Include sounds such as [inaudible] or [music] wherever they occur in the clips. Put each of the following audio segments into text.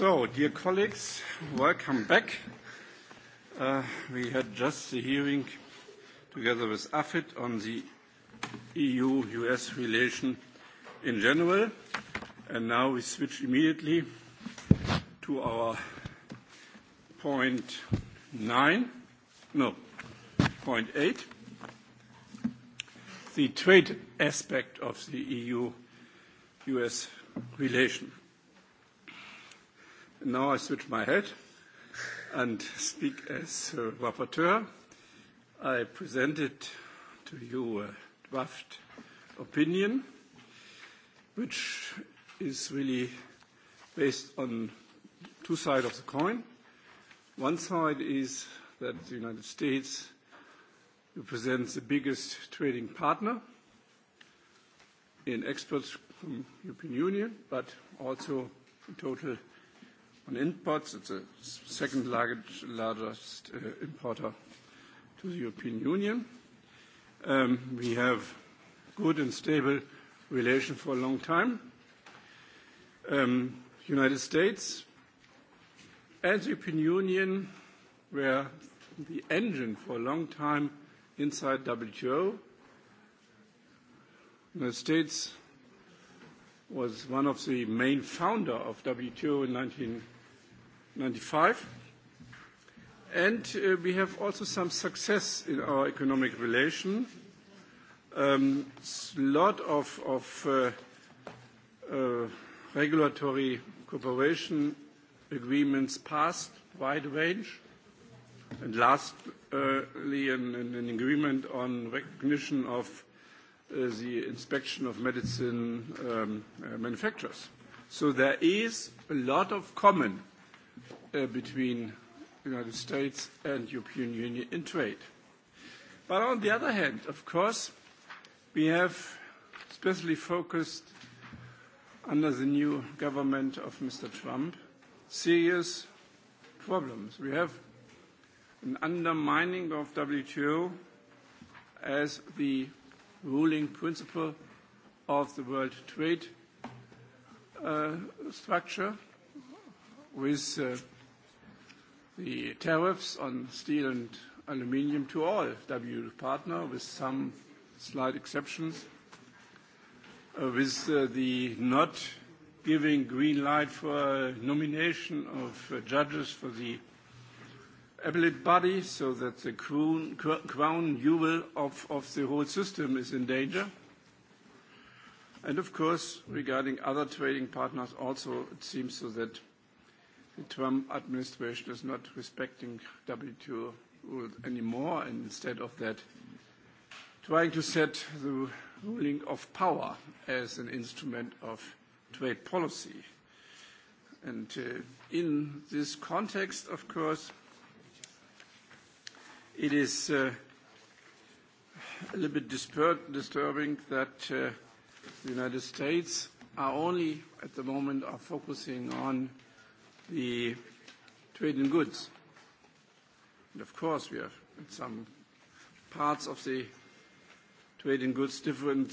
So, dear colleagues, welcome back. Uh, we had just the hearing together with Afit on the EU-US relation in general, and now we switch immediately to our point nine, no, point eight, the trade aspect of the EU-US relation. Now I switch my head and speak as uh, rapporteur. I presented to you a draft opinion, which is really based on two sides of the coin. One side is that the United States represents the biggest trading partner in exports from European Union, but also in total on imports. It's the second largest, largest uh, importer to the European Union. Um, we have good and stable relation for a long time. Um, United States and the European Union were the engine for a long time inside WTO. United States was one of the main founder of WTO in 19 95. And uh, we have also some success in our economic relation. A um, lot of, of uh, uh, regulatory cooperation agreements passed, wide range. And lastly, an, an agreement on recognition of uh, the inspection of medicine um, uh, manufacturers. So there is a lot of common uh, between the United States and European Union in trade. But on the other hand, of course, we have especially focused under the new government of Mr. Trump serious problems. We have an undermining of WTO as the ruling principle of the world trade uh, structure with uh, the tariffs on steel and aluminium to all WTO partner, with some slight exceptions, uh, with uh, the not giving green light for nomination of uh, judges for the appellate body, so that the crown, jewel of, of the whole system is in danger. And of course, regarding other trading partners also, it seems so that the Trump administration is not respecting WTO rules anymore, and instead of that, trying to set the ruling of power as an instrument of trade policy. And uh, in this context, of course, it is uh, a little bit disturb disturbing that uh, the United States are only at the moment are focusing on the trade in goods. And of course, we have in some parts of the trade in goods different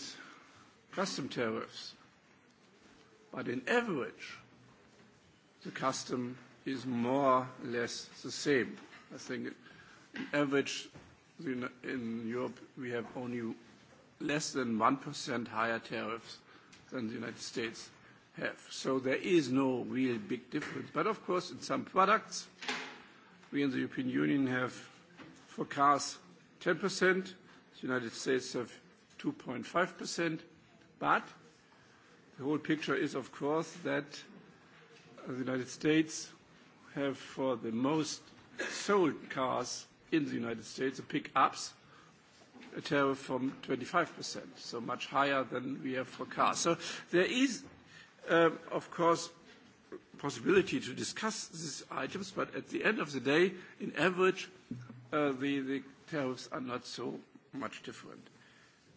custom tariffs. But in average, the custom is more or less the same. I think in average in, in Europe we have only less than 1% higher tariffs than the United States have. So there is no real big difference. But of course, in some products, we in the European Union have, for cars, 10%. The United States have 2.5%. But the whole picture is, of course, that the United States have for the most sold cars in the United States, the pickups, a tariff from 25%, so much higher than we have for cars. So there is Uh, of course, possibility to discuss these items, but at the end of the day, in average, uh, the, the tariffs are not so much different.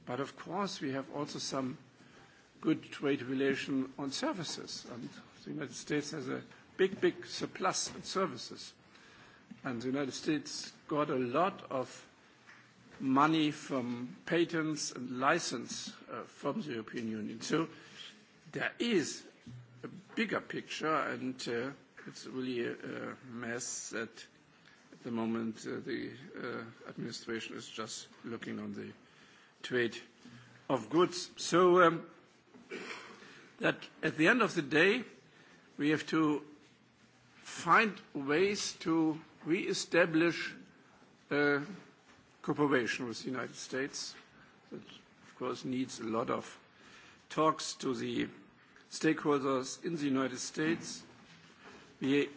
But of course, we have also some good trade relation on services, and the United States has a big, big surplus in services. And the United States got a lot of money from patents and license uh, from the European Union. So there is a bigger picture, and uh, it's really a, a mess that at the moment uh, the uh, administration is just looking on the trade of goods. So um, that at the end of the day, we have to find ways to re-establish uh, cooperation with the United States. That, of course, needs a lot of talks to the stakeholders in the United States. We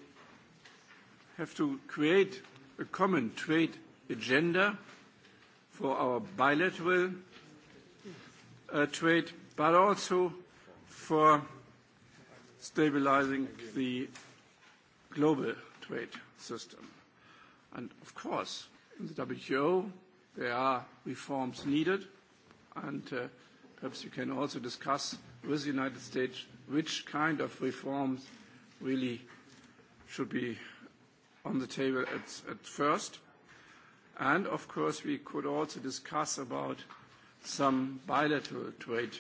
have to create a common trade agenda for our bilateral uh, trade, but also for stabilizing the global trade system. And of course, in the WTO, there are reforms needed, and uh, perhaps you can also discuss with the United States which kind of reforms really should be on the table at, at first. And of course, we could also discuss about some bilateral trade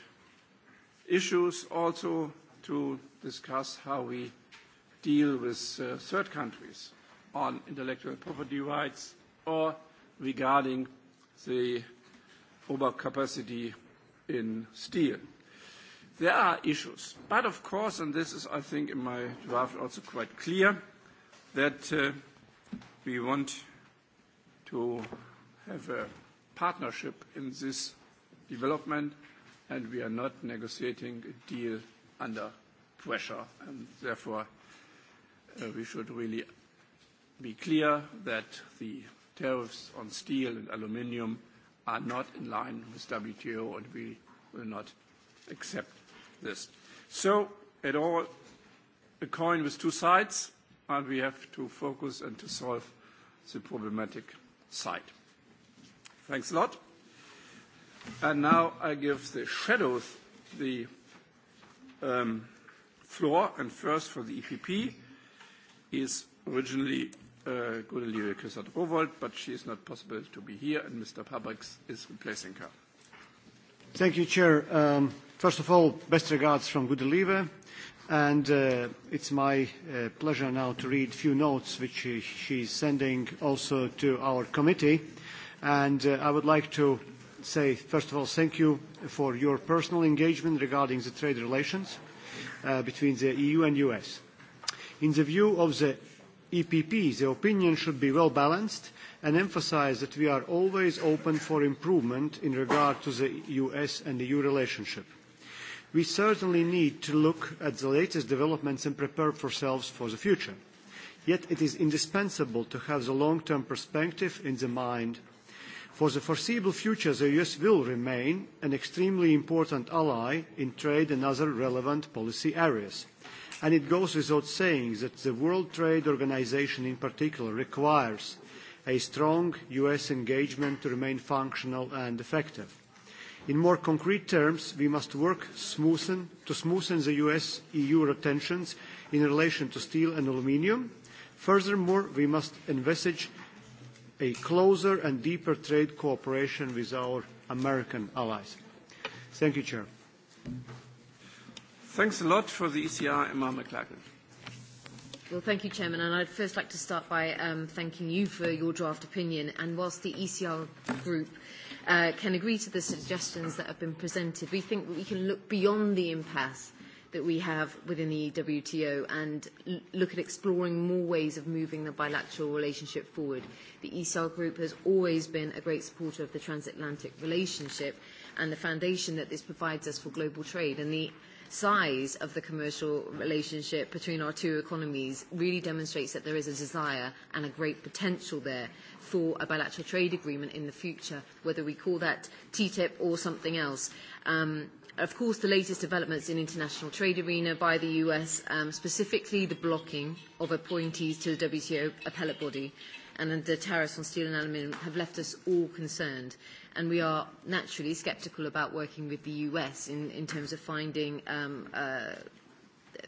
issues also to discuss how we deal with uh, third countries on intellectual property rights or regarding the overcapacity in steel. There are issues. But of course, and this is, I think, in my draft also quite clear, that uh, we want to have a partnership in this development, and we are not negotiating a deal under pressure. And therefore, uh, we should really be clear that the tariffs on steel and aluminium are not in line with WTO, and we will not accept this. So at all, a coin with two sides, and we have to focus and to solve the problematic side. Thanks a lot. And now I give the shadows the um, floor, and first for the EPP is originally uh, Gudelieve Küssert-Rowold, but she is not possible to be here, and Mr. Pabriks is replacing her. Thank you, Chair. Um, First of all, best regards from Gudelieva. And uh, it's my uh, pleasure now to read a few notes which she, she's sending also to our committee. And uh, I would like to say, first of all, thank you for your personal engagement regarding the trade relations uh, between the EU and US. In the view of the EPP, the opinion should be well balanced and emphasize that we are always open for improvement in regard to the US and EU relationship we certainly need to look at the latest developments and prepare ourselves for the future. Yet it is indispensable to have the long-term perspective in the mind. For the foreseeable future, the US will remain an extremely important ally in trade and other relevant policy areas. And it goes without saying that the World Trade Organization in particular requires a strong US engagement to remain functional and effective. In more concrete terms, we must work smoothen, to smoothen the US-EU tensions in relation to steel and aluminium. Furthermore, we must envisage a closer and deeper trade cooperation with our American allies. Thank you, Chair. Thanks a lot for the ECR, Emma McLagan. Well, thank you, Chairman. And I'd first like to start by um, thanking you for your draft opinion. And whilst the ECR group uh, can agree to the suggestions that have been presented, we think we can look beyond the impasse that we have within the WTO and look at exploring more ways of moving the bilateral relationship forward. The ESAL group has always been a great supporter of the transatlantic relationship and the foundation that this provides us for global trade. And the size of the commercial relationship between our two economies really demonstrates that there is a desire and a great potential there for a bilateral trade agreement in the future, whether we call that TTIP or something else. Um, of course, the latest developments in international trade arena by the US, um, specifically the blocking of appointees to the WTO appellate body and the tariffs on steel and aluminium have left us all concerned. And we are naturally sceptical about working with the US in, in terms of finding um, uh,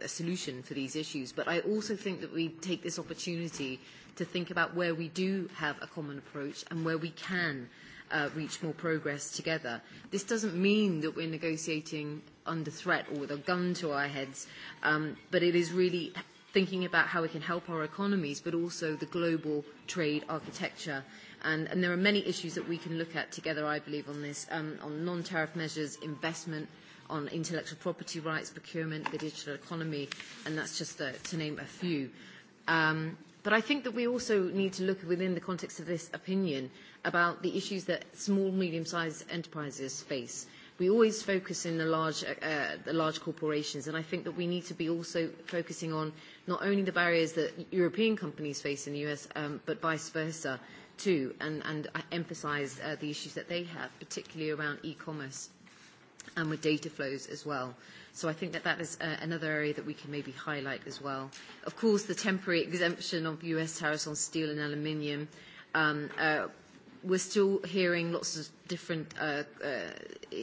a solution for these issues. But I also think that we take this opportunity to think about where we do have a common approach and where we can uh, reach more progress together. This doesn't mean that we're negotiating under threat or with a gun to our heads, um, but it is really thinking about how we can help our economies, but also the global trade architecture. And, and there are many issues that we can look at together, I believe, on this, um, on non-tariff measures, investment, on intellectual property rights, procurement, the digital economy, and that's just the, uh, to name a few. Um, But I think that we also need to look within the context of this opinion about the issues that small, medium-sized enterprises face. We always focus in the large, uh, the large corporations, and I think that we need to be also focusing on not only the barriers that European companies face in the US, um, but vice versa too, and, and uh, emphasize uh, the issues that they have, particularly around e-commerce and with data flows as well. So I think that that is uh, another area that we can maybe highlight as well. Of course, the temporary exemption of US tariffs on steel and aluminium, um, uh, we're still hearing lots of different uh, uh,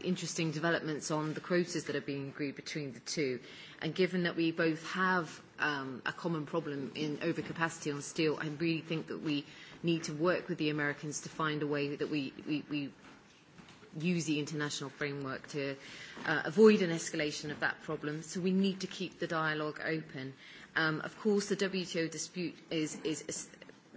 interesting developments on the quotas that are being agreed between the two. And given that we both have um, a common problem in overcapacity on steel, I really think that we need to work with the Americans to find a way that we, we, we use the international framework to uh, avoid an escalation of that problem. So we need to keep the dialogue open. Um, of course, the WTO dispute is, is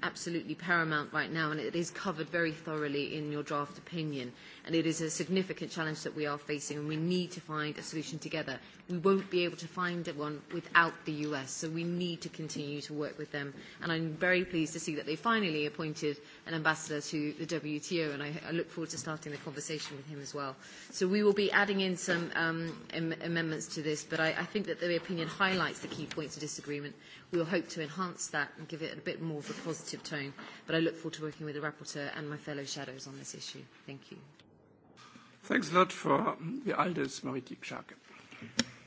absolutely paramount right now, and it is covered very thoroughly in your draft opinion. And it is a significant challenge that we are facing, and we need to find a solution together. We won't be able to find one without the US, so we need to continue to work with them. And I'm very pleased to see that they finally appointed an ambassador to the WTO, and I, I look forward to starting the conversation with him as well. So we will be adding in some um, am amendments to this, but I, I think that the opinion highlights the key points of disagreement. We will hope to enhance that and give it a bit more of a positive tone, but I look forward to working with the rapporteur and my fellow shadows on this issue. Thank you. Thanks a lot for the Aldis, Maritik Schaake.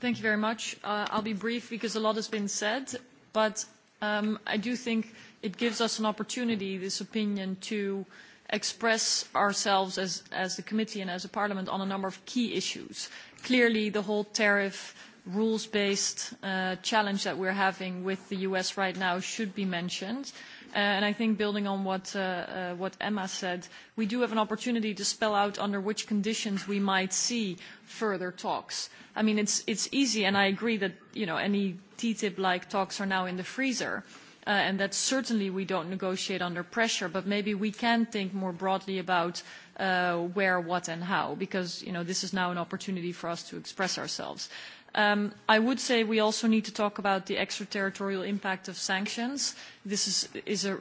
Thank you very much. Uh, I'll be brief because a lot has been said, but Um, I do think it gives us an opportunity, this opinion, to express ourselves as, as the committee and as a parliament on a number of key issues. Clearly, the whole tariff rules-based uh, challenge that we're having with the US right now should be mentioned. Uh, Uh, and I think building on uh, uh, what, Emma said, we do have an opportunity to spell out under which conditions we might see further talks. I mean, it's, easy, and I agree that you know, any TTIP-like talks are now in the freezer. and that certainly we don't negotiate under pressure, but maybe we can think more broadly about uh, where, what, and how, because you know this is now an opportunity for us to express ourselves. Um, I would say we also need to talk about the extraterritorial impact of sanctions. This is, is a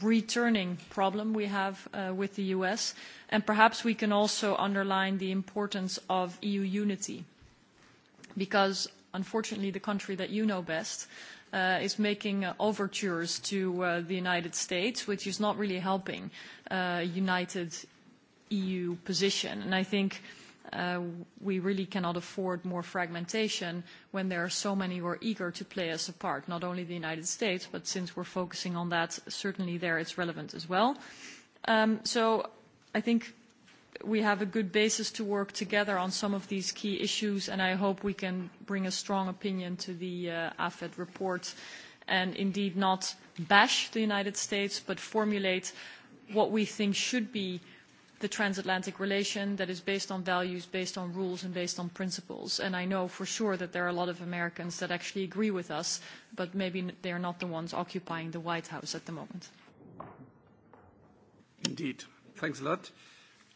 returning problem we have uh, with the US, and perhaps we can also underline the importance of EU unity, because unfortunately the country that you know best uh, is making uh, overtures to uh, the United States, which is not really helping a uh, united EU position. And I think uh, we really cannot afford more fragmentation when there are so many who are eager to play us a part, not only the United States, but since we're focusing on that, certainly there it's relevant as well. Um, so I think we have a good basis to work together on some of these key issues, and I hope we can bring a strong opinion to the uh, AFED report and indeed not bash the United States, but formulate what we think should be uh, the transatlantic relation that is based on values, based on rules and based on principles. And I know for sure that there are a lot of Americans that actually agree with us, but maybe they are not the ones occupying the White House at the moment. Indeed. Thanks a lot.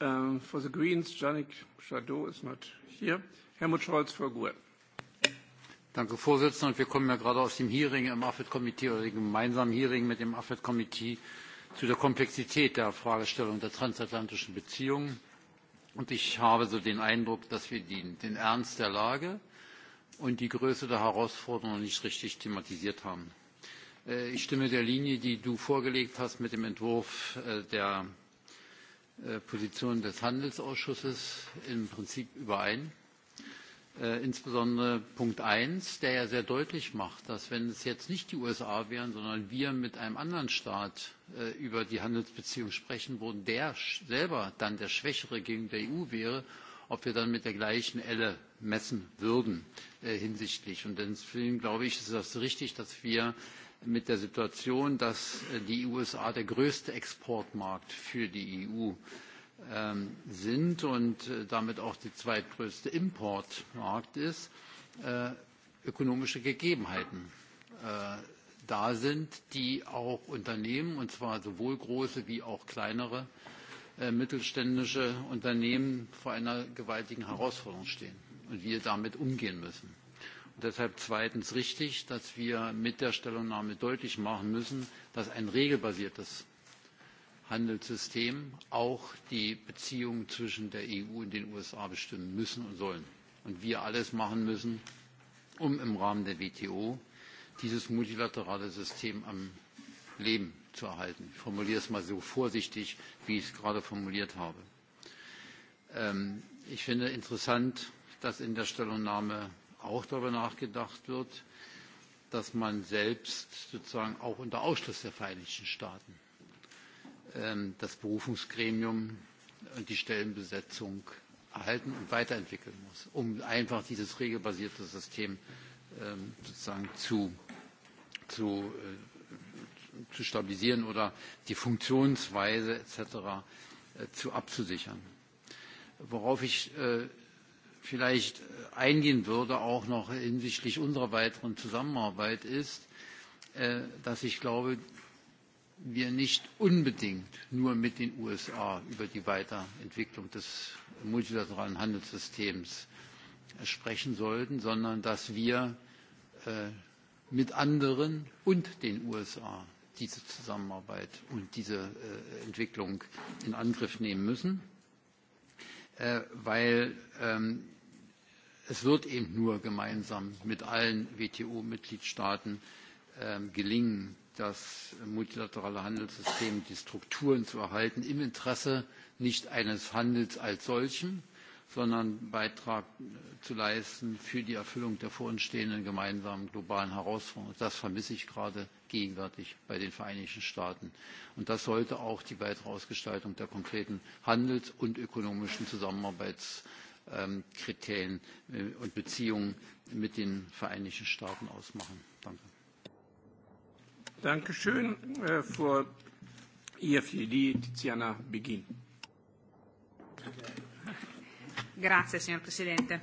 Um, for the Greens, Janik Jadot is not here. Helmut Scholz for GUE. Danke, Vorsitzender. wir kommen ja gerade aus dem Hearing im afet komitee oder dem gemeinsamen Hearing mit dem afet komitee zu der komplexität der fragestellung der transatlantischen beziehungen und ich habe so den eindruck dass wir den ernst der lage und die größe der herausforderungen nicht richtig thematisiert haben. Äh, ich stimme der linie die du vorgelegt hast mit dem entwurf äh, der äh, position des handelsausschusses im prinzip überein. Äh, insbesondere punkt eins der ja sehr deutlich macht dass wenn es jetzt nicht die usa wären sondern wir mit einem anderen staat äh, über die handelsbeziehungen sprechen würden der selber dann der schwächere gegenüber der eu wäre ob wir dann mit der gleichen elle messen würden äh, hinsichtlich. und deswegen glaube ich ist es richtig dass wir mit der situation dass die usa der größte exportmarkt für die eu Ähm, sind und äh, damit auch der zweitgrößte Importmarkt ist, äh, ökonomische Gegebenheiten äh, da sind, die auch Unternehmen, und zwar sowohl große wie auch kleinere mittelständische Unternehmen, vor einer gewaltigen Herausforderung stehen und wir damit umgehen müssen. Und deshalb zweitens richtig, dass wir mit der Stellungnahme deutlich machen müssen, dass ein regelbasiertes handelssystem auch die beziehungen zwischen der eu und den usa bestimmen müssen und sollen und wir alles machen müssen um im rahmen der wto dieses multilaterale system am leben zu erhalten. ich formuliere es mal so vorsichtig wie ich es gerade formuliert habe. Ähm, ich finde interessant dass in der stellungnahme auch darüber nachgedacht wird dass man selbst sozusagen auch unter ausschluss der vereinigten staaten Ähm, das berufungsgremium und die stellenbesetzung erhalten und weiterentwickeln muss um einfach dieses regelbasierte system ähm, sozusagen zu, zu, äh, zu stabilisieren oder die funktionsweise etc. Äh, zu abzusichern. worauf ich äh, vielleicht eingehen würde auch noch hinsichtlich unserer weiteren zusammenarbeit ist dass ich glaube wir nicht unbedingt nur mit den usa über die weiterentwicklung des multilateralen handelssystems äh, sprechen sollten sondern dass wir äh, mit anderen und den usa diese zusammenarbeit und diese äh, entwicklung in angriff nehmen müssen weil ähm, es wird eben nur gemeinsam mit allen wto mitgliedstaaten ähm, gelingen das multilaterale handelssystem die strukturen zu erhalten im interesse nicht eines handels als solchen sondern einen beitrag äh, zu leisten für die erfüllung der vor uns stehenden gemeinsamen globalen herausforderungen. das vermisse ich gerade gegenwärtig bei den vereinigten staaten und das sollte auch die weitere ausgestaltung der konkreten handels und ökonomischen zusammenarbeitskriterien äh, und beziehungen mit den vereinigten staaten ausmachen. Dankeschön. Äh, für EFDD Tiziana Beghin. Grazie, signor Presidente.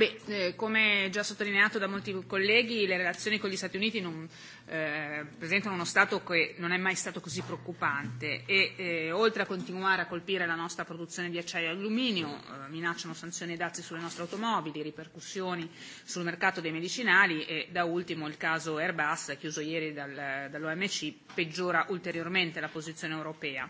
Beh, eh, come già sottolineato da molti colleghi, le relazioni con gli Stati Uniti non, eh, presentano uno stato che non è mai stato così preoccupante e eh, oltre a continuare a colpire la nostra produzione di acciaio e alluminio eh, minacciano sanzioni e dazi sulle nostre automobili, ripercussioni sul mercato dei medicinali e da ultimo il caso Airbus, chiuso ieri dal, dall'OMC, peggiora ulteriormente la posizione europea.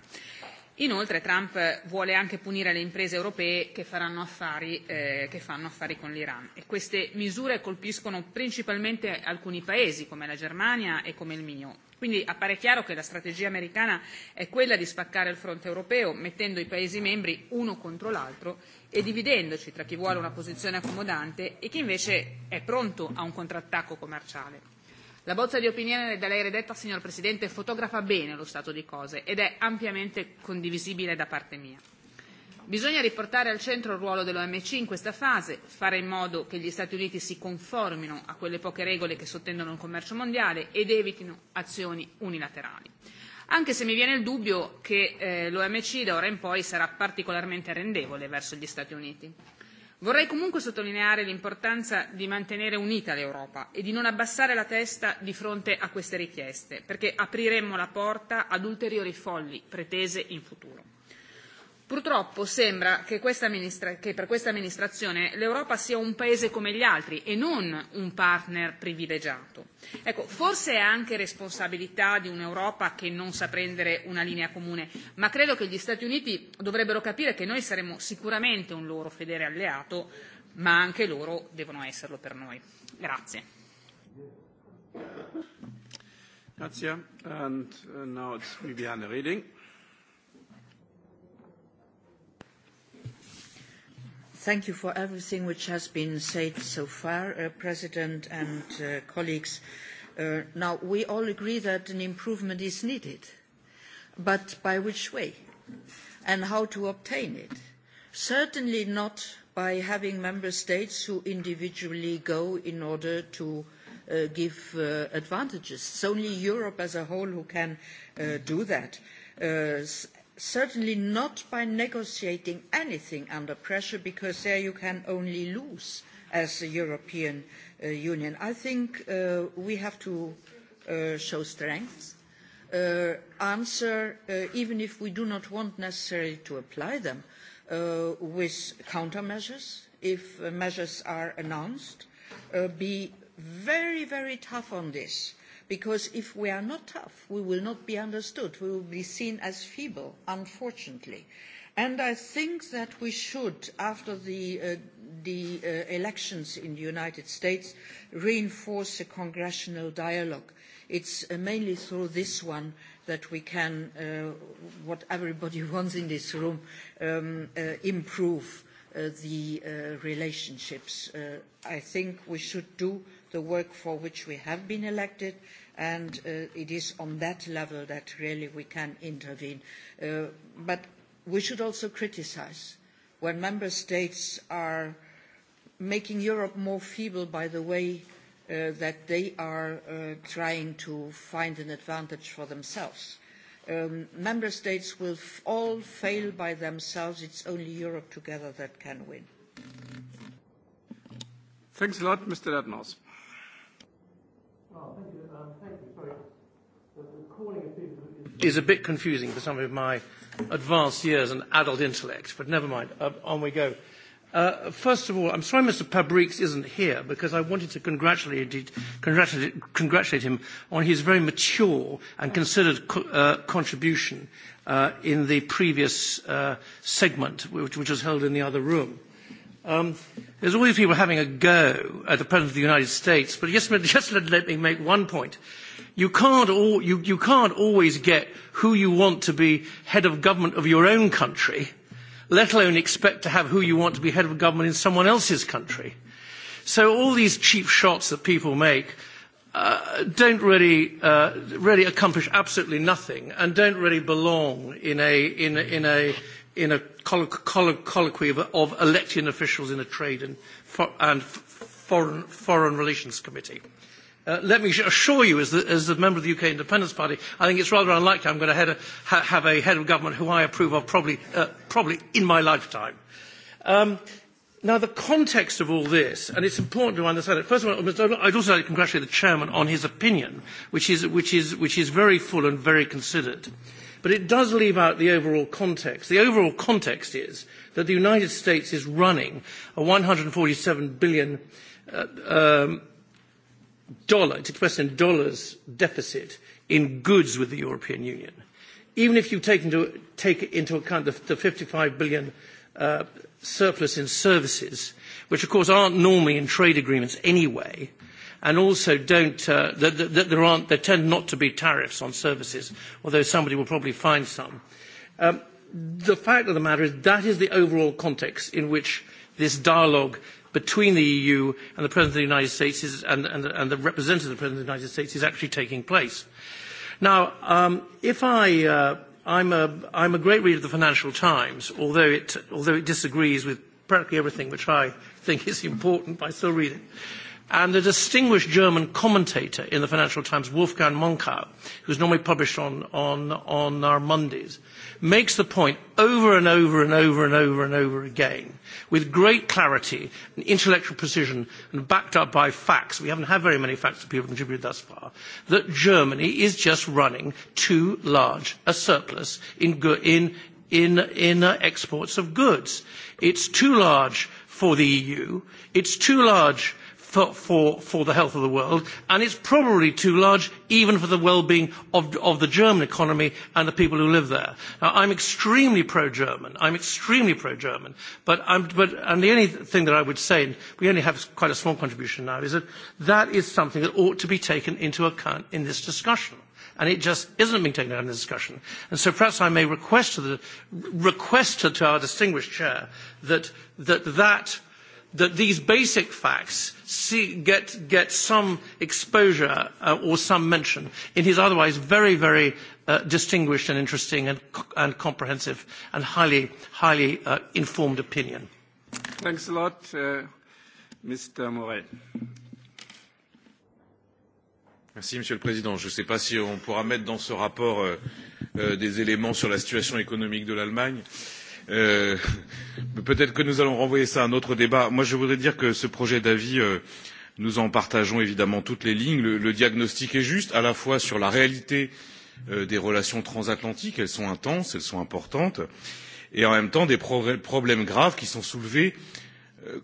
Inoltre Trump vuole anche punire le imprese europee che, faranno affari, eh, che fanno affari con l'Iran e queste misure colpiscono principalmente alcuni paesi come la Germania e come il mio. Quindi appare chiaro che la strategia americana è quella di spaccare il fronte europeo mettendo i Paesi membri uno contro l'altro e dividendoci tra chi vuole una posizione accomodante e chi invece è pronto a un contrattacco commerciale la bozza di opinione da lei redetta, signor Presidente, fotografa bene lo stato di cose ed è ampiamente condivisibile da parte mia. Bisogna riportare al centro il ruolo dell'OMC in questa fase, fare in modo che gli Stati Uniti si conformino a quelle poche regole che sottendono il commercio mondiale ed evitino azioni unilaterali. Anche se mi viene il dubbio che eh, l'OMC da ora in poi sarà particolarmente rendevole verso gli Stati Uniti. Vorrei comunque sottolineare l'importanza di mantenere unita l'Europa e di non abbassare la testa di fronte a queste richieste, perché apriremmo la porta ad ulteriori folli pretese in futuro. Purtroppo sembra che, che per questa amministrazione l'Europa sia un paese come gli altri e non un partner privilegiato. Ecco, forse è anche responsabilità di un'Europa che non sa prendere una linea comune, ma credo che gli Stati Uniti dovrebbero capire che noi saremo sicuramente un loro fedele alleato, ma anche loro devono esserlo per noi. Grazie. Grazie. And uh, now it's Viviane Reding. Thank you for everything which has been said so far, uh, President and uh, colleagues. Uh, now, we all agree that an improvement is needed, but by which way and how to obtain it? Certainly not by having member states who individually go in order to uh, give uh, advantages. It's only Europe as a whole who can uh, do that. Uh, certainly not by negotiating anything under pressure because there you can only lose as the European uh, Union. I think uh, we have to uh, show strength, uh, answer, uh, even if we do not want necessarily to apply them, uh, with countermeasures if measures are announced, be very, very tough on this because if we are not tough, we will not be understood. We will be seen as feeble, unfortunately. And I think that we should, after the, uh, the uh, elections in the United States, reinforce the congressional dialogue. It's uh, mainly through this one that we can, uh, what everybody [laughs] wants in this room, um, uh, improve uh, the uh, relationships. Uh, I think we should do the work for which we have been elected and uh, it is on that level that really we can intervene. Uh, but we should also criticise when member states are making Europe more feeble by the way uh, that they are uh, trying to find an advantage for themselves. Um, member states will all fail by themselves. It's only Europe together that can win. Thanks a lot, Mr. Latnos. is a bit confusing for some of my advanced years and adult intellect, but never mind. Uh, on we go. Uh, first of all, I'm sorry Mr. Pabriks isn't here because I wanted to congratulate, congratulate, congratulate him on his very mature and considered co- uh, contribution uh, in the previous uh, segment, which, which was held in the other room. Um, there's these people having a go at the President of the United States, but just, [laughs] just let, let me make one point. You can't, all, you, you can't always get who you want to be head of government of your own country, let alone expect to have who you want to be head of government in someone else's country. So all these cheap shots that people make uh, don't really, uh, really accomplish absolutely nothing and don't really belong in a, in, in a, in a colloquy collo collo of, of elected officials in the Trade and, for and foreign, foreign, Relations Committee. Uh, let me assure you, as, the, as a member of the UK Independence Party, I think it's rather unlikely I'm going to a, ha, have a head of government who I approve of probably, uh, probably in my lifetime. Um, now, the context of all this, and it's important to understand it. First of all, I'd also like to congratulate the chairman on his opinion, which is, which is, which is very full and very considered. Uh, But it does leave out the overall context. The overall context is that the United States is running a $147 billion uh, um, dollar, it's expressed in dollars, deficit in goods with the European Union. Even if you take into, take into account the, the 55 billion uh, surplus in services, which of course aren't normally in trade agreements anyway, and also don't, uh, that, that, that there aren't, there tend not to be tariffs on services, although somebody will probably find some. Um, the fact of the matter is that is the overall context in which this dialogue between the EU and the President of the United States is, and, and, and the representative of the President of the United States is actually taking place. Now, um, if I, uh, I'm, a, I'm a great reader of the Financial Times, although it, although it disagrees with practically everything which I think is important, but I still read it. And the distinguished German commentator in the Financial Times, Wolfgang Monkau, who's normally published on, on, on our Mondays, makes the point over and over and over and over and over again with great clarity and intellectual precision and backed up by facts. We haven't had very many facts that people have contributed thus far, that Germany is just running too large a surplus in, in, in, in uh, exports of goods. It's too large for the EU. It's too large for, for, for the health of the world, and it's probably too large even for the well-being of, of the German economy and the people who live there. Now, I'm extremely pro-German. I'm extremely pro-German. But, I'm, but and the only thing that I would say, and we only have quite a small contribution now, is that that is something that ought to be taken into account in this discussion and it just isn't being taken out in the discussion. And so perhaps I may request to, the, request to our distinguished chair that that, that that these basic facts see, get, get some exposure uh, or some mention in his otherwise very, very uh, distinguished and interesting and, and comprehensive and highly, highly uh, informed opinion. Thanks a lot, uh, Mr. Morel. Merci, Monsieur le Président. Je ne sais pas si on pourra mettre dans ce rapport euh, euh, des éléments sur la situation économique de l'Allemagne. Euh, Euh, Peut-être que nous allons renvoyer ça à un autre débat. Moi, je voudrais dire que ce projet d'avis, euh, nous en partageons évidemment toutes les lignes. Le, le diagnostic est juste, à la fois sur la réalité euh, des relations transatlantiques, elles sont intenses, elles sont importantes, et en même temps des pro problèmes graves qui sont soulevés. Euh,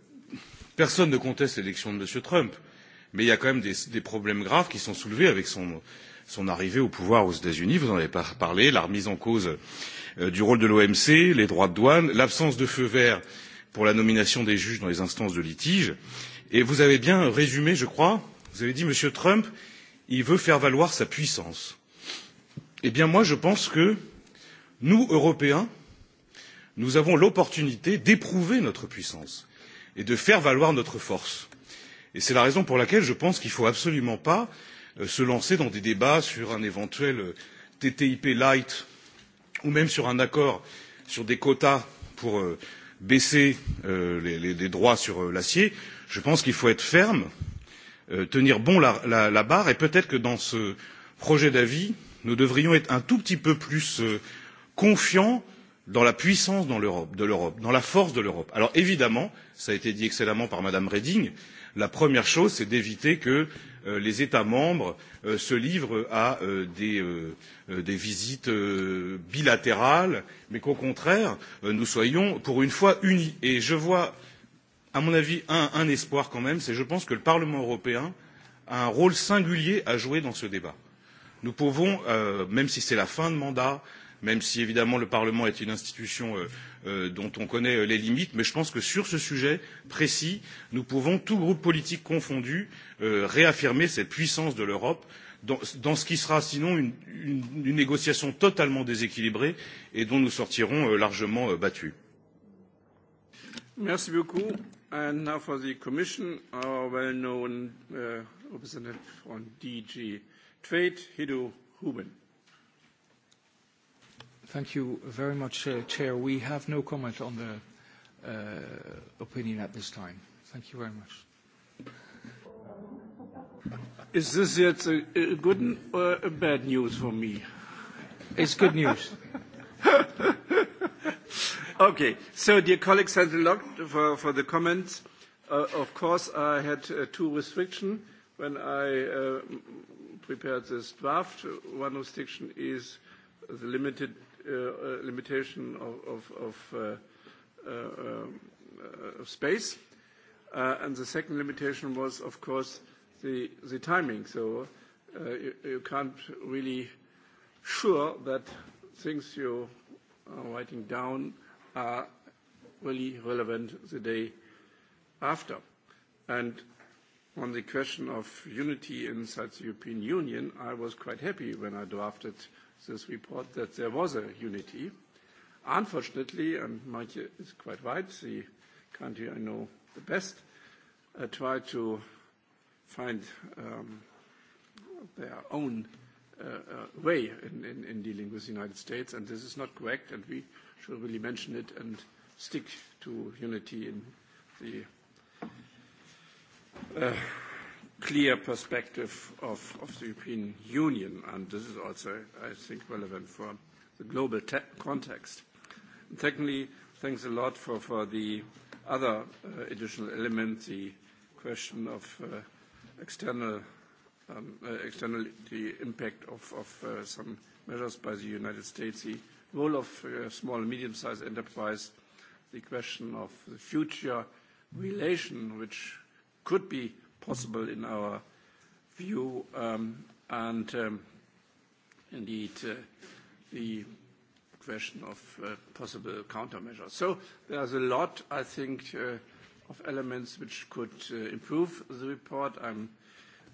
personne ne conteste l'élection de M. Trump, mais il y a quand même des, des problèmes graves qui sont soulevés avec son, son arrivée au pouvoir aux États-Unis. Vous en avez par parlé, la remise en cause euh, Euh, du rôle de l'OMC, les droits de douane, l'absence de feu vert pour la nomination des juges dans les instances de litige. Et vous avez bien résumé, je crois, vous avez dit, Monsieur Trump, il veut faire valoir sa puissance. Eh bien, moi, je pense que nous, Européens, nous avons l'opportunité d'éprouver notre puissance et de faire valoir notre force. Et c'est la raison pour laquelle je pense qu'il ne faut absolument pas euh, se lancer dans des débats sur un éventuel euh, TTIP light ou même sur un accord sur des quotas pour euh, baisser euh, les, les, les droits sur euh, l'acier, je pense qu'il faut être ferme, tenir bon la, la, la barre, et peut-être que dans ce projet d'avis, nous devrions être un tout petit peu plus confiants dans la puissance dans de l'Europe, dans la force de l'Europe. Alors évidemment, ça a été dit excellemment par Madame Reding, la première chose, c'est d'éviter que euh, les États membres euh, se livrent à euh, des, des visites bilatérales, mais qu'au contraire, nous soyons pour une fois unis. Et je vois, à mon avis, un, un espoir quand même, c'est je pense que le Parlement européen a un rôle singulier à jouer dans ce débat. Nous pouvons, même si c'est la fin de mandat, même si évidemment le Parlement est une institution euh, Euh, dont on connaît euh, les limites, mais je pense que sur ce sujet précis, nous pouvons, tous groupes politiques confondus, euh, réaffirmer cette puissance de l'Europe dans, dans ce qui sera sinon une, une, une négociation totalement déséquilibrée et dont nous sortirons euh, largement euh, battus. Merci beaucoup. And now for the Commission, our well-known uh, representative on DG Trade, Hido Huben. Thank you very much, uh, Chair. We have no comment on the uh, opinion at this time. Thank you very much. Is this yet a, good or a bad news for me? It's good news. [laughs] okay, so dear colleagues, you a lot for, for the comments. Uh, of course, I had two restrictions when I prepared this draft. One restriction is the limited Uh, uh, limitation of, of, uh, uh, of space. and the second limitation was, of course, the, the timing. So you, you can't really sure that things you are writing down are really relevant the day after. And on the question of unity inside the European Union, I was quite happy when I drafted this report that there was a unity. Unfortunately, and Mike is quite right, the country I know the best uh, tried to find um, their own uh, uh, way in, in, in dealing with the United States, and this is not correct, and we should really mention it and stick to unity in the uh, clear perspective of, of the European Union, and this is also, I think, relevant for the global context. And secondly, thanks a lot for, for the other uh, additional element, the question of uh, external um, uh, external the impact of, of uh, some measures by the United States, the role of uh, small and medium-sized enterprise, the question of the future relation, which could be possible in our view. Um, and um, indeed, uh, the question of uh, possible countermeasures. So there's a lot, I think, uh, of elements which could uh, improve the report. I'm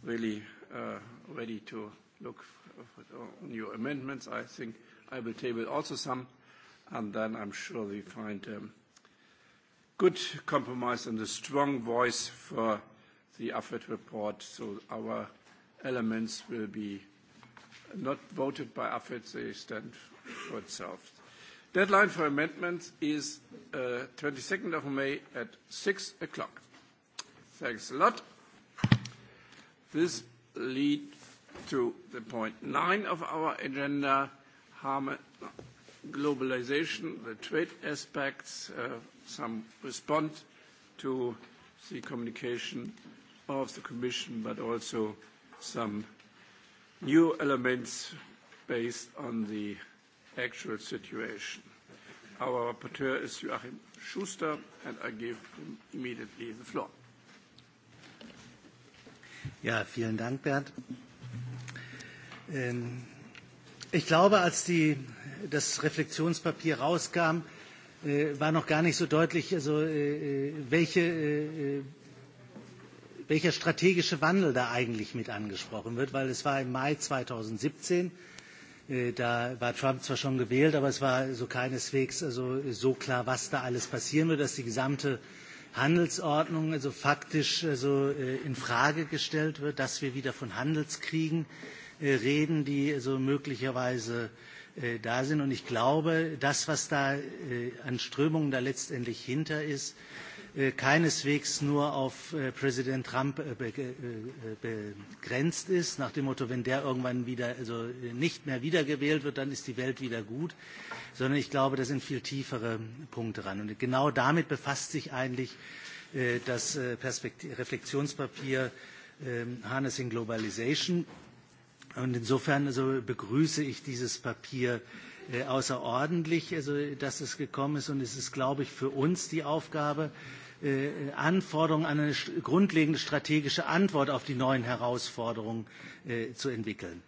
really uh, ready to look on your amendments. I think I will table also some, and then I'm sure we find um, good compromise and a strong voice for the AFET report, so our elements will be not voted by AFET, they stand for itself. Deadline for amendments is uh, 22nd of May at 6 o'clock. Thanks a lot. This leads to the point nine of our agenda, globalization, the trade aspects, uh, some response to the communication of the Commission, but also some new elements based on the actual situation. Our rapporteur is Joachim Schuster, and I give him immediately the floor. Ja, vielen Dank, Bernd. Ähm, ich glaube, als die, das Reflexionspapier rauskam, äh, war noch gar nicht so deutlich, also, äh, äh, welche welcher strategische Wandel da eigentlich mit angesprochen wird, weil es war im Mai 2017, äh, da war Trump zwar schon gewählt, aber es war so keineswegs also so klar, was da alles passieren wird, dass die gesamte Handelsordnung also faktisch also äh, in Frage gestellt wird, dass wir wieder von Handelskriegen äh, reden, die also möglicherweise da sind. Und ich glaube, das, was da an Strömungen da letztendlich hinter ist, Äh, keineswegs nur auf äh, Präsident Trump äh, begrenzt ist, nach dem Motto, wenn der irgendwann wieder, also nicht mehr wiedergewählt wird, dann ist die Welt wieder gut, sondern ich glaube, da sind viel tiefere Punkte dran. Und genau damit befasst sich eigentlich das Perspekt Reflexionspapier ähm, Harnessing Globalization. Und insofern also begrüße ich dieses Papier außerordentlich, also dass es gekommen ist. Und es ist, glaube ich, für uns die Aufgabe, Äh, Anforderungen an eine grundlegende strategische Antwort auf die neuen Herausforderungen äh, zu entwickeln.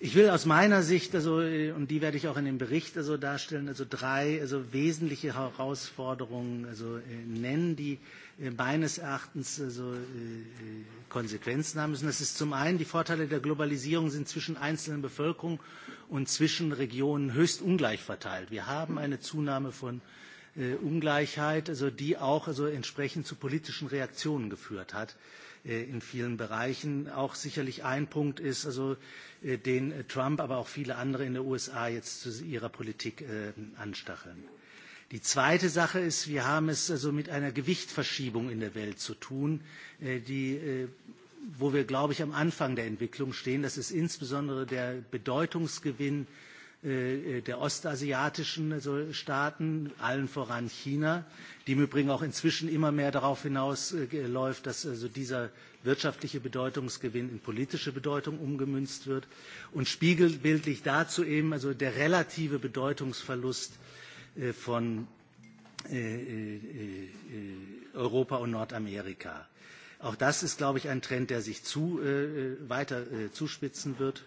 Ich will aus meiner Sicht, also, äh, und die werde ich auch in dem Bericht also darstellen, also drei also wesentliche Herausforderungen also, nennen, die meines Erachtens also, Konsequenzen haben müssen. Das ist zum einen, die Vorteile der Globalisierung sind zwischen einzelnen Bevölkerungen und zwischen Regionen höchst ungleich verteilt. Wir haben eine Zunahme von äh, äh, Ungleichheit, also die auch also entsprechend zu politischen Reaktionen geführt hat äh, in vielen Bereichen. Auch sicherlich ein Punkt ist, also, äh, den äh, Trump, aber auch viele andere in den USA jetzt zu ihrer Politik äh, anstacheln. Die zweite Sache ist, wir haben es also mit einer Gewichtverschiebung in der Welt zu tun, äh, die äh, wo wir, glaube ich, am Anfang der Entwicklung stehen. Das ist insbesondere der Bedeutungsgewinn äh, Äh, äh, der ostasiatischen Staaten, allen voran China, die im Übrigen auch inzwischen immer mehr darauf hinausläuft, äh, dass also dieser wirtschaftliche Bedeutungsgewinn in politische Bedeutung umgemünzt wird und spiegelbildlich dazu eben also der relative Bedeutungsverlust von Europa und Nordamerika. Auch das ist, glaube ich, ein Trend, der sich zu, weiter zuspitzen wird.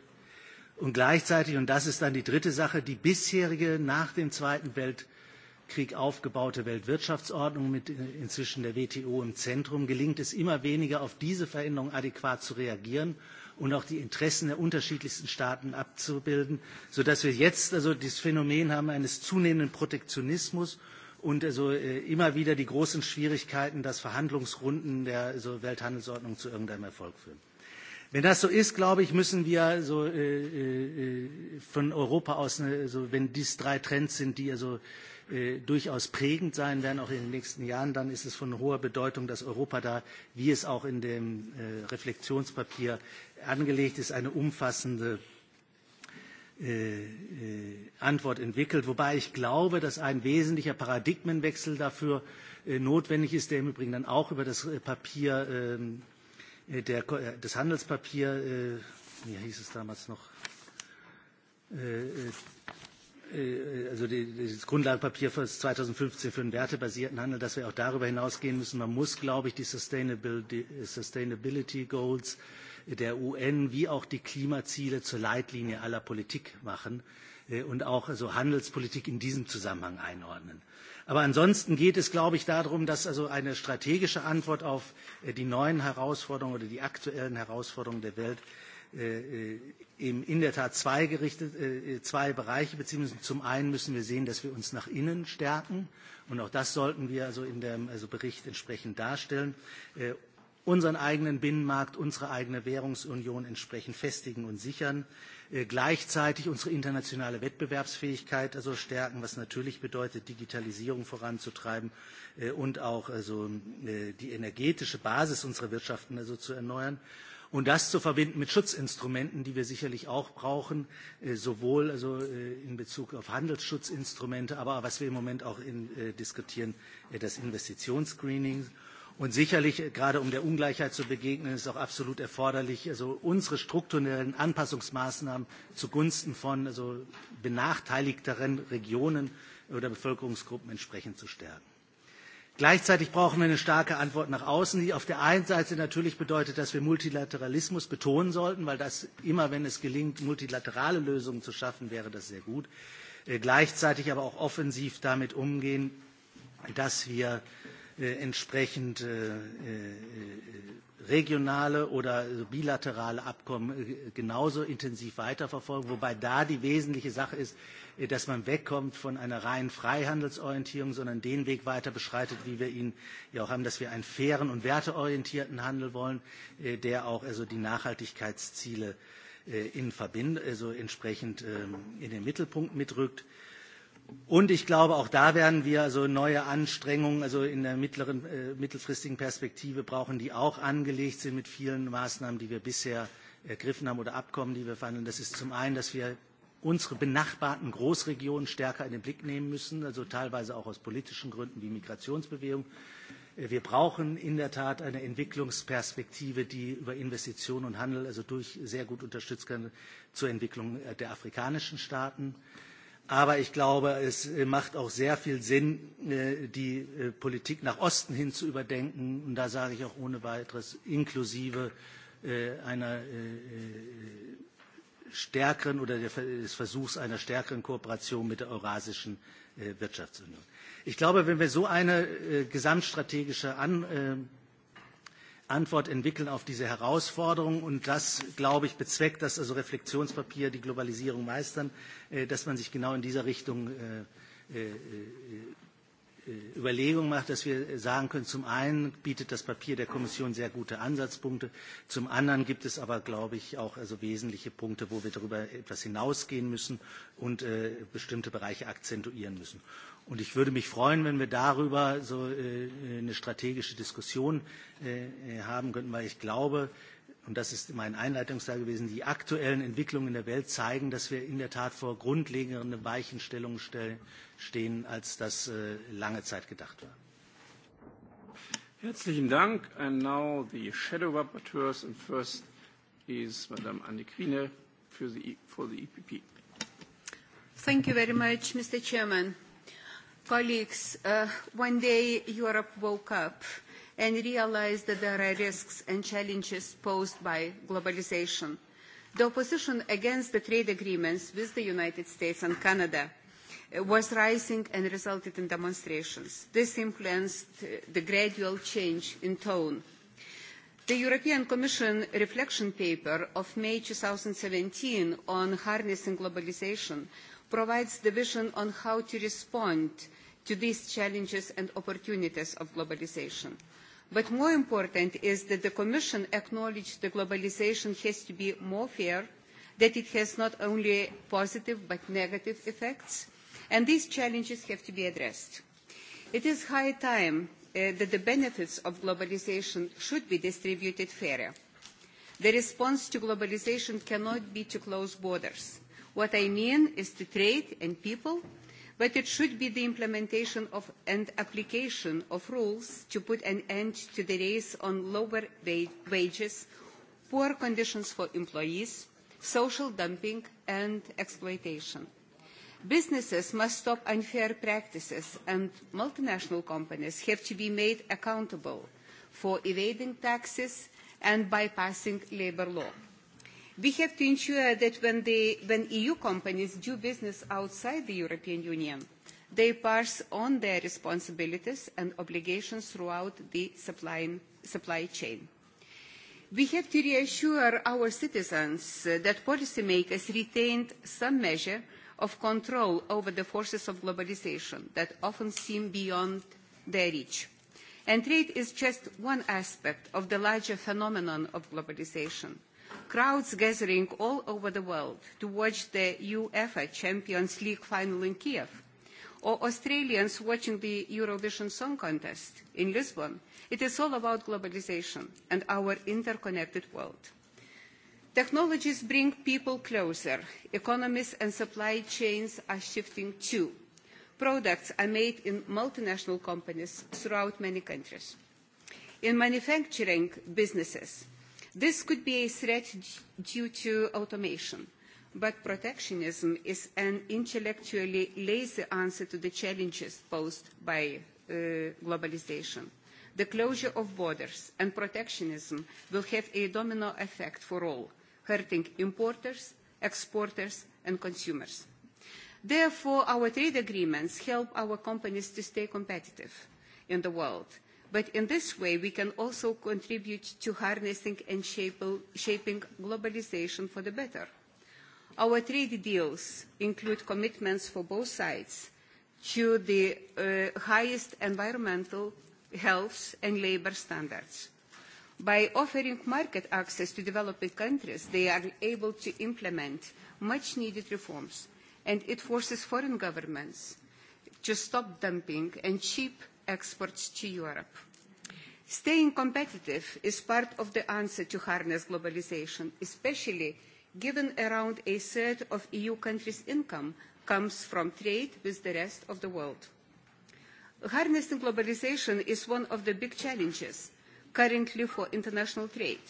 Und gleichzeitig, und das ist dann die dritte Sache, die bisherige nach dem Zweiten Weltkrieg aufgebaute Weltwirtschaftsordnung mit äh, inzwischen der WTO im Zentrum gelingt es immer weniger, auf diese Veränderung adäquat zu reagieren und auch die Interessen der unterschiedlichsten Staaten abzubilden, sodass wir jetzt also das Phänomen haben eines zunehmenden Protektionismus und also äh, immer wieder die großen Schwierigkeiten, dass Verhandlungsrunden der Welthandelsordnung zu irgendeinem Erfolg führen. Wenn das so ist, glaube ich, müssen wir so, äh, äh, äh von Europa aus, ne, äh, so, wenn dies drei Trends sind, die also äh, durchaus prägend sein werden, auch in den nächsten Jahren, dann ist es von hoher Bedeutung, dass Europa da, wie es auch in dem äh, Reflexionspapier angelegt ist, eine umfassende äh, äh, Antwort entwickelt. Wobei ich glaube, dass ein wesentlicher Paradigmenwechsel dafür äh, notwendig ist, der im Übrigen dann auch über das äh, Papier äh, Äh, der, äh, das Handelspapier, äh, wie hieß es damals noch, also das Grundlagenpapier für 2015 für den wertebasierten Handel, dass wir auch darüber hinausgehen müssen. Man muss, glaube ich, die Sustainability, Goals der UN wie auch die Klimaziele zur Leitlinie aller Politik machen äh, und auch also Handelspolitik in diesem Zusammenhang einordnen. Aber ansonsten geht es, glaube ich, darum, dass also eine strategische Antwort auf äh, die neuen Herausforderungen oder die aktuellen Herausforderungen der Welt eben äh, in der Tat zwei, gerichtet, zwei Bereiche beziehungsweise zum einen müssen wir sehen, dass wir uns nach innen stärken und auch das sollten wir also in dem also Bericht entsprechend darstellen unseren eigenen Binnenmarkt, unsere eigene Währungsunion entsprechend festigen und sichern, äh, gleichzeitig unsere internationale Wettbewerbsfähigkeit also stärken, was natürlich bedeutet, Digitalisierung voranzutreiben äh, und auch also, äh, die energetische Basis unserer Wirtschaften also zu erneuern und das zu verbinden mit Schutzinstrumenten, die wir sicherlich auch brauchen, sowohl also in Bezug auf Handelsschutzinstrumente, aber was wir im Moment auch in, diskutieren, das Investitionsscreening. Und sicherlich, äh, gerade um der Ungleichheit zu begegnen, ist auch absolut erforderlich, also unsere strukturellen Anpassungsmaßnahmen zugunsten von also benachteiligteren Regionen oder Bevölkerungsgruppen entsprechend zu stärken. Gleichzeitig brauchen wir eine starke Antwort nach außen, die auf der einen Seite natürlich bedeutet, dass wir Multilateralismus betonen sollten, weil das immer, wenn es gelingt, multilaterale Lösungen zu schaffen, wäre das sehr gut. Äh, gleichzeitig aber auch offensiv damit umgehen, dass wir Äh, entsprechend äh, äh, regionale oder bilaterale Abkommen genauso intensiv weiterverfolgen, wobei da die wesentliche Sache ist, dass man wegkommt von einer reinen Freihandelsorientierung, sondern den Weg weiter beschreitet, wie wir ihn ja auch haben, dass wir einen fairen und werteorientierten Handel wollen, der auch also die Nachhaltigkeitsziele in Verbind also entsprechend ähm, in den Mittelpunkt mitrückt. Und ich glaube, auch da werden wir also neue Anstrengungen, also in der mittleren, äh, mittelfristigen Perspektive brauchen, die auch angelegt sind mit vielen Maßnahmen, die wir bisher ergriffen haben oder Abkommen, die wir verhandeln. Das ist zum einen, dass wir unsere benachbarten Großregionen stärker in den Blick nehmen müssen, also teilweise auch aus politischen Gründen wie Migrationsbewegung. Äh, wir brauchen in der Tat eine Entwicklungsperspektive, die über Investitionen und Handel also durch sehr gut unterstützt kann zur Entwicklung äh, der afrikanischen Staaten. Aber ich glaube, es äh, macht auch sehr viel Sinn, äh, die äh, Politik nach Osten hin zu überdenken. Und da sage ich auch ohne weiteres inklusive einer stärkeren oder des Versuchs einer stärkeren Kooperation mit der Eurasischen Wirtschaftsunion. Ich glaube, wenn wir so eine gesamtstrategische An Antwort entwickeln auf diese Herausforderung. Und das, glaube ich, bezweckt das also Reflexionspapier, die Globalisierung meistern, äh, dass man sich genau in dieser Richtung äh, äh, äh, äh Überlegungen macht, dass wir sagen können, zum einen bietet das Papier der Kommission sehr gute Ansatzpunkte, zum anderen gibt es aber, glaube ich, auch also wesentliche Punkte, wo wir darüber etwas hinausgehen müssen und äh, bestimmte Bereiche akzentuieren müssen. Und ich würde mich freuen, wenn wir darüber so äh, eine strategische Diskussion äh, äh, haben könnten, weil ich glaube, und das ist mein Einleitungsteil gewesen, die aktuellen Entwicklungen in der Welt zeigen, dass wir in der Tat vor grundlegenden Weichenstellungen stehen, als das lange Zeit gedacht war. Herzlichen Dank. And now the Shadow Rapporteurs and first is Madame Anne Krine for the, for the EPP. Thank you very much, Mr. Chairman. Colleagues, uh, one day Europe woke up and realized that there are risks and challenges posed by globalization. The opposition against the trade agreements with the United States and Canada uh, was rising and resulted in demonstrations. This influenced uh, the gradual change in tone. The European Commission reflection paper of May 2017 on harnessing globalization provides the vision on how to respond to these challenges and opportunities of globalisation. But more important is that the Commission acknowledged that globalisation has to be more fair, that it has not only positive but negative effects, and these challenges have to be addressed. It is high time uh, that the benefits of globalisation should be distributed fairer. The response to globalisation cannot be to close borders What I mean is to trade and people, but it should be the implementation of and application of rules to put an end to the race on lower wages, poor conditions for employees, social dumping and exploitation. Businesses must stop unfair practices and multinational companies have to be made accountable for evading taxes and bypassing labour law. We have to ensure that when, the, when EU companies do business outside the European Union, they pass on their responsibilities and obligations throughout the supply, supply chain. We have to reassure our citizens that policymakers retained some measure of control over the forces of globalization that often seem beyond their reach. And trade is just one aspect of the larger phenomenon of globalization – crowds gathering all over the world to watch the UEFA Champions League final in Kiev, or Australians watching the Eurovision Song Contest in Lisbon. It is all about globalization and our interconnected world. Technologies bring people closer. Economies and supply chains are shifting too. Products are made in multinational companies throughout many countries. In manufacturing businesses, This could be a threat due to automation, but protectionism is an intellectually lazy answer to the challenges posed by uh, globalization. The closure of borders and protectionism will have a domino effect for all, hurting importers, exporters and consumers. Therefore, our trade agreements help our companies to stay competitive in the world – but in this way we can also contribute to harnessing and shaping globalisation for the better. Our trade deals include commitments for both sides to the uh, highest environmental, health and labour standards. By offering market access to developing countries, they are able to implement much needed reforms and it forces foreign governments to stop dumping and cheap exports to Europe. Staying competitive is part of the answer to harness globalisation, especially given around a third of EU countries' income comes from trade with the rest of the world. Harnessing globalisation is one of the big challenges currently for international trade,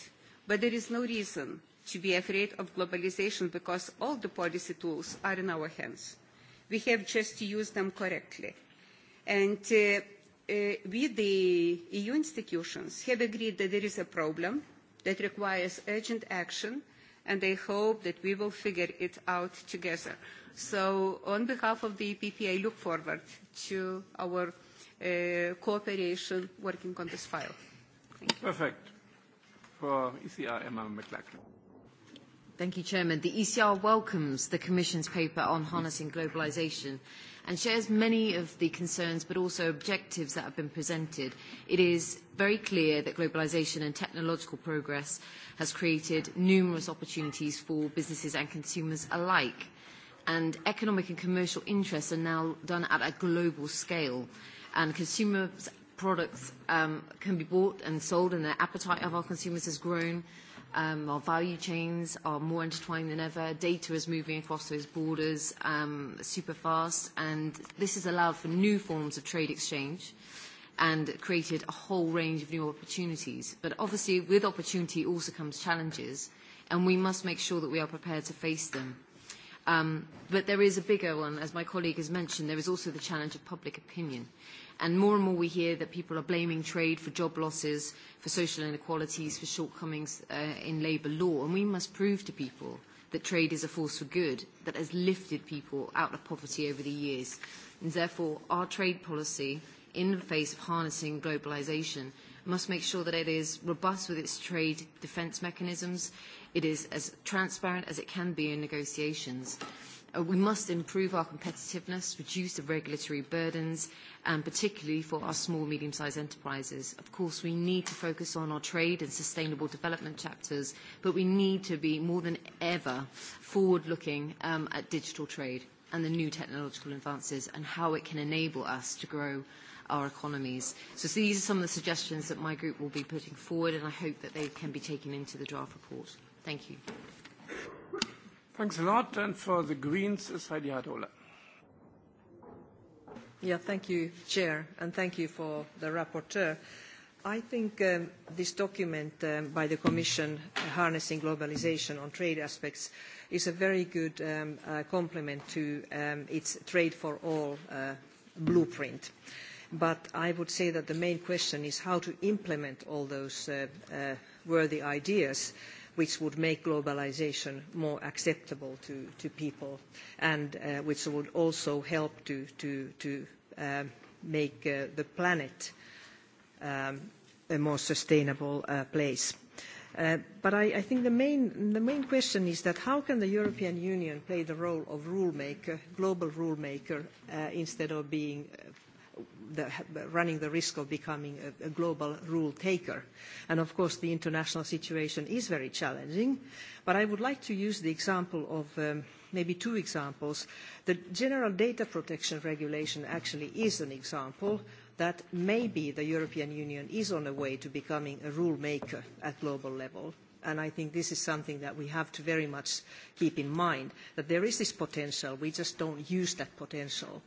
but there is no reason to be afraid of globalisation because all the policy tools are in our hands. We have just to use them correctly. And uh, with the EU institutions have agreed that there is a problem that requires urgent action and they hope that we will figure it out together. So on behalf of the EPP, I look forward to our uh, cooperation working on this file. Thank you. Perfect. For ECR, Emma McLachlan. Thank you, Chairman. The ECR welcomes the Commission's paper on harnessing globalisation and shares many of the concerns but also objectives that have been presented. It is very clear that globalisation and technological progress has created numerous opportunities for businesses and consumers alike and economic and commercial interests are now done at a global scale and consumer products um, can be bought and sold and the appetite of our consumers has grown Um, our value chains are more intertwined than ever. Data is moving across those borders um, super fast, and this has allowed for new forms of trade exchange and created a whole range of new opportunities. But obviously, with opportunity also comes challenges, and we must make sure that we are prepared to face them. Um, but there is a bigger one, as my colleague has mentioned. There is also the challenge of public opinion. And more and more we hear that people are blaming trade for job losses, for social inequalities, for shortcomings uh, in labour law. And we must prove to people that trade is a force for good that has lifted people out of poverty over the years. And therefore, our trade policy, in the face of harnessing globalisation, must make sure that it is robust with its trade defence mechanisms, it is as transparent as it can be in negotiations. Uh, we must improve our competitiveness, reduce the regulatory burdens, and particularly for our small, medium-sized enterprises. Of course, we need to focus on our trade and sustainable development chapters, but we need to be more than ever forward-looking um, at digital trade and the new technological advances and how it can enable us to grow our economies. So, so these are some of the suggestions that my group will be putting forward, and I hope that they can be taken into the draft report. Thank you. Thanks a lot. And for the Greens, it's uh, Heidi Hadola. Yeah, thank you, Chair, and thank you for the rapporteur. I think um, this document um, by the Commission, uh, Harnessing Globalization on Trade Aspects, is a very good um, uh, complement to um, its Trade for All uh, blueprint. But I would say that the main question is how to implement all those uh, uh worthy ideas which would make globalisation more acceptable to, to people and uh, which would also help to, to, to uh, make uh, the planet um, a more sustainable uh, place. Uh, but I, I think the main, the main question is that how can the European Union play the role of rulemaker, global rule maker, uh, instead of being the, running the risk of becoming a, a global rule taker. And of course, the international situation is very challenging. But I would like to use the example of um, maybe two examples. The General Data Protection Regulation actually is an example that maybe the European Union is on the way to becoming a rule maker at global level. And I think this is something that we have to very much keep in mind, that there is this potential. We just don't use that potential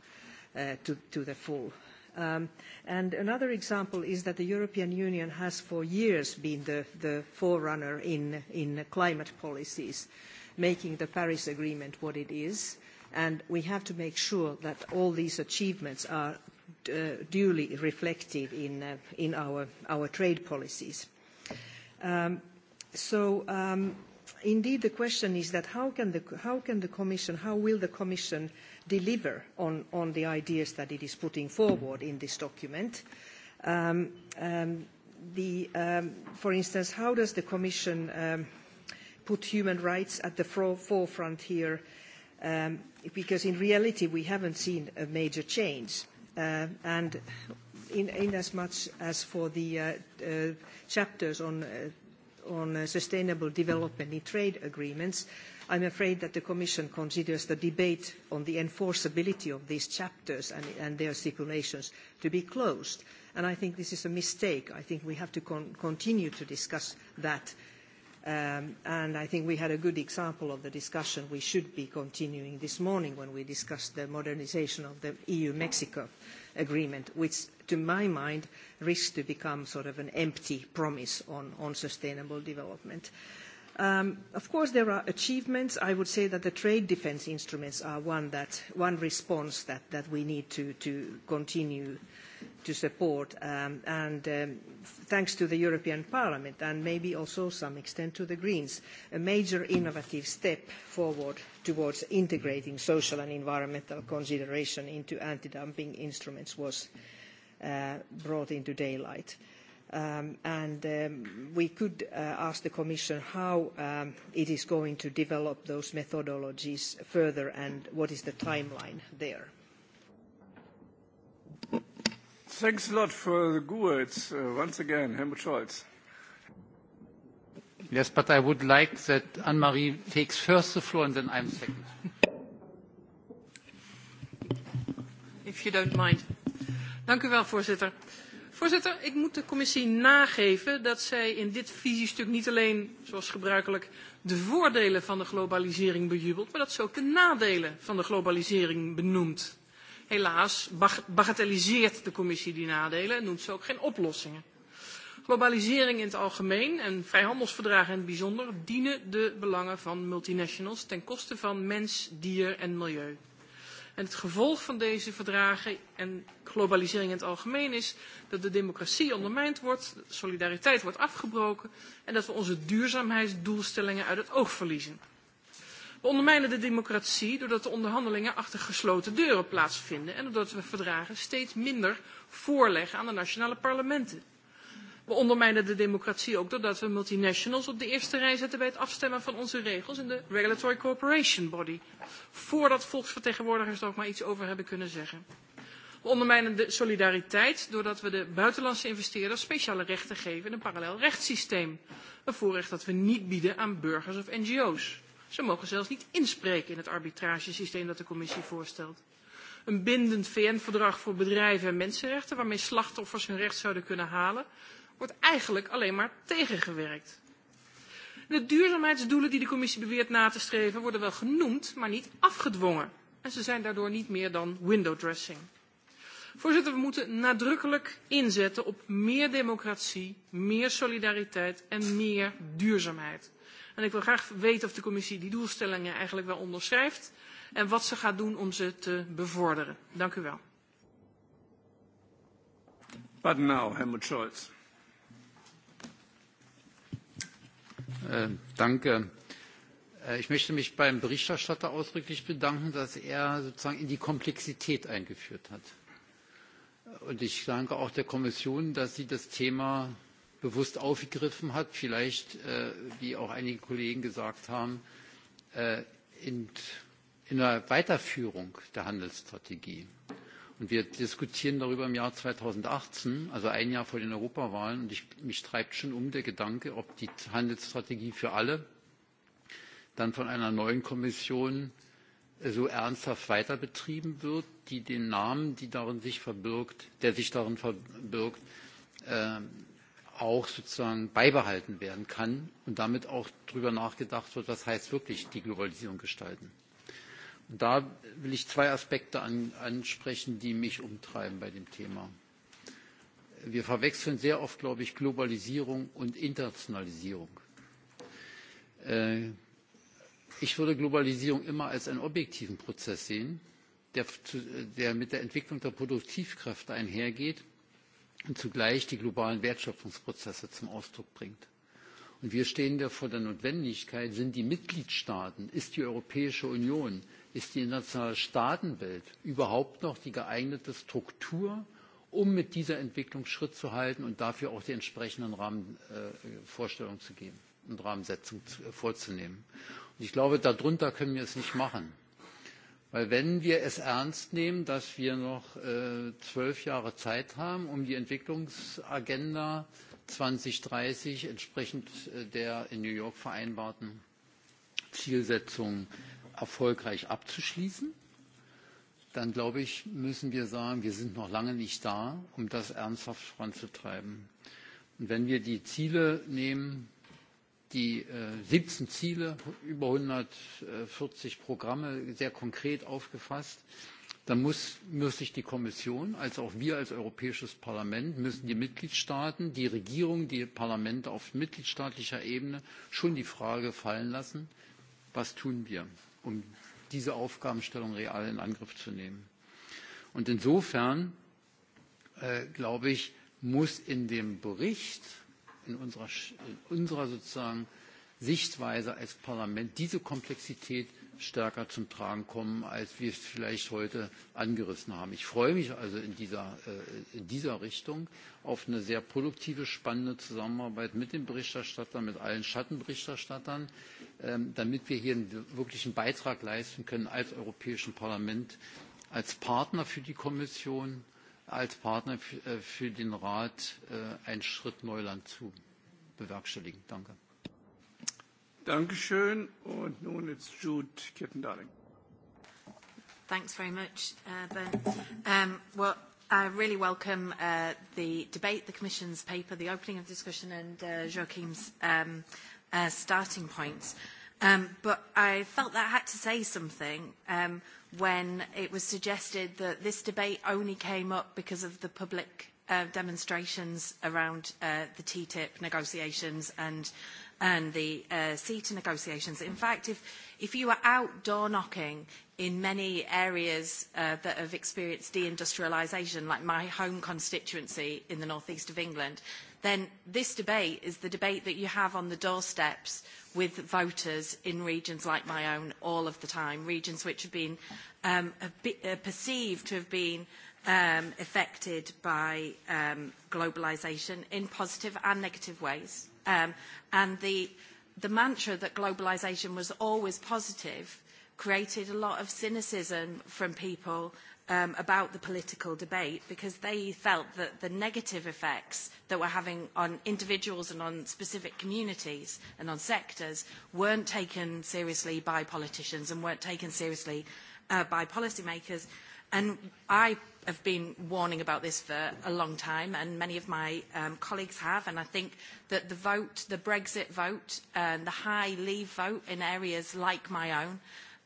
uh, to, to the full. Um, and another example is that the European Union has for years been the, the forerunner in, in climate policies, making the Paris Agreement what it is. And we have to make sure that all these achievements are Uh, duly reflected in, uh, in our, our trade policies. Um, so um, indeed, the question is that how can the, how can the Commission, how will the Commission uh, deliver on, on the ideas that it is putting forward in this document. Um, um, the, um, for instance, how does the Commission um, put human rights at the forefront here? Um, because in reality, we haven't seen a major change. Uh, and in, in, as much as for the uh, uh, chapters on, uh, on uh, sustainable development in trade agreements, I am afraid that the Commission considers the debate on the enforceability of these chapters and, and their stipulations to be closed. And I think this is a mistake. I think we have to con continue to discuss that. Um, and I think we had a good example of the discussion we should be continuing this morning when we discussed the modernisation of the EU-Mexico agreement, which to my mind risks to become sort of an empty promise on, on sustainable development. Uh, Um, of course, there are achievements. I would say that the trade defence instruments are one, that, one response that, we need to, continue to support. Um, and um, thanks to the European Parliament and maybe also some extent to the Greens, a major innovative step forward towards integrating social and environmental consideration into anti-dumping instruments was uh, brought into daylight. Um, and um, we could uh, ask the Commission how um, it is going to develop those methodologies further and what is the timeline there. Thanks a lot for the words. Uh, once again Helmut Scholz. Yes, but I would like that Anne-Marie takes first the floor and then I'm second. If you don't mind. Dank u wel, voorzitter. Voorzitter, ik moet de commissie nageven dat zij in dit visiestuk niet alleen, zoals gebruikelijk, de voordelen van de globalisering bejubelt, maar dat ze ook de nadelen van de globalisering benoemt. Helaas bag bagatelliseert de commissie die nadelen en noemt ze ook geen oplossingen. Globalisering in het algemeen en vrijhandelsverdragen in het bijzonder dienen de belangen van multinationals ten koste van mens, dier en milieu. En het gevolg van deze verdragen en globalisering in het algemeen is dat de democratie ondermijnd wordt, solidariteit wordt afgebroken en dat we onze duurzaamheidsdoelstellingen uit het oog verliezen. We ondermijnen de democratie doordat de onderhandelingen achter gesloten deuren plaatsvinden en doordat we verdragen steeds minder voorleggen aan de nationale parlementen. We ondermijnen de democratie ook doordat we multinationals op de eerste rij zetten bij het afstemmen van onze regels in de Regulatory Cooperation Body. Voordat volksvertegenwoordigers er ook maar iets over hebben kunnen zeggen. We ondermijnen de solidariteit doordat we de buitenlandse investeerders speciale rechten geven in een parallel rechtssysteem. Een voorrecht dat we niet bieden aan burgers of NGO's. Ze mogen zelfs niet inspreken in het arbitragesysteem dat de commissie voorstelt. Een bindend VN-verdrag voor bedrijven en mensenrechten waarmee slachtoffers hun recht zouden kunnen halen, wordt eigenlijk alleen maar tegengewerkt. De duurzaamheidsdoelen die de commissie beweert na te streven worden wel genoemd, maar niet afgedwongen. En ze zijn daardoor niet meer dan window dressing. Voorzitter, we moeten nadrukkelijk inzetten op meer democratie, meer solidariteit en meer duurzaamheid. En ik wil graag weten of de commissie die doelstellingen eigenlijk wel onderschrijft en wat ze gaat doen om ze te bevorderen. Dank u wel. But now, Helmut Scholz. präsident! Äh, äh, ich möchte mich beim Berichterstatter ausdrücklich bedanken, dass er sozusagen in die Komplexität eingeführt hat. Und ich danke auch der Kommission, dass sie das Thema bewusst aufgegriffen hat, vielleicht, äh, wie auch einige Kollegen gesagt haben, in, in der Weiterführung der Handelsstrategie und wir diskutieren darüber im jahr zweitausendachtzehn also ein jahr vor den europawahlen und mich treibt schon um der gedanke ob die handelsstrategie für alle dann von einer neuen kommission äh, so ernsthaft weiterbetrieben wird die den namen der sich darin verbirgt äh, auch sozusagen beibehalten werden kann und damit auch darüber nachgedacht wird was heißt wirklich die globalisierung gestalten? da will ich zwei aspekte ansprechen die mich umtreiben bei dem thema. wir verwechseln sehr oft glaube ich globalisierung und internationalisierung. Äh, ich würde globalisierung immer als einen objektiven prozess sehen der, mit der entwicklung der produktivkräfte einhergeht und zugleich die globalen wertschöpfungsprozesse zum ausdruck bringt. Und wir stehen da vor der notwendigkeit sind die mitgliedstaaten ist die europäische union ist die internationale staatenwelt überhaupt noch die geeignete struktur um mit dieser entwicklung schritt zu halten und dafür auch die entsprechenden rahmenvorstellungen äh, zu geben und rahmensetzungen äh, vorzunehmen? ich glaube darunter können wir es nicht machen. Denn wenn wir es ernst nehmen dass wir noch äh, zwölf jahre zeit haben um die entwicklungsagenda zweitausenddreißig entsprechend der in new york vereinbarten zielsetzungen erfolgreich abzuschließen, dann glaube ich, müssen wir sagen, wir sind noch lange nicht da, um das ernsthaft voranzutreiben. Und wenn wir die Ziele nehmen, die äh, siebzehn ziele über einhundertvierzig programme sehr konkret aufgefasst dann muss, muss sich die kommission als auch wir als europäisches parlament müssen die mitgliedstaaten die Regierung, die parlamente auf mitgliedstaatlicher ebene schon die frage fallen lassen was tun wir? um diese Aufgabenstellung real in Angriff zu nehmen. Und insofern, äh, glaube ich, muss in dem Bericht, in unserer, in unserer sozusagen Sichtweise als Parlament diese Komplexität stärker zum Tragen kommen, als wir es vielleicht heute angerissen haben. Ich freue mich also in dieser, äh, in dieser Richtung auf eine sehr produktive, spannende Zusammenarbeit mit dem Berichterstatter, mit allen Schattenberichterstattern, ähm, damit wir hier einen wirklichen Beitrag leisten können als Europäischen Parlament, als Partner für die Kommission, als Partner äh, für den Rat, äh, einen Schritt Neuland zu bewerkstelligen. Danke. Dankeschön. Und nun it's Jude kitten Thanks very much, uh, Ben. Um, well, I really welcome uh, the debate, the Commission's paper, the opening of the discussion, and uh, Joachim's um, uh, starting points. Um, but I felt that I had to say something um, when it was suggested that this debate only came up because of the public uh, demonstrations around uh, the TTIP negotiations and and the uh, CETA negotiations. In fact, if, if you are out door knocking in many areas uh, that have experienced deindustrialisation, like my home constituency in the northeast of England, then this debate is the debate that you have on the doorsteps with voters in regions like my own all of the time, regions which have been um, bit, uh, perceived to have been um, affected by um, globalisation in positive and negative ways. Um, and the, the mantra that globalization was always positive created a lot of cynicism from people um, about the political debate because they felt that the negative effects that we're having on individuals and on specific communities and on sectors weren't taken seriously by politicians and weren't taken seriously uh, by policymakers. makers And I have been warning about this for a long time, and many of my um, colleagues have. And I think that the vote, the Brexit vote, and the high leave vote in areas like my own,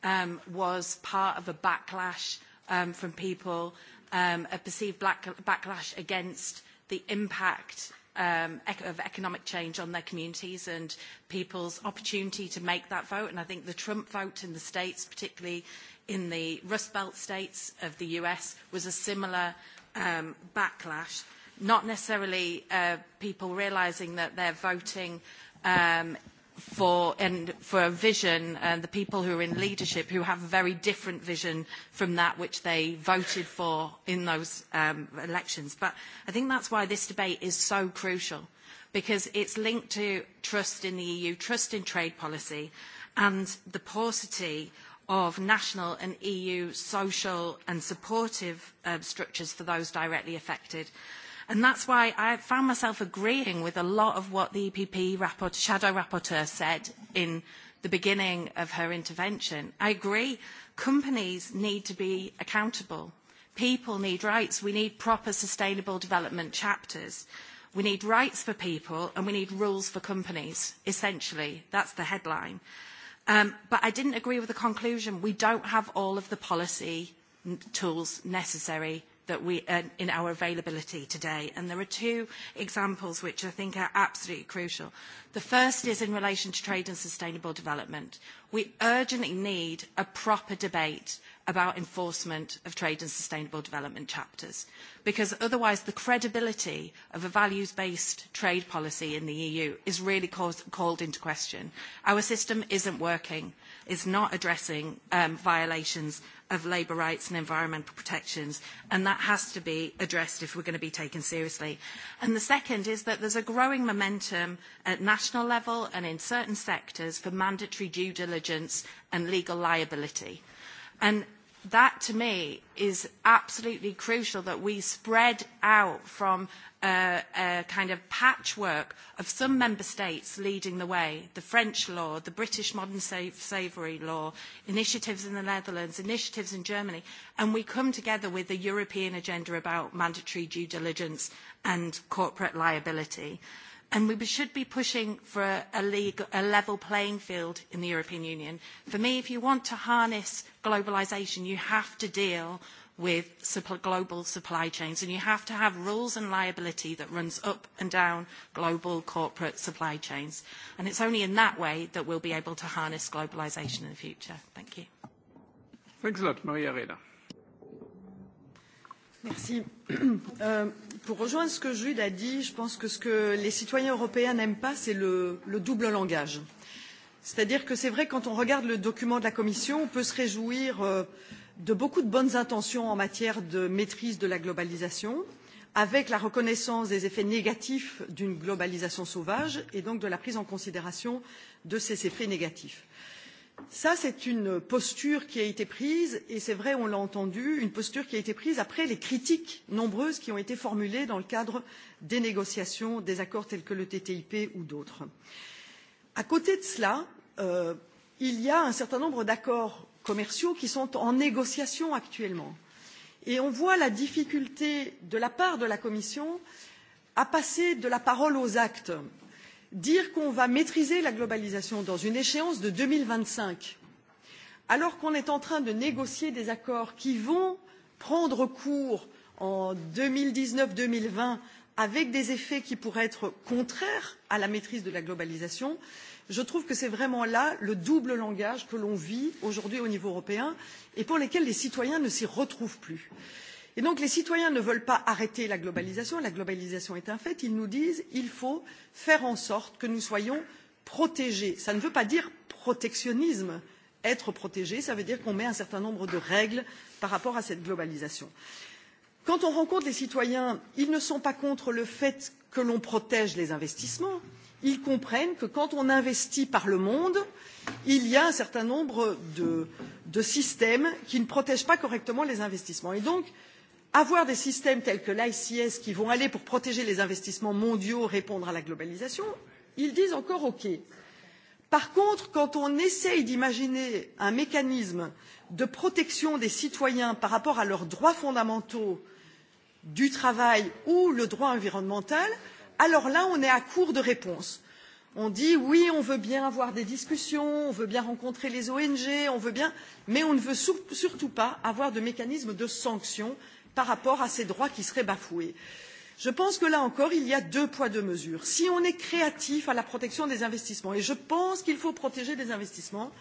um, was part of a backlash um, from people, um, a perceived black backlash against the impact um, of economic change on their communities and people's opportunity to make that vote. And I think the Trump vote in the States, particularly in the Rust Belt states of the US was a similar um, backlash, not necessarily uh, people realizing that they're voting um, for, and for a vision and uh, the people who are in leadership who have a very different vision from that which they voted for in those um, elections. But I think that's why this debate is so crucial because it's linked to trust in the EU, trust in trade policy and the paucity of national and EU social and supportive uh, structures for those directly affected. And that's why I found myself agreeing with a lot of what the EPP rapport, shadow rapporteur said in the beginning of her intervention. I agree, companies need to be accountable. People need rights. We need proper sustainable development chapters. We need rights for people and we need rules for companies, essentially. That's the headline. Um, but I didn't agree with the conclusion. We don't have all of the policy tools necessary that we uh, in our availability today. And there are two examples which I think are absolutely crucial. The first is in relation to trade and sustainable development. We urgently need a proper debate about enforcement of trade and sustainable development chapters, because otherwise the credibility of a values-based trade policy in the EU is really caused, called into question. Our system isn't working, it's not addressing um, violations of labour rights and environmental protections, and that has to be addressed if we're going to be taken seriously. And the second is that there's a growing momentum at national level and in certain sectors for mandatory due diligence and legal liability. And that to me is absolutely crucial that we spread out from a, uh, a kind of patchwork of some member states leading the way, the French law, the British modern sav savoury law, initiatives in the Netherlands, initiatives in Germany, and we come together with a European agenda about mandatory due diligence and corporate liability. And we should be pushing for a, a, legal, a level playing field in the European Union. For me, if you want to harness globalisation, you have to deal with global supply chains, and you have to have rules and liability that runs up and down global corporate supply chains. And it's only in that way that we'll be able to harness globalisation in the future. Thank you. Thanks a lot, Maria Arena. Merci. [clears throat] euh, pour rejoindre ce que Jude a dit, je pense que ce que les citoyens européens n'aiment pas, c'est le, le double langage. C'est-à-dire que c'est vrai, quand on regarde le document de la Commission, on peut se réjouir euh, de beaucoup de bonnes intentions en matière de maîtrise de la globalisation, avec la reconnaissance des effets négatifs d'une globalisation sauvage et donc de la prise en considération de ces effets négatifs ça c'est une posture qui a été prise et c'est vrai on l'a entendu une posture qui a été prise après les critiques nombreuses qui ont été formulées dans le cadre des négociations des accords tels que le ttip ou d'autres. à côté de cela euh, il y a un certain nombre d'accords commerciaux qui sont en négociation actuellement et on voit la difficulté de la part de la commission à passer de la parole aux actes dire qu'on va maîtriser la globalisation dans une échéance de deux mille vingt cinq alors qu'on est en train de négocier des accords qui vont prendre cours en deux mille dix neuf deux mille vingt avec des effets qui pourraient être contraires à la maîtrise de la globalisation je trouve que c'est vraiment là le double langage que l'on vit aujourd'hui au niveau européen et pour lequel les citoyens ne s'y retrouvent plus. je Et donc les citoyens ne veulent pas arrêter la globalisation, la globalisation est un fait, ils nous disent il faut faire en sorte que nous soyons protégés. cela ne veut pas dire protectionnisme, être protégé, cela veut dire qu'on met un certain nombre de règles par rapport à cette globalisation. Quand on rencontre les citoyens, ils ne sont pas contre le fait que l'on protège les investissements, ils comprennent que quand on investit par le monde, il y a un certain nombre de, systèmes qui ne protègent pas correctement les investissements. Et donc, avoir des systèmes tels que l'ics qui vont aller pour protéger les investissements mondiaux répondre à la globalisation ils disent encore ok. par contre quand on essaie d'imaginer un mécanisme de protection des citoyens par rapport à leurs droits fondamentaux du travail ou le droit environnemental alors là on est à court de réponses. on dit oui on veut bien avoir des discussions on veut bien rencontrer les ong on veut bien mais on ne veut surtout pas avoir de mécanisme de sanction par rapport à ces droits qui seraient bafoués. je pense que là encore il y a deux poids deux mesures. si on est créatif à la protection des investissements et je pense qu'il faut protéger les investissements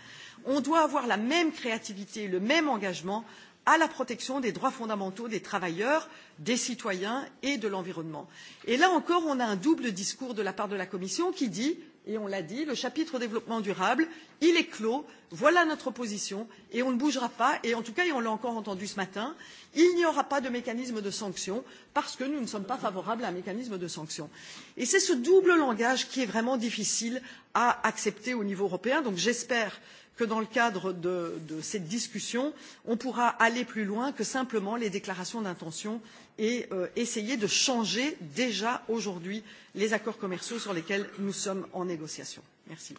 on doit avoir la même créativité le même engagement à la protection des droits fondamentaux des travailleurs des citoyens et de l'environnement. et là encore on a un double discours de la part de la commission qui dit et on l'a dit le chapitre développement durable il est clos voilà notre position et on ne bougera pas et en tout cas et on l'a encore entendu ce matin il n'y aura pas de mécanisme de sanction parce que nous ne sommes pas favorables à un mécanisme de sanction. et c'est ce double langage qui est vraiment difficile à accepter au niveau européen donc j'espère que que dans le cadre de, de cette discussion on pourra aller plus loin que simplement les déclarations d'intention et euh, essayer de changer déjà aujourd'hui les accords commerciaux sur lesquels nous sommes en négociation. merci.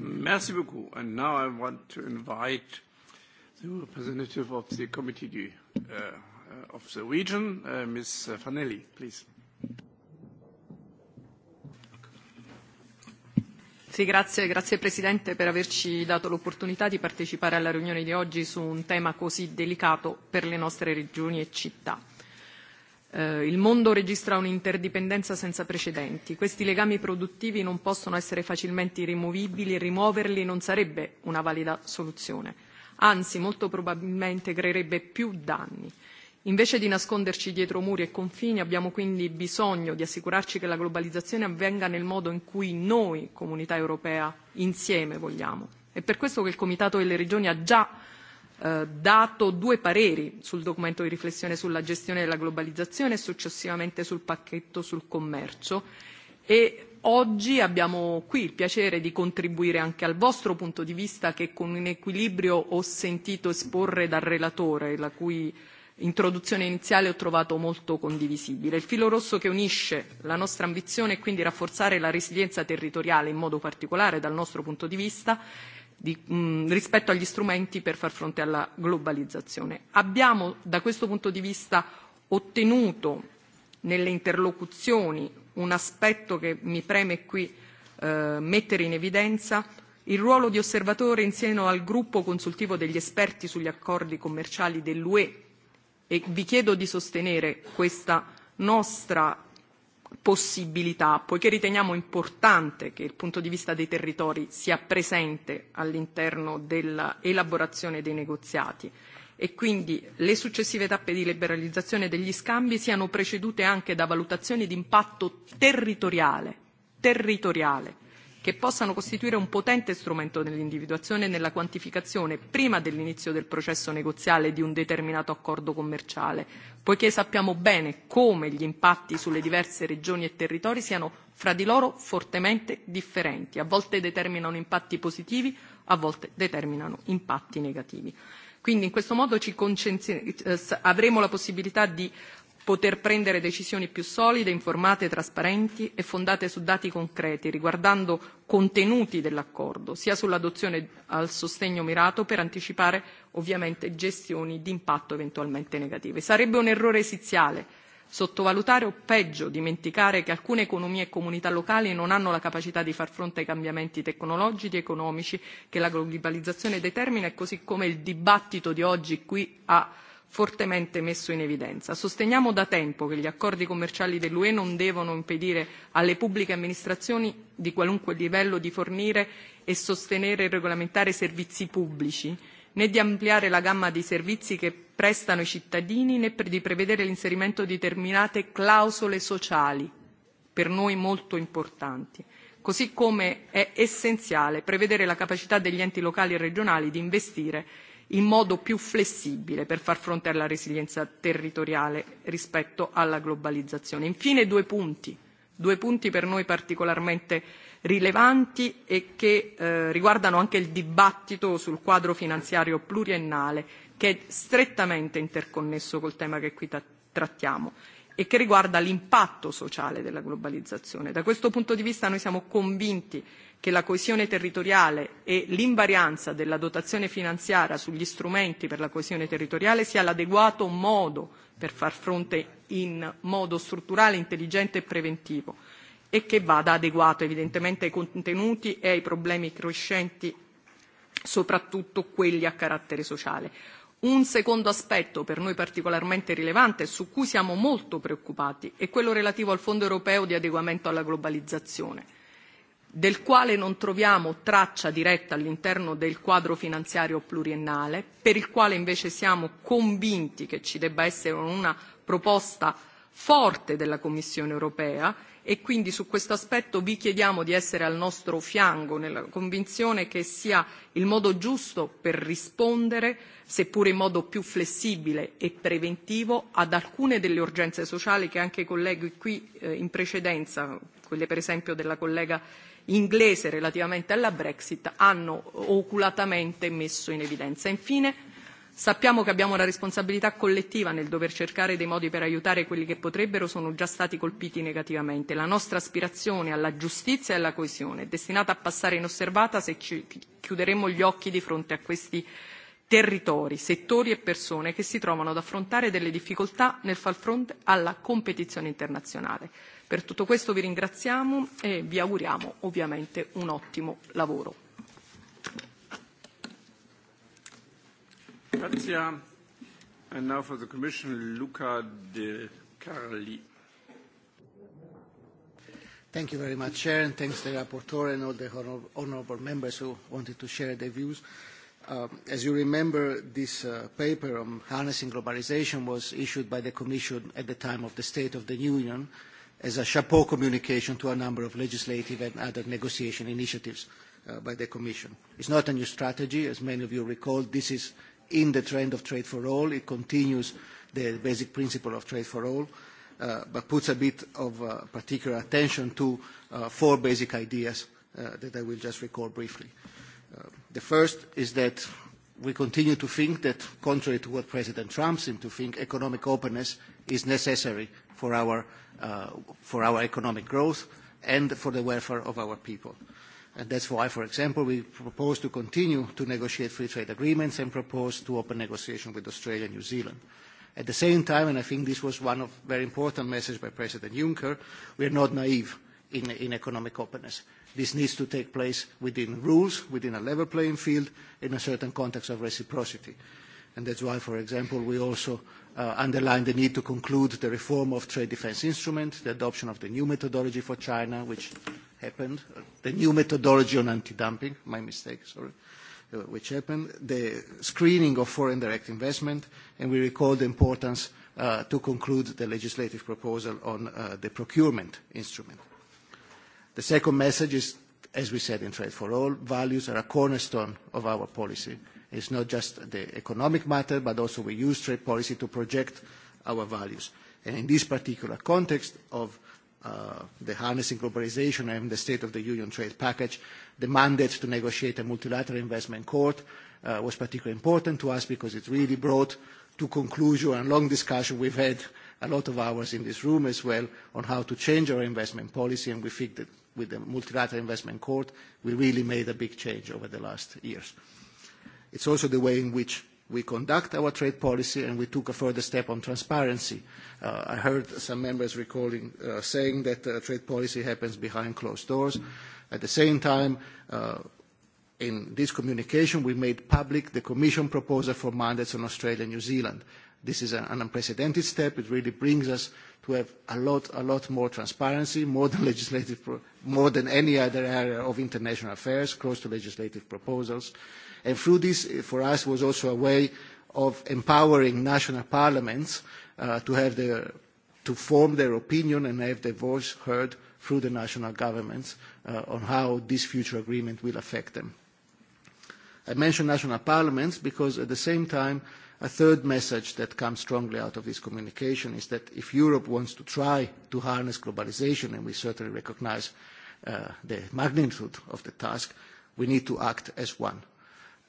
merci beaucoup. and now i want to invite the representative of the committee du, uh, uh of the region, uh, ms fanelli please. Sì, grazie, grazie Presidente per averci dato l'opportunità di partecipare alla riunione di oggi su un tema così delicato per le nostre regioni e città. Eh, il mondo registra un'interdipendenza senza precedenti. Questi legami produttivi non possono essere facilmente rimovibili e rimuoverli non sarebbe una valida soluzione. Anzi, molto probabilmente creerebbe più danni. Invece di nasconderci dietro muri e confini, abbiamo quindi bisogno di assicurarci che la globalizzazione avvenga nel modo in cui noi, comunità europea, insieme vogliamo. È per questo che il Comitato delle Regioni ha già eh, dato due pareri sul documento di riflessione sulla gestione della globalizzazione e successivamente sul pacchetto sul commercio e oggi abbiamo qui il piacere di contribuire anche al vostro punto di vista che con un equilibrio ho sentito esporre dal relatore, la cui introduzione iniziale ho trovato molto condivisibile. Il filo rosso che unisce la nostra ambizione è quindi rafforzare la resilienza territoriale, in modo particolare dal nostro punto di vista, di, mh, mm, rispetto agli strumenti per far fronte alla globalizzazione. Abbiamo da questo punto di vista ottenuto nelle interlocuzioni un aspetto che mi preme qui eh, mettere in evidenza il ruolo di osservatore in seno al gruppo consultivo degli esperti sugli accordi commerciali dell'UE e vi chiedo di sostenere questa nostra possibilità, poiché riteniamo importante che il punto di vista dei territori sia presente all'interno dell'elaborazione dei negoziati e quindi le successive tappe di liberalizzazione degli scambi siano precedute anche da valutazioni di impatto territoriale, territoriale che possano costituire un potente strumento nell'individuazione e nella quantificazione, prima dell'inizio del processo negoziale, di un determinato accordo commerciale, poiché sappiamo bene come gli impatti sulle diverse regioni e territori siano fra di loro fortemente differenti, a volte determinano impatti positivi, a volte determinano impatti negativi. Quindi in questo modo ci eh, avremo la possibilità di poter prendere decisioni più solide, informate, trasparenti e fondate su dati concreti riguardando contenuti dell'accordo, sia sull'adozione al sostegno mirato per anticipare ovviamente gestioni di impatto eventualmente negative. Sarebbe un errore esiziale sottovalutare o peggio dimenticare che alcune economie e comunità locali non hanno la capacità di far fronte ai cambiamenti tecnologici e economici che la globalizzazione determina e così come il dibattito di oggi qui ha fortemente messo in evidenza. Sosteniamo da tempo che gli accordi commerciali dell'UE non devono impedire alle pubbliche amministrazioni di qualunque livello di fornire e sostenere e regolamentare servizi pubblici, né di ampliare la gamma di servizi che prestano i cittadini, né di prevedere l'inserimento di determinate clausole sociali, per noi molto importanti così come è essenziale prevedere la capacità degli enti locali e regionali di investire in modo più flessibile per far fronte alla resilienza territoriale rispetto alla globalizzazione. Infine due punti, due punti per noi particolarmente rilevanti e che eh, riguardano anche il dibattito sul quadro finanziario pluriennale che è strettamente interconnesso col tema che qui trattiamo e che riguarda l'impatto sociale della globalizzazione. Da questo punto di vista noi siamo convinti che la coesione territoriale e l'invarianza della dotazione finanziaria sugli strumenti per la coesione territoriale sia l'adeguato modo per far fronte in modo strutturale, intelligente e preventivo e che vada adeguato evidentemente ai contenuti e ai problemi crescenti, soprattutto quelli a carattere sociale. Un secondo aspetto per noi particolarmente rilevante, su cui siamo molto preoccupati, è quello relativo al Fondo europeo di adeguamento alla globalizzazione del quale non troviamo traccia diretta all'interno del quadro finanziario pluriennale, per il quale invece siamo convinti che ci debba essere una proposta forte della Commissione europea e quindi su questo aspetto vi chiediamo di essere al nostro fianco nella convinzione che sia il modo giusto per rispondere, seppure in modo più flessibile e preventivo, ad alcune delle urgenze sociali che anche i colleghi qui eh, in precedenza, quelle per esempio della collega inglese relativamente alla Brexit hanno oculatamente messo in evidenza. Infine, sappiamo che abbiamo una responsabilità collettiva nel dover cercare dei modi per aiutare quelli che potrebbero sono già stati colpiti negativamente. La nostra aspirazione alla giustizia e alla coesione è destinata a passare inosservata se ci chiuderemo gli occhi di fronte a questi territori, settori e persone che si trovano ad affrontare delle difficoltà nel far fronte alla competizione internazionale. Per tutto questo vi ringraziamo e vi auguriamo ovviamente un ottimo lavoro. Grazie. And now for the Commission, Luca De Carli. Thank you very much, Chair, and thanks to the Rapporteur and all the members who wanted to share their views. Uh, as you remember, this uh, paper on harnessing was issued by the Commission at the time of the State of the Union, uh, as a chapeau communication to a number of legislative and other negotiation initiatives uh, by the Commission. It's not a new strategy. As many of you recall, this is in the trend of trade for all. It continues the basic principle of trade for all, uh, but puts a bit of uh, particular attention to uh, four basic ideas uh, that I will just recall briefly. Uh, the first is that we continue to think that, contrary to what President Trump seemed to think, economic openness is necessary for our, uh, for our economic growth and for the welfare of our people. And that's why, for example, we propose to continue to negotiate free trade agreements and propose to open negotiation with Australia and New Zealand. At the same time, and I think this was one of very important message by President Juncker, we are not naive in, in economic openness. This needs to take place within rules, within a level playing field, in a certain context of reciprocity. And that's why, for example, we also uh, underline the need to conclude the reform of trade defence instrument, the adoption of the new methodology for China, which happened, the new methodology on anti-dumping, my mistake, sorry, uh, which happened, the screening of foreign direct investment, and we recall the importance uh, to conclude the legislative proposal on uh, the procurement instrument. The second message is, as we said in Trade for All, values are a cornerstone of our policy. It's not just the economic matter, but also we use trade policy to project our values. And in this particular context of uh, the harnessing globalization and the State of the Union trade package, the mandate to negotiate a multilateral investment court uh, was particularly important to us because it really brought to conclusion a long discussion we've had a lot of hours in this room as well on how to change our investment policy, and we think that with the Multilateral Investment Court, we really made a big change over the last years. It's also the way in which we conduct our trade policy, and we took a further step on transparency. Uh, I heard some members recalling uh, saying that uh, trade policy happens behind closed doors. At the same time, uh, in this communication, we made public the Commission proposal for mandates on Australia and New Zealand. This is an unprecedented step. It really brings us to have a lot, a lot more transparency, more than [laughs] legislative, more than any other area of international affairs, close to legislative proposals. And through this, eh, for us, was also a way of empowering national parliaments uh, to have their, to form their opinion and have their voice heard through the national governments uh, on how this future agreement will affect them. I mention national parliaments because at the same time, a third message that comes strongly out of this communication is that if Europe wants to try to harness globalisation, and we certainly recognise uh, the magnitude of the task, we need to act as one.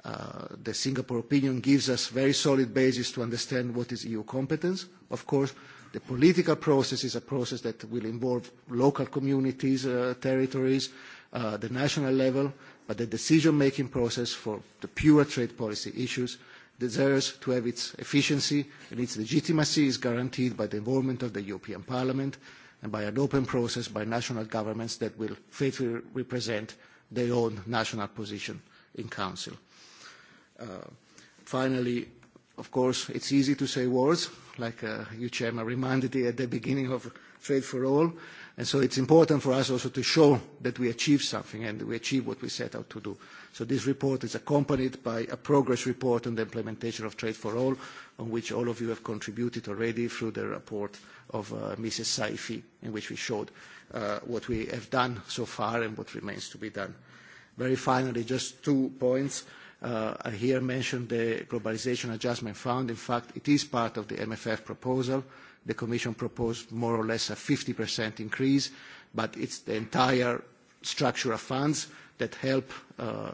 Uh, the Singapore opinion gives us very solid basis to understand what is EU competence. Of course, the political process is a process that will involve local communities, uh, territories, uh, the national level, but the decision-making process for the pure trade policy issues deserves to have its efficiency and its legitimacy is guaranteed by the involvement of the European Parliament and by an open process by national governments that will faithfully represent their own national position in Council. Uh, finally, of course, it's easy to say words, like uh, you, Chairman, reminded me at the beginning of trade for all. And so it's important for us also to show that we achieve something and we achieve what we set out to do. So this report is accompanied by a progress report on the implementation of Trade for All, on which all of you have contributed already through the report of uh, Mrs. Saifi, in which we showed uh, what we have done so far and what remains to be done. Very finally, just two points. Uh, I here mentioned the Globalization Adjustment Fund. In fact, it is part of the MFF proposal. Uh, The Commission proposed more or less a 50% increase, but it's the entire structure of funds that help uh,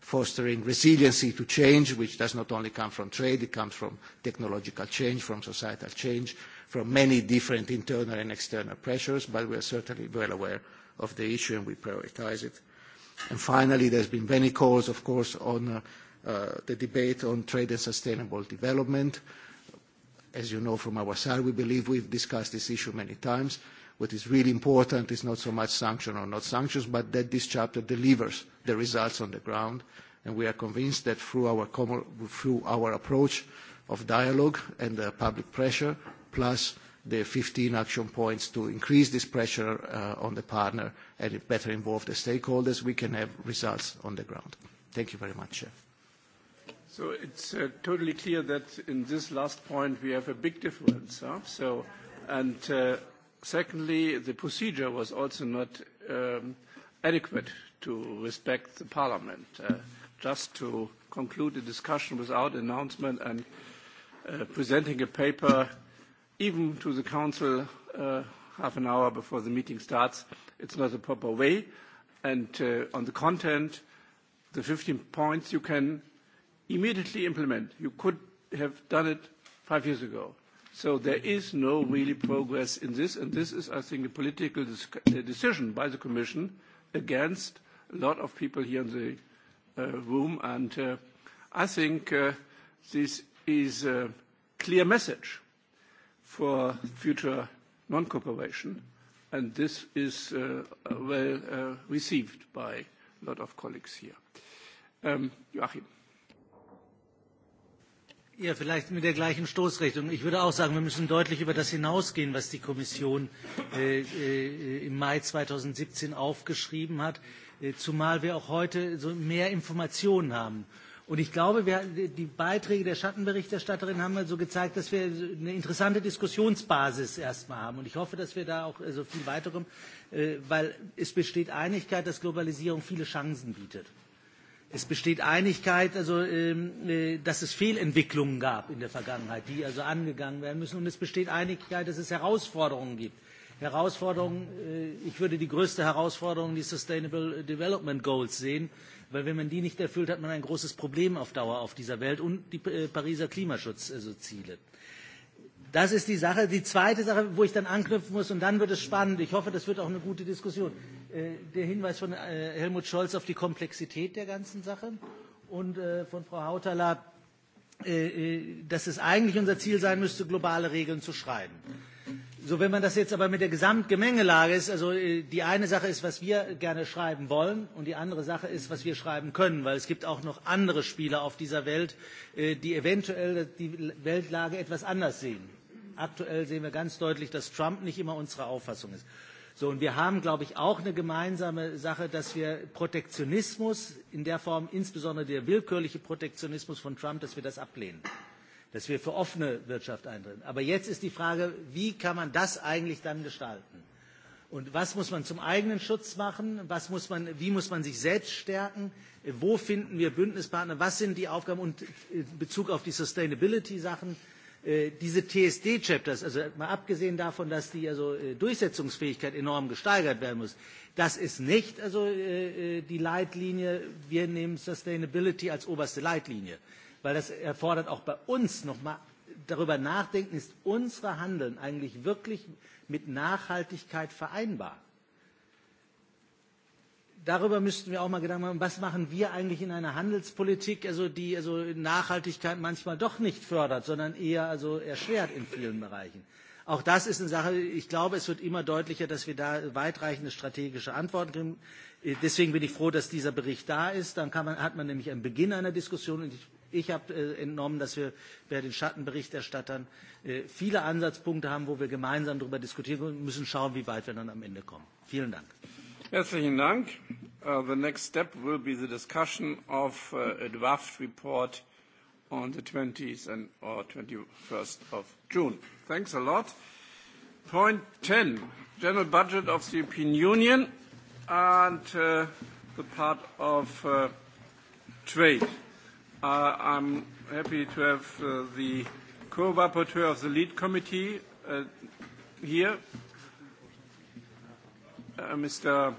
fostering resiliency to change, which does not only come from trade, it comes from technological change, from societal change, from many different internal and external pressures, but we are certainly well aware of the issue and we prioritise it. And finally, there's been many calls, of course, on uh, uh, the debate on trade and sustainable development as you know from our side, we believe we've discussed this issue many times. What is really important is not so much sanction or not sanctions, but that this chapter delivers the results on the ground. And we are convinced that through our, common, through our approach of dialogue and uh, public pressure, plus the 15 action points to increase this pressure uh, on the partner and better involve the stakeholders, we can have results on the ground. Thank you very much, Chair. So it's uh, totally clear that in this last point we have a big difference. Huh? So, and uh, secondly, the procedure was also not um, adequate to respect the parliament. Uh, just to conclude the discussion without announcement and uh, presenting a paper even to the council uh, half an hour before the meeting starts, it's not the proper way. And uh, on the content, the 15 points you can immediately implement. You could have done it five years ago. So there is no really progress in this, and this is, I think, a political uh, decision by the Commission against a lot of people here in the uh, room. And uh, I think uh, this is a clear message for future non-cooperation, and this is uh, well uh, received by a lot of colleagues here. Um, Joachim. Ja, vielleicht mit der gleichen Stoßrichtung. Ich würde auch sagen, wir müssen deutlich über das hinausgehen, was die Kommission äh, äh im Mai 2017 aufgeschrieben hat, äh, zumal wir auch heute so mehr Informationen haben. Und ich glaube, wir, die Beiträge der Schattenberichterstatterin haben so gezeigt, dass wir eine interessante Diskussionsbasis erstmal haben. Und ich hoffe, dass wir da auch äh, so viel weiterem, weil es besteht Einigkeit, dass Globalisierung viele Chancen bietet. Es besteht Einigkeit, also, ähm, äh, dass es Fehlentwicklungen gab in der Vergangenheit, die also angegangen werden müssen. Und es besteht Einigkeit, dass es Herausforderungen gibt. Herausforderungen, äh, ich würde die größte Herausforderung die Sustainable Development Goals sehen, weil wenn man die nicht erfüllt, hat man ein großes Problem auf Dauer auf dieser Welt und die äh, Pariser Klimaschutzziele. Also Das ist die Sache. Die zweite Sache, wo ich dann anknüpfen muss, und dann wird es spannend. Ich hoffe, das wird auch eine gute Diskussion. Äh, der Hinweis von äh, Helmut Scholz auf die Komplexität der ganzen Sache und äh, von Frau Hautala, dass es eigentlich unser Ziel sein müsste, globale Regeln zu schreiben. So, wenn man das jetzt aber mit der Gesamtgemengelage ist, also die eine Sache ist, was wir gerne schreiben wollen und die andere Sache ist, was wir schreiben können, weil es gibt auch noch andere Spieler auf dieser Welt, die eventuell die Weltlage etwas anders sehen. Aktuell sehen wir ganz deutlich, dass Trump nicht immer unsere Auffassung ist. So, und wir haben, glaube ich, auch eine gemeinsame Sache, dass wir Protektionismus in der Form, insbesondere der willkürliche Protektionismus von Trump, dass wir das ablehnen, dass wir für offene Wirtschaft eintreten. Aber jetzt ist die Frage, wie kann man das eigentlich dann gestalten? Und was muss man zum eigenen Schutz machen? Was muss man, wie muss man sich selbst stärken? Wo finden wir Bündnispartner? Was sind die Aufgaben? Und in äh, Bezug auf die Sustainability-Sachen, äh, Äh, diese TSD-Chapters, also mal abgesehen davon, dass die also äh, Durchsetzungsfähigkeit enorm gesteigert werden muss, das ist nicht also äh, die Leitlinie. Wir nehmen Sustainability als oberste Leitlinie, weil das erfordert auch bei uns nochmal darüber nachdenken, ist unsere Handeln eigentlich wirklich mit Nachhaltigkeit vereinbar? darüber müssten wir auch mal Gedanken machen, was machen wir eigentlich in einer Handelspolitik, also die also Nachhaltigkeit manchmal doch nicht fördert, sondern eher also erschwert in vielen Bereichen. Auch das ist eine Sache, ich glaube, es wird immer deutlicher, dass wir da weitreichende strategische Antworten kriegen. Äh, deswegen bin ich froh, dass dieser Bericht da ist. Dann kann man, hat man nämlich einen Beginn einer Diskussion. Und ich, ich habe äh, entnommen, dass wir bei den Schattenberichterstattern äh, viele Ansatzpunkte haben, wo wir gemeinsam darüber diskutieren und müssen schauen, wie weit wir dann am Ende kommen. Vielen Dank. Herzlichen Dank. Uh, the next step will be the discussion of uh, a draft report on the 20th and or 21st of June. Thanks a lot. Point 10, general budget of the European Union and uh, the part of uh, trade. Uh, I'm happy to have uh, the co-rapporteur of the lead committee uh, here, uh, Mr.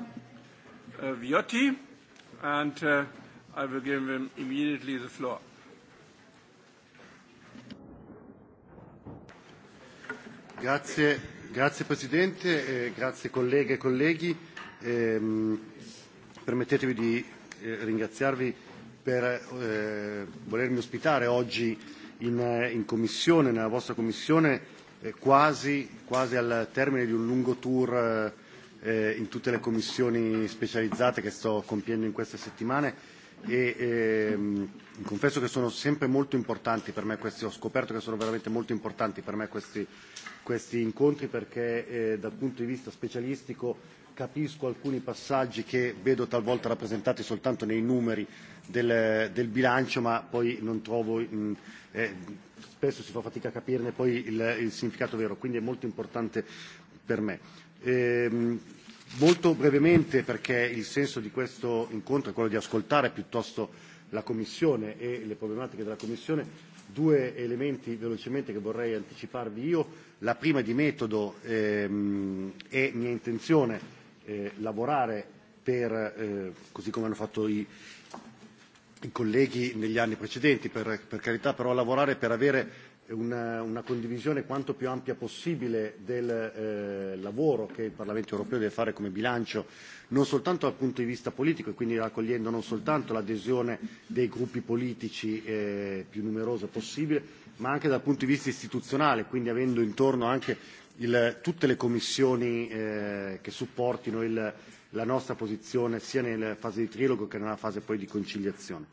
Uh, Viotti, and uh, I will give him immediately the floor. Grazie, grazie Presidente, eh, grazie colleghe e colleghi. Ehm, Permettetemi di eh, ringraziarvi per eh, volermi ospitare oggi in, Commissione, nella vostra Commissione, eh, quasi, al termine di un lungo tour eh, in tutte le commissioni specializzate che sto compiendo in queste settimane e eh, confesso che sono sempre molto importanti per me questi, ho scoperto che sono veramente molto importanti per me questi, questi incontri perché eh, dal punto di vista specialistico capisco alcuni passaggi che vedo talvolta rappresentati soltanto nei numeri del, del bilancio ma poi non trovo, mh, eh, spesso si fa fatica a capirne poi il, il significato vero, quindi è molto importante per me. Ehm, molto brevemente, perché il senso di questo incontro è quello di ascoltare piuttosto la Commissione e le problematiche della Commissione, due elementi velocemente che vorrei anticiparvi io. La prima di metodo ehm, è mia intenzione eh, lavorare per, eh, così come hanno fatto i, i colleghi negli anni precedenti, per, per carità, però lavorare per avere una, una condivisione quanto più ampia possibile del eh, lavoro che il Parlamento europeo deve fare come bilancio, non soltanto dal punto di vista politico e quindi raccogliendo non soltanto l'adesione dei gruppi politici eh, più numerosa possibile, ma anche dal punto di vista istituzionale, quindi avendo intorno anche il, tutte le commissioni eh, che supportino il, la nostra posizione sia nella fase di trilogo che nella fase poi di conciliazione.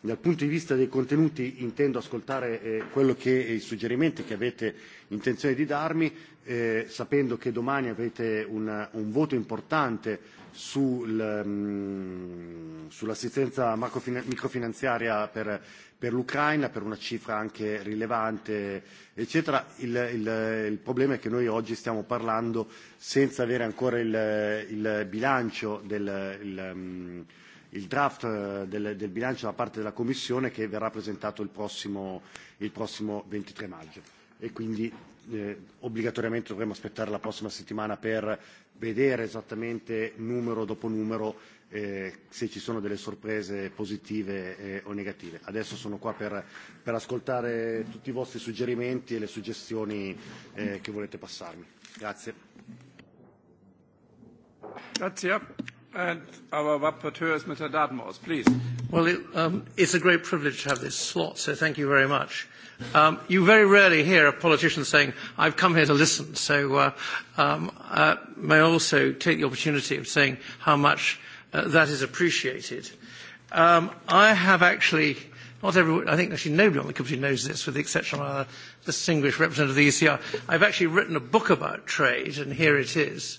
Dal punto di vista dei contenuti intendo ascoltare eh, quello che è eh, i suggerimenti che avete intenzione di darmi, eh, sapendo che domani avete una, un voto importante sul, um, sull'assistenza microfinanziaria per, per l'Ucraina, per una cifra anche rilevante, eccetera. Il, il, il problema è che noi oggi stiamo parlando senza avere ancora il, il bilancio del il, um, il draft eh, del, del bilancio da parte della Commissione che verrà presentato il prossimo, il prossimo 23 maggio e quindi eh, obbligatoriamente dovremo aspettare la prossima settimana per vedere esattamente numero dopo numero eh, se ci sono delle sorprese positive eh, o negative. Adesso sono qua per, per ascoltare tutti i vostri suggerimenti e le suggestioni eh, che volete passarmi. Grazie. Grazie. And our rapporteur is Mr. Dartmouth, please. Well, it, um, it's a great privilege to have this slot, so thank you very much. Um, you very rarely hear a politician saying, I've come here to listen, so uh, um, uh, may also take the opportunity of saying how much uh, that is appreciated. Um, I have actually, not everyone, I think actually nobody on the committee knows this, with the exception of our distinguished representative of the ECR. I've actually written a book about trade, and here it is,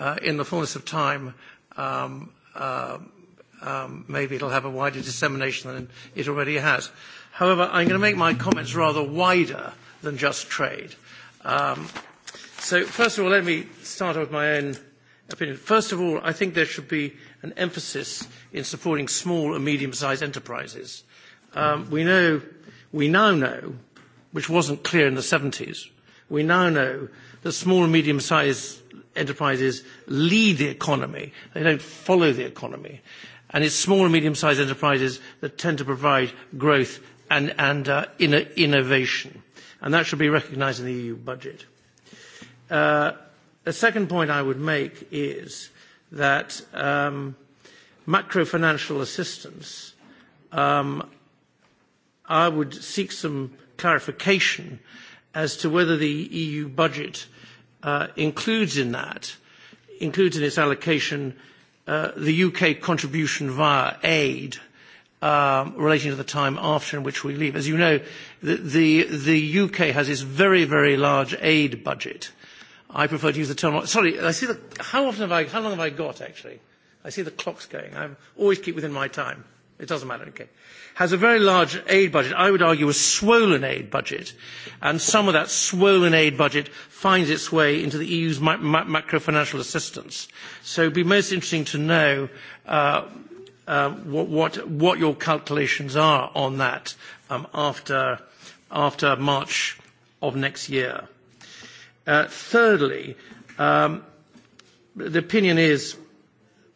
uh, in the fullness of time, um, uh, um, maybe it'll have a wider dissemination than it already has. However, I'm going to make my comments rather wider than just trade. Um, so first of all, let me start with my own opinion. First of all, I think there should be an emphasis in supporting small and medium-sized enterprises. Um, we know, we now know, which wasn't clear in the 70s, we now know that small and medium-sized enterprises lead the economy. They don't follow the economy. And it's small and medium-sized enterprises that tend to provide growth and, and uh, in innovation. And that should be recognised in the EU budget. Uh, the second point I would make is that um, macro-financial assistance, um, I would seek some clarification as to whether the EU budget uh, includes in that, includes in its allocation, uh, the UK contribution via aid um, relating to the time after in which we leave. As you know, the, the, the UK has this very, very large aid budget. I prefer to use the term. Sorry, I see the. How often have I? How long have I got actually? I see the clocks going. I always keep within my time. It doesn't matter, okay. Has a very large aid budget, I would argue a swollen aid budget, and some of that swollen aid budget finds its way into the EU's ma ma macro-financial assistance. So it would be most interesting to know uh, uh, what, what, what, your calculations are on that um, after, after March of next year. Uh, thirdly, um, the opinion is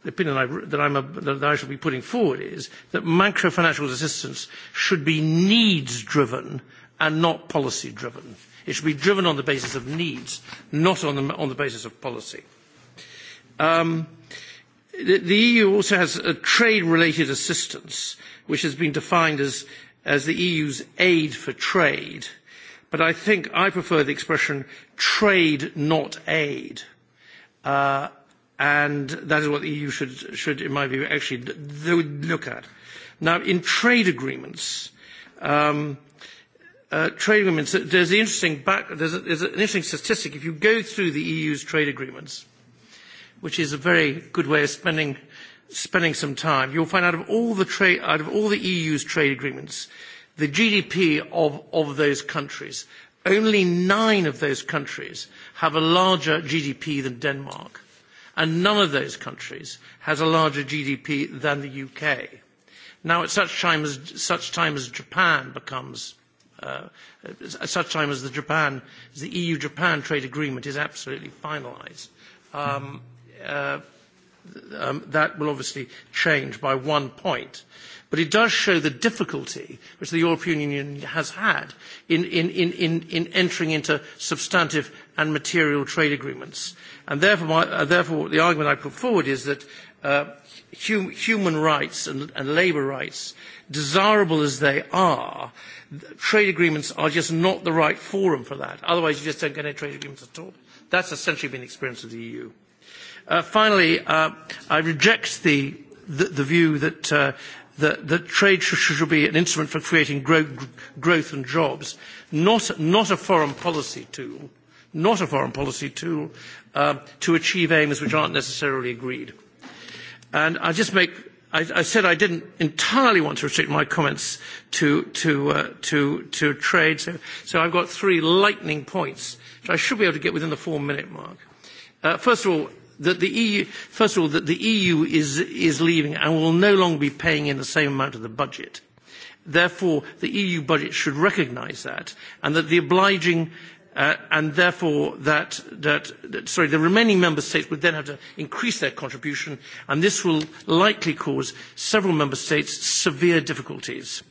the opinion I, that, I'm a, that I shall be putting forward is that macro financial assistance should be needs driven and not policy driven. It should be driven on the basis of needs, not on the, on the basis of policy. Um, the, the EU also has a trade-related assistance, which has been defined as, as the EU's aid for trade. But I think I prefer the expression trade, not aid. Uh, and that is what the EU should, should in my view, actually look at. Now, in trade agreements, um, uh, trade agreements, there's, the interesting back, there's, a, there's an interesting statistic. If you go through the EU's trade agreements, which is a very good way of spending, spending some time, you'll find out of all the, trade, out of all the EU's trade agreements, the GDP of, of those countries, only nine of those countries have a larger GDP than Denmark and none of those countries has a larger GDP than the UK. Now, at such time as, such time as Japan becomes uh, at such time as the Japan, the EU-Japan trade agreement is absolutely finalised, um, uh, um, that will obviously change by one point. But it does show the difficulty which the European Union has had in, in, in, in entering into substantive and material trade agreements. And therefore, my, uh, therefore the argument I put forward is that uh, hum, human rights and, and labour rights, desirable as they are, trade agreements are just not the right forum for that. Otherwise, you just don't get any trade agreements at all. That's essentially been the experience of the EU. Uh, finally, uh, I reject the, the, the view that, uh, that, that trade should, should be an instrument for creating gro- growth and jobs, not, not a foreign policy tool not a foreign policy tool uh, to achieve aims which aren't necessarily agreed. And I just make I, I said I didn't entirely want to restrict my comments to, to, uh, to, to trade, so, so I've got three lightning points, which I should be able to get within the four-minute mark. Uh, first of all, that the EU, first of all, that the EU is, is leaving and will no longer be paying in the same amount of the budget. Therefore, the EU budget should recognise that, and that the obliging Uh, and therefore that, that, that, sorry, the remaining member states would then have to increase their contribution, and this will likely cause several member states severe difficulties.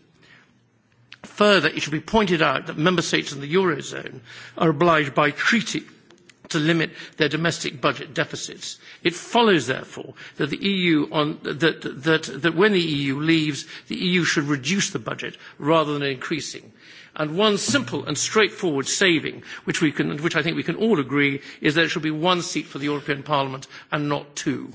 Further, it should be pointed out that member states in the eurozone are obliged by treaty to limit their domestic budget deficits. It follows, therefore, that, the EU on, that, that, that when the EU leaves, the EU should reduce the budget rather than increasing And one simple and straightforward saving, which, we can, which I think we can all agree, is that it should be one seat for the European Parliament and not two.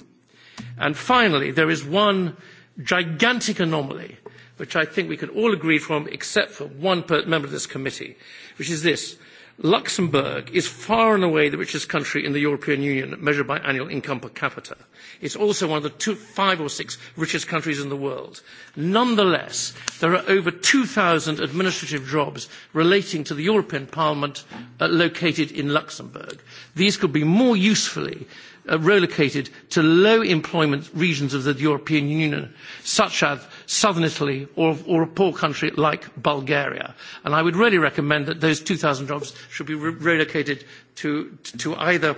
And finally, there is one gigantic anomaly, which I think we can all agree from, except for one member of this committee, which is this Luxembourg is far and away the richest country in the European Union, measured by annual income per capita. It is also one of the five or six richest countries in the world. Nonetheless, there are over 2,000 administrative jobs relating to the European Parliament uh, located in Luxembourg. These could be more usefully uh, relocated to low employment regions of the European Union, such as southern Italy or, or a poor country like Bulgaria. And I would really recommend that those 2,000 jobs should be re relocated to, to either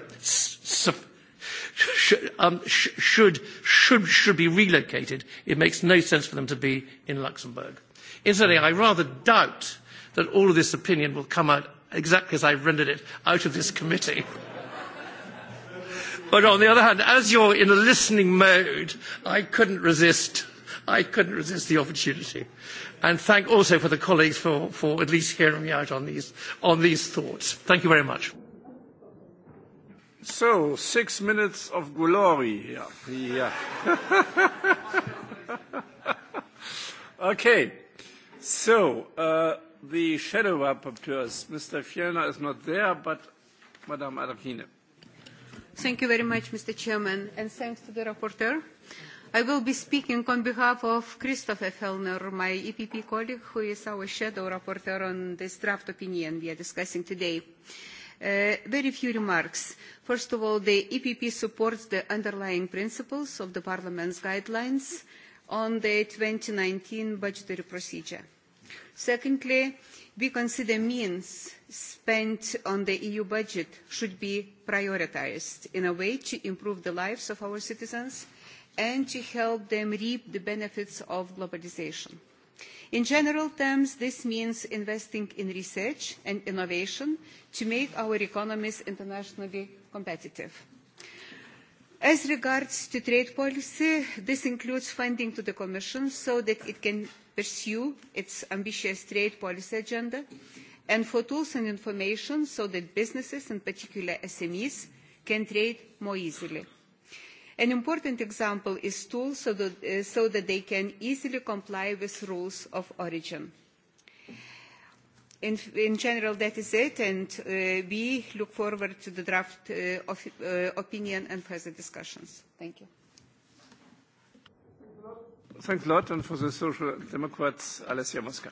um, should, should, should be relocated. It makes no sense for them to be in Luxembourg. Incidentally, I rather doubt that all of this opinion will come out exactly as I rendered it out of this committee. [laughs] but on the other hand, as you're in a listening mode, I couldn't resist I couldn't resist the opportunity. And thank also for the colleagues for, for at least hearing me out on these, on these thoughts. Thank you very much. So, six minutes of glory. Yeah. yeah. [laughs] okay. So, uh, the shadow rapporteurs, Mr. Fjellner is not there, but Madame Adakine. Thank you very much, Mr. Chairman, and thanks to the rapporteur. I will be speaking on behalf of Christopher Fellner, my EPP colleague, who is our shadow rapporteur on this draft opinion we are discussing today. Uh, very few remarks. First of all, the EPP supports the underlying principles of the Parliament's guidelines on the 2019 budgetary procedure. Secondly, we consider means spent on the EU budget should be prioritised in a way to improve the lives of our citizens and to help them reap the benefits of globalisation. In general terms, this means investing in research and innovation to make our economies internationally competitive. As regards to trade policy, this includes funding to the Commission so that it can pursue its ambitious trade policy agenda and for tools and information so that businesses, in particular SMEs, can trade more easily. An important example is tools so that, uh, eh, so that they can easily comply with rules of origin. In, in general, that is it, and uh, we look forward to the draft uh, of, uh, opinion and further discussions. Thank you. Thanks a lot, and for the Social Democrats, Alessia Mosca.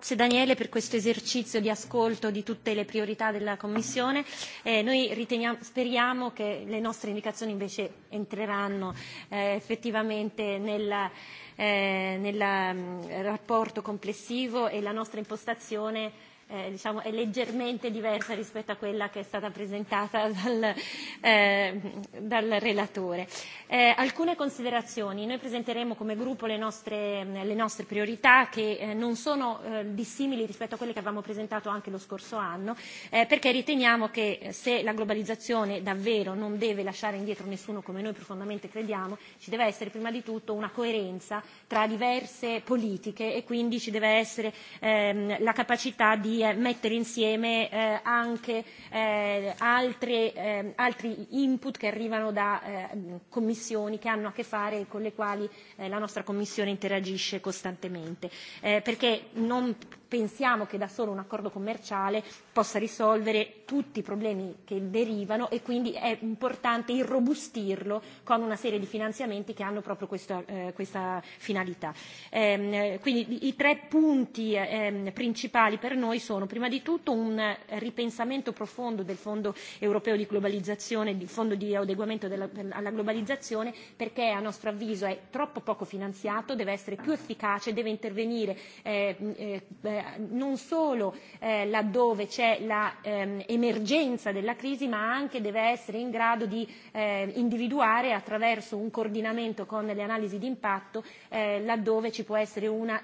Grazie Daniele per questo esercizio di ascolto di tutte le priorità della Commissione. Eh, noi riteniamo, speriamo che le nostre indicazioni invece entreranno eh, effettivamente nel, eh, nel mm, rapporto complessivo e la nostra impostazione eh, diciamo, è leggermente diversa rispetto a quella che è stata presentata [laughs] dal, eh, dal relatore. Eh, alcune considerazioni. Noi presenteremo come gruppo le nostre, le nostre priorità che eh, non sono eh, dissimili rispetto a quelle che avevamo presentato anche lo scorso anno, eh, perché riteniamo che eh, se la globalizzazione davvero non deve lasciare indietro nessuno come noi profondamente crediamo, ci deve essere prima di tutto una coerenza tra diverse politiche e quindi ci deve essere ehm, la capacità di Eh, mettere insieme eh, anche eh, altre, eh, altri input che arrivano da eh, commissioni che hanno a che fare con le quali eh, la nostra commissione interagisce costantemente. Eh, perché non pensiamo che da solo un accordo commerciale possa risolvere tutti i problemi che derivano e quindi è importante irrobustirlo con una serie di finanziamenti che hanno proprio questo, eh, questa finalità. Ehm, quindi i tre punti ehm, principali per noi sono prima di tutto un ripensamento profondo del Fondo europeo di globalizzazione, del Fondo di adeguamento della, per, alla globalizzazione perché a nostro avviso è troppo poco finanziato, deve essere più efficace, deve intervenire eh, eh, eh, non solo eh, laddove c'è l'emergenza ehm, della crisi, ma anche deve essere in grado di eh, individuare attraverso un coordinamento con le analisi di impatto eh, laddove ci può essere una,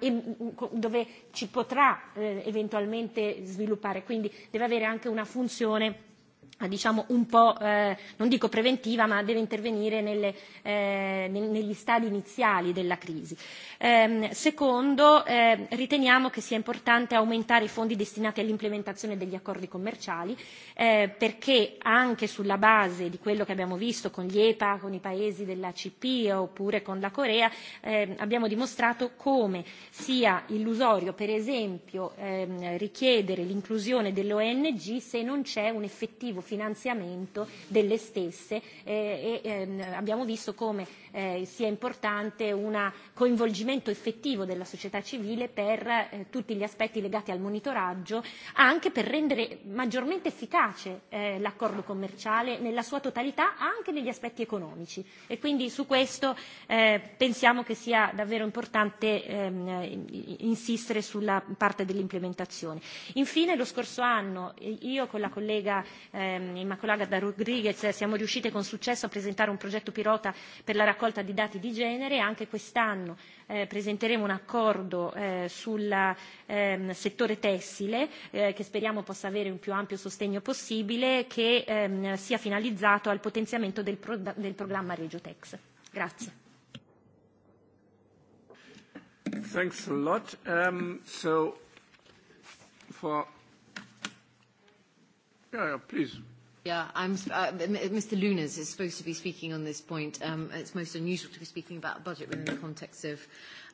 dove ci potrà eh, eventualmente sviluppare. Quindi deve avere anche una funzione diciamo un po', eh, non dico preventiva, ma deve intervenire nelle, eh, negli stadi iniziali della crisi. Eh, secondo, eh, riteniamo che sia importante aumentare i fondi destinati all'implementazione degli accordi commerciali, eh, perché anche sulla base di quello che abbiamo visto con gli EPA, con i paesi della C.P. oppure con la Corea, eh, abbiamo dimostrato come sia illusorio, per esempio, eh, richiedere l'inclusione delle ONG se non c'è un effettivo finanziamento delle stesse e, eh, e ehm, abbiamo visto come eh, sia importante un coinvolgimento effettivo della società civile per eh, tutti gli aspetti legati al monitoraggio, anche per rendere maggiormente efficace eh, l'accordo commerciale nella sua totalità, anche negli aspetti economici. E quindi su questo eh, pensiamo che sia davvero importante ehm, insistere sulla parte dell'implementazione. Infine, lo scorso anno io con la collega ehm, Immacolata Rodriguez siamo riuscite con successo a presentare un progetto pilota per la raccolta raccolta di dati di genere. Anche quest'anno eh, presenteremo un accordo eh, sul eh, settore tessile eh, che speriamo possa avere un più ampio sostegno possibile che ehm, sia finalizzato al potenziamento del, pro- del programma Regiotex. Grazie. Thanks a lot. Um, so for... Yeah, yeah, please. Yeah, I'm, uh, Mr. Lunas is supposed to be speaking on this point. Um, it's most unusual to be speaking about a budget within the context of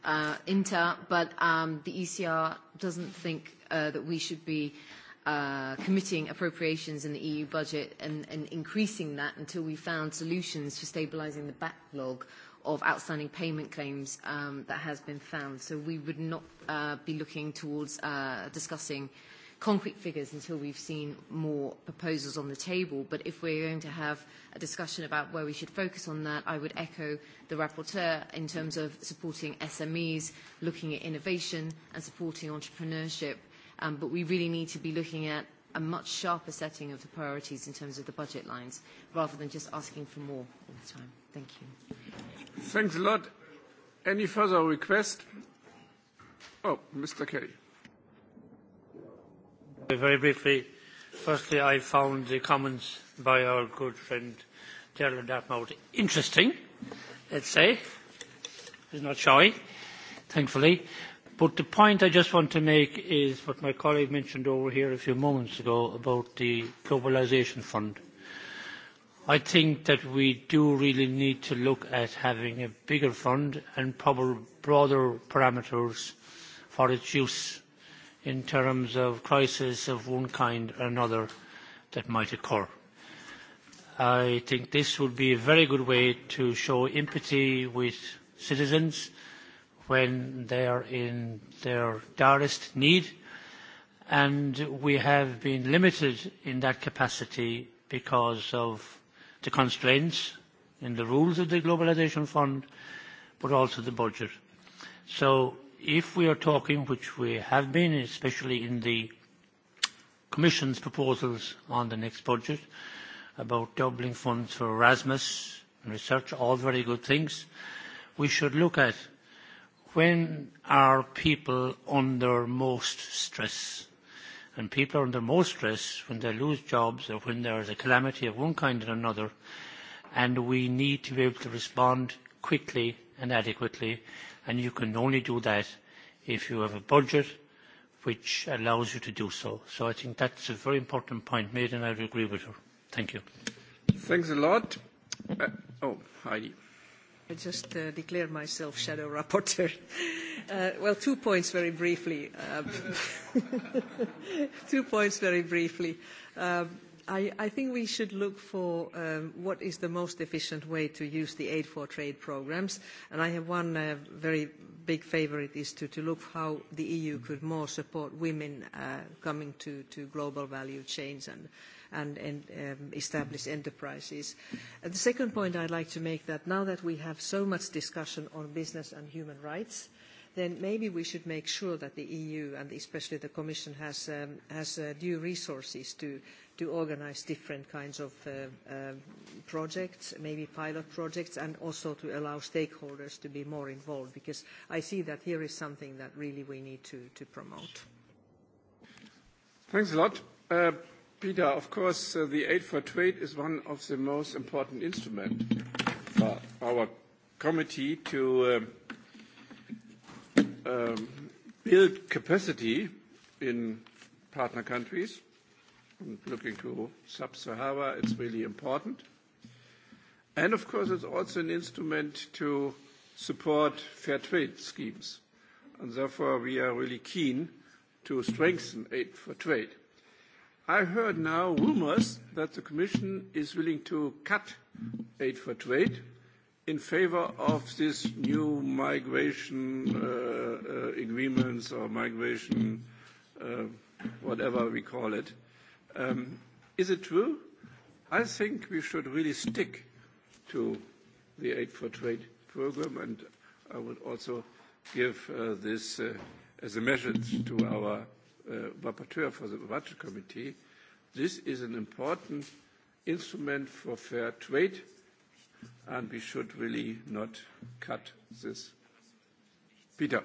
uh, Inter, but um, the ECR doesn't think uh, that we should be uh, committing appropriations in the EU budget and, and increasing that until we found solutions for stabilising the backlog of outstanding payment claims um, that has been found. So we would not uh, be looking towards uh, discussing uh, concrete figures until we've seen more proposals on the table. But if we're going to have a discussion about where we should focus on that, I would echo the rapporteur in terms of supporting SMEs, looking at innovation and supporting entrepreneurship. Um, but we really need to be looking at a much sharper setting of the priorities in terms of the budget lines, rather than just asking for more all the time. Thank you. Thanks a lot. Any further request? Oh, Mr. Kelly. Very briefly, firstly, I found the comments by our good friend Gerald Dartmouth interesting, let's say. is not shy, thankfully. But the point I just want to make is what my colleague mentioned over here a few moments ago about the Globalisation Fund. I think that we do really need to look at having a bigger fund and probably broader parameters for its use in terms of crisis of one kind or another that might occur. I think this would be a very good way to show empathy with citizens when they are in their direst need and we have been limited in that capacity because of the constraints in the rules of the globalisation fund but also the budget. So if we are talking, which we have been, especially in the Commission's proposals on the next budget, about doubling funds for Erasmus and research, all very good things, we should look at when are people under most stress? And people are under most stress when they lose jobs or when there is a calamity of one kind or another, and we need to be able to respond quickly and adequately and you can only do that if you have a budget which allows you to do so. So I think that's a very important point made, and I would agree with her. Thank you. Thanks a lot. Uh, oh, Heidi. I just uh, declare myself shadow rapporteur. [laughs] Uh, well, two points very briefly. Um, [laughs] two points very briefly. Um, I, think we should look for um, what is the most efficient way to use the aid for trade programs. And I have one uh, very big favorite is to, look how the EU could more support women uh, coming to, global value chains and, um, establish enterprises. Uh, the second point I'd like to make that now that we have so much discussion on business and human rights, then maybe we should make sure that the EU and especially the Commission has, um, due resources to to organise different kinds of uh, uh, projects, maybe pilot projects, and also to allow stakeholders to be more involved, because I see that here is something that really we need to, to promote. Thanks a lot. Uh, Peter, of course, uh, the Aid for Trade is one of the most important instruments for our committee to um, um, build capacity in partner countries looking to sub-Sahara, it's really important. And of course, it's also an instrument to support fair trade schemes. And therefore, we are really keen to strengthen aid for trade. I heard now rumors that the Commission is willing to cut aid for trade in favor of this new migration uh, uh, agreements or migration, uh, whatever we call it. Um, is it true? I think we should really stick to the Aid for Trade program, and I would also give uh, this uh, as a message to our uh, rapporteur for the budget committee. This is an important instrument for fair trade, and we should really not cut this. Peter.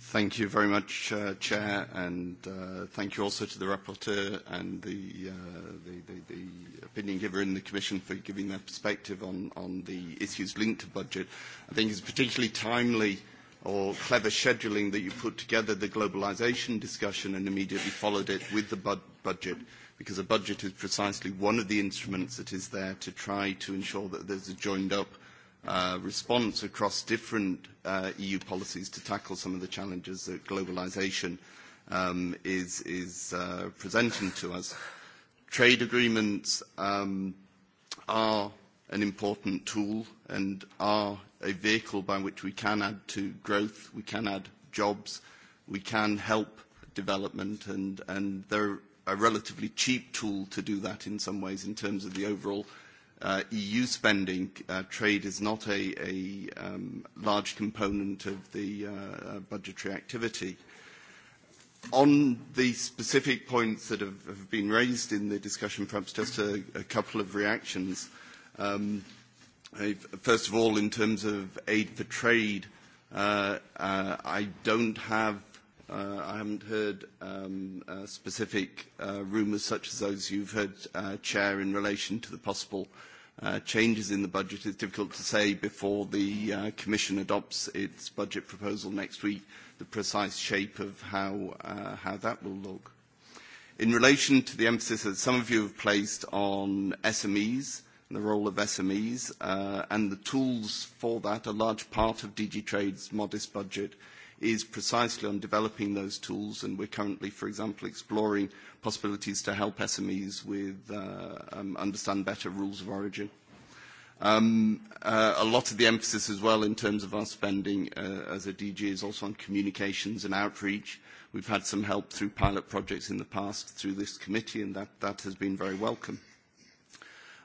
Thank you very much, uh, Chair, and uh, thank you also to the rapporteur and the, uh, the, the, the opinion giver in the Commission for giving their perspective on, on the issues linked to budget. I think it's particularly timely or clever scheduling that you put together the globalisation discussion and immediately followed it with the bud budget because a budget is precisely one of the instruments that is there to try to ensure that there's a joined up uh, response across different uh, EU policies to tackle some of the challenges that globalisation um, is, is uh, presenting to us. Trade agreements um, are an important tool and are a vehicle by which we can add to growth, we can add jobs, we can help development, and, and they're a relatively cheap tool to do that in some ways in terms of the overall uh, EU spending, uh, trade is not a, a um, large component of the uh, uh, budgetary activity. On the specific points that have, have been raised in the discussion, perhaps just a, a couple of reactions. Um, first of all, in terms of aid for trade, uh, uh, I don't have Uh, I haven't heard um, uh, specific uh, rumours such as those you've heard, uh, Chair, in relation to the possible uh, changes in the budget. It's difficult to say before the uh, Commission adopts its budget proposal next week the precise shape of how, uh, how that will look. In relation to the emphasis that some of you have placed on SMEs, and the role of SMEs, uh, and the tools for that, a large part of DG Trade's modest budget is precisely on developing those tools, and we're currently, for example, exploring possibilities to help SMEs with uh, um, understand better rules of origin. Um, uh, a lot of the emphasis as well in terms of our spending uh, as a DG is also on communications and outreach. We've had some help through pilot projects in the past through this committee, and that, that has been very welcome.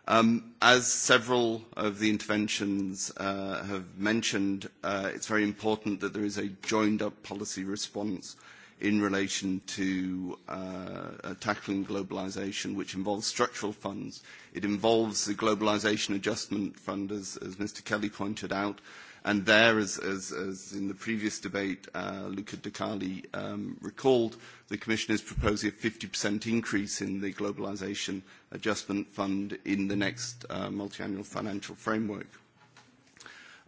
Um, as several of the interventions uh, have mentioned, uh, it's very important that there is a joined-up policy response in relation to uh, tackling globalisation, which involves structural funds. It involves the Globalisation Adjustment Fund, as, as Mr. Kelly pointed out, And there, as, as, as in the previous debate, uh, Luca Carli um, recalled, the Commission is proposing a 50% increase in the Globalisation Adjustment Fund in the next uh, multiannual financial framework.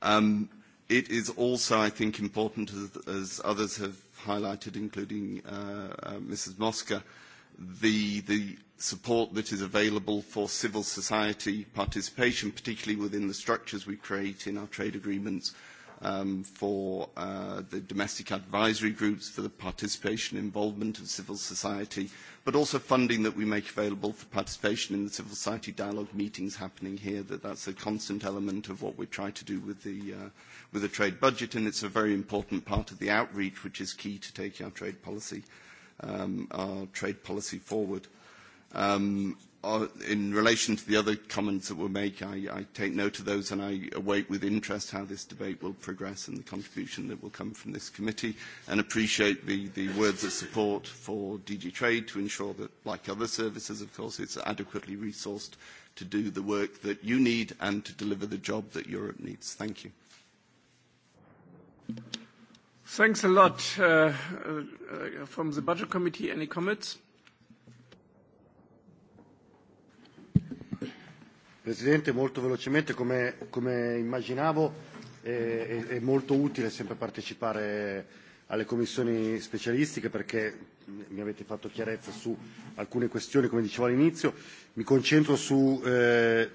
Um, it is also, I think, important, as, as others have highlighted, including uh, uh, Mrs. Mosca, the, the support that is available for civil society participation, particularly within the structures we create in our trade agreements um, for uh, the domestic advisory groups, for the participation involvement of civil society, but also funding that we make available for participation in the civil society dialogue meetings happening here, that that's a constant element of what we try to do with the, uh, with the trade budget, and it's a very important part of the outreach, which is key to taking our trade policy uh, Um, our trade policy forward. Um, uh, in relation to the other comments that were made, I, take note of those and I await with interest how this debate will progress and the contribution that will come from this committee and appreciate the words of support for DG Trade to ensure that, like other services, of course, it's adequately resourced to do the work that you need and to deliver the job that Europe needs. Thank you. Thanks a lot uh, uh, uh, from the Budget Committee. Any comments? Presidente, molto velocemente, come, come immaginavo, è, è, è molto utile sempre partecipare alle commissioni specialistiche perché mi avete fatto chiarezza su alcune questioni, come dicevo all'inizio. Mi concentro su eh,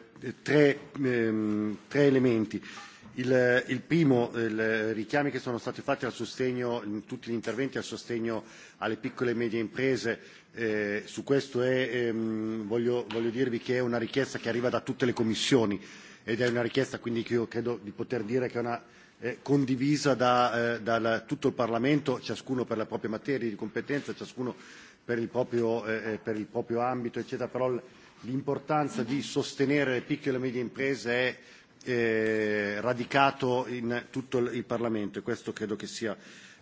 tre, ehm, tre elementi Il, eh, il primo, il eh, richiami che sono stati fatti al sostegno, in tutti gli interventi al sostegno alle piccole e medie imprese, eh, su questo è, ehm, voglio, voglio dirvi che è una richiesta che arriva da tutte le commissioni ed è una richiesta quindi che io credo di poter dire che è una eh, condivisa da, eh, da la, tutto il Parlamento, ciascuno per la propria materia di competenza, ciascuno per il proprio, eh, eh per il proprio ambito, eccetera. Però l'importanza di sostenere le piccole e medie imprese è eh, radicato in tutto il Parlamento e questo credo che sia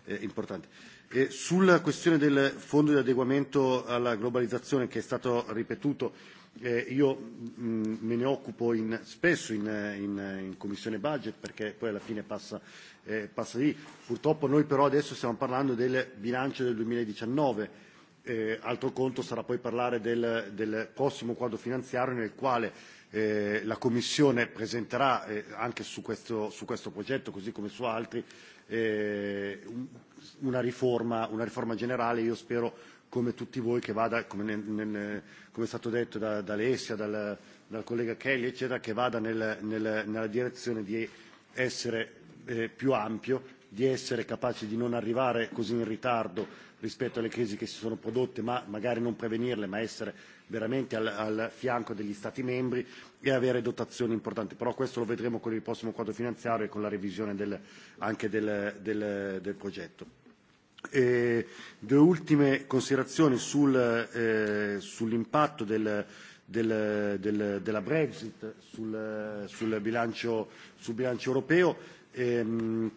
eh, importante. E sulla questione del fondo di adeguamento alla globalizzazione che è stato ripetuto, eh, io mh, me ne occupo in, spesso in, in, in Commissione Budget perché poi alla fine passa, eh, passa lì. Purtroppo noi però adesso stiamo parlando del bilancio del 2019 eh, altro conto sarà poi parlare del, del prossimo quadro finanziario nel quale Eh, la Commissione presenterà eh, anche su questo, su questo progetto, così come su altri, eh, una, riforma, una riforma generale. Io spero, come tutti voi, che vada, come, nel, nel, come è stato detto da, da Alessia, dal, dal collega Kelly, eccetera, che vada nel, nel, nella direzione di essere eh, più ampio di essere capaci di non arrivare così in ritardo rispetto alle crisi che si sono prodotte, ma magari non prevenirle, ma essere veramente al, al fianco degli Stati membri e avere dotazioni importanti. Però questo lo vedremo con il prossimo quadro finanziario e con la revisione del, anche del, del, del progetto. E due ultime considerazioni sul, eh, sull'impatto del, del, del, della Brexit sul, sul, bilancio, sul bilancio europeo. Ehm,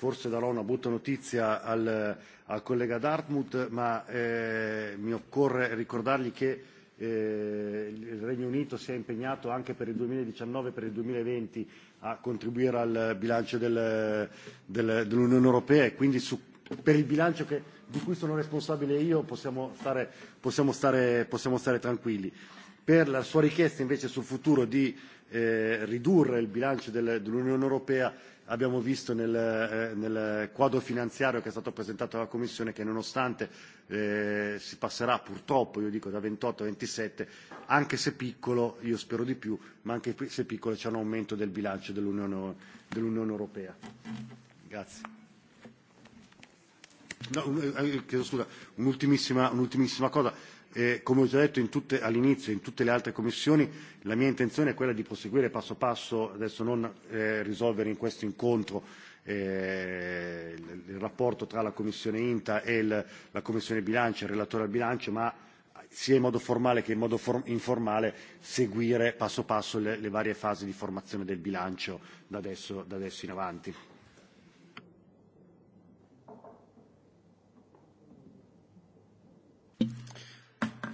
forse darò una brutta notizia al, al collega Dartmouth, ma eh, mi occorre ricordargli che eh, il Regno Unito si è impegnato anche per il 2019 e per il 2020 a contribuire al bilancio del, del, dell'Unione Europea e quindi su, per il bilancio che, di cui sono responsabile io possiamo stare, possiamo stare, possiamo stare tranquilli. Per la sua richiesta invece sul futuro di eh, ridurre il bilancio del, dell'Unione Europea abbiamo visto nel, eh, nel quadro finanziario che è stato presentato alla Commissione che nonostante eh, si passerà purtroppo, io dico, da 28 a 27, anche se piccolo, io spero di più, ma anche se piccolo c'è un aumento del bilancio dell'Unione, dell'Unione Europea. Grazie. No, eh, eh, chiedo scusa, un'ultimissima, un'ultimissima cosa Eh, come ho già detto in tutte, all'inizio in tutte le altre commissioni, la mia intenzione è quella di proseguire passo passo, adesso non eh, risolvere in questo incontro eh, il, rapporto tra la Commissione INTA e il, la Commissione Bilancio, il relatore al bilancio, ma sia in modo formale che in modo for- informale seguire passo passo le, le varie fasi di formazione del bilancio da adesso, da adesso in avanti.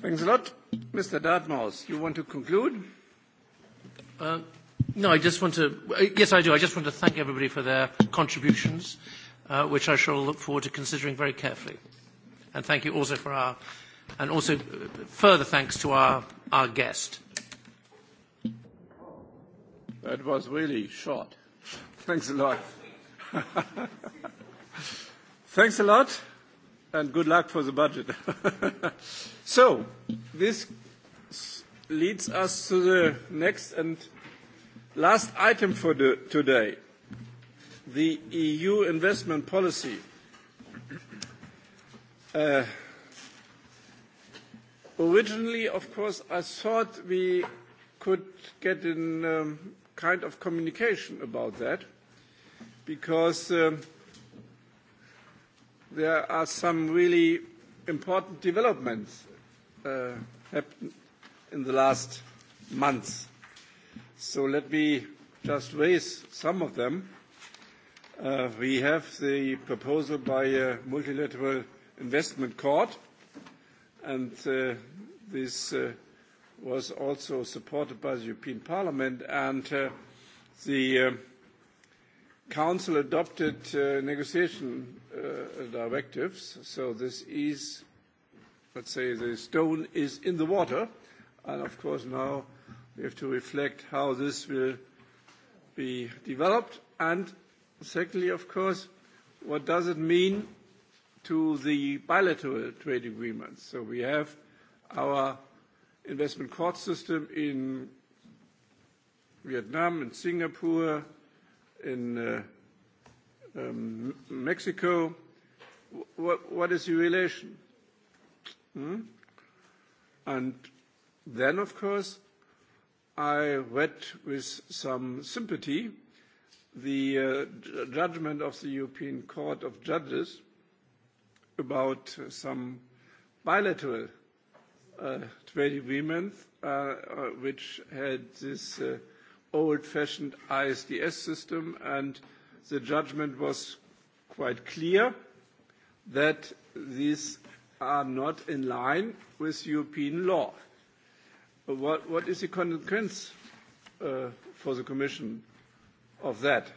Thanks a lot. Mr. Dartmouth, you want to conclude? Uh, no, I just want to. Uh, yes, I do. I just want to thank everybody for their contributions, uh, which I shall look forward to considering very carefully. And thank you also for our, and also uh, further thanks to our, our guest. That was really short. Thanks a lot. [laughs] thanks a lot and good luck for the budget. [laughs] so, this leads us to the next and last item for the, today, the EU investment policy. Uh, originally, of course, I thought we could get in um, kind of communication about that because um, there are some really important developments uh, happened in the last months. So let me just raise some of them. Uh, we have the proposal by a multilateral investment court, and uh, this uh, was also supported by the European Parliament, and uh, the uh, Council adopted uh, negotiation uh, directives, so this is, let's say, the stone is in the water. And of course, now we have to reflect how this will be developed. And secondly, of course, what does it mean to the bilateral trade agreements? So we have our investment court system in Vietnam and Singapore, in uh, um, Mexico. What, what is the relation? Hmm? And then, of course, I read with some sympathy the uh, judgment of the European Court of Judges about some bilateral uh, trade uh, uh, which had this uh, old-fashioned ISDS system, and the judgment was quite clear that these are not in line with European law. What, what is the consequence uh, for the Commission of that?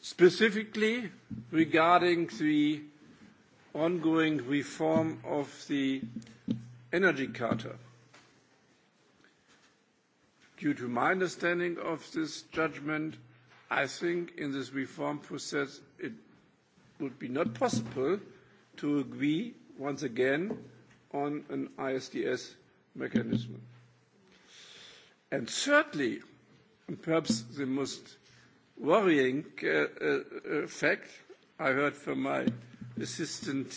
Specifically regarding the ongoing reform of the Energy Charter. Due to my understanding of this judgment, I think in this reform process it would be not possible to agree once again on an ISDS mechanism. And thirdly, and perhaps the most worrying uh, uh, uh, fact I heard from my assistant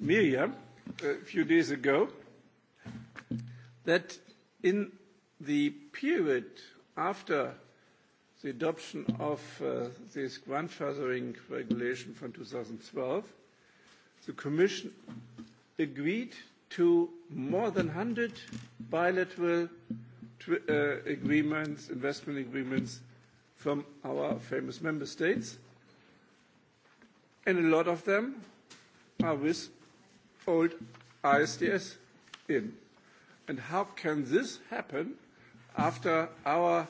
Miriam a few days ago, that in the period after the adoption of uh, this grandfathering regulation from 2012, the Commission agreed to more than 100 bilateral uh, agreements, investment agreements from our famous member states. And a lot of them are with old ISDS in. And how can this happen after our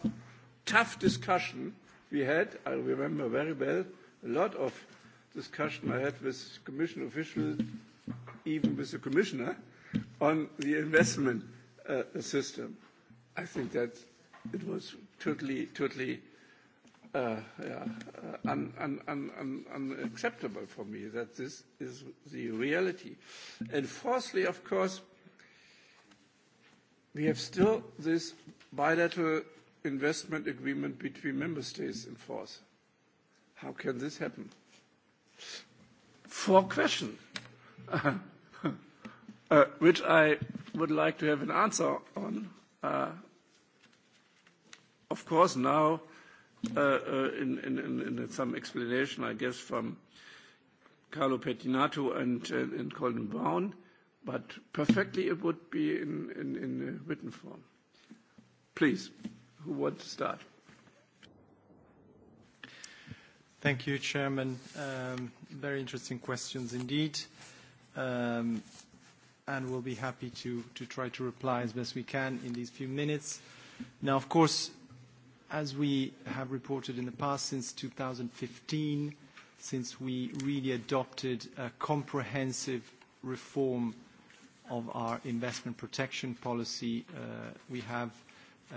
tough discussion we had, I remember very well, a lot of discussion I had with commission officials, even with the commissioner, on the investment uh, system. I think that it was totally, totally uh, yeah, uh, un, un, un, unacceptable for me that this is the reality. And fourthly, of course, we have still this bilateral investment agreement between member states in force. How can this happen? Four questions, [laughs] uh, uh, which I would like to have an answer on. Uh, of course, now uh, uh, in, in, in some explanation, I guess, from Carlo Pettinato and, uh, and Colin Brown, but perfectly it would be in, in written form. Please, who wants to start? Thank you, Chairman. Um, very interesting questions indeed. Um, and we'll be happy to, to try to reply as best we can in these few minutes. Now, of course, as we have reported in the past, since 2015, since we really adopted a comprehensive reform of our investment protection policy, uh, we have – Uh,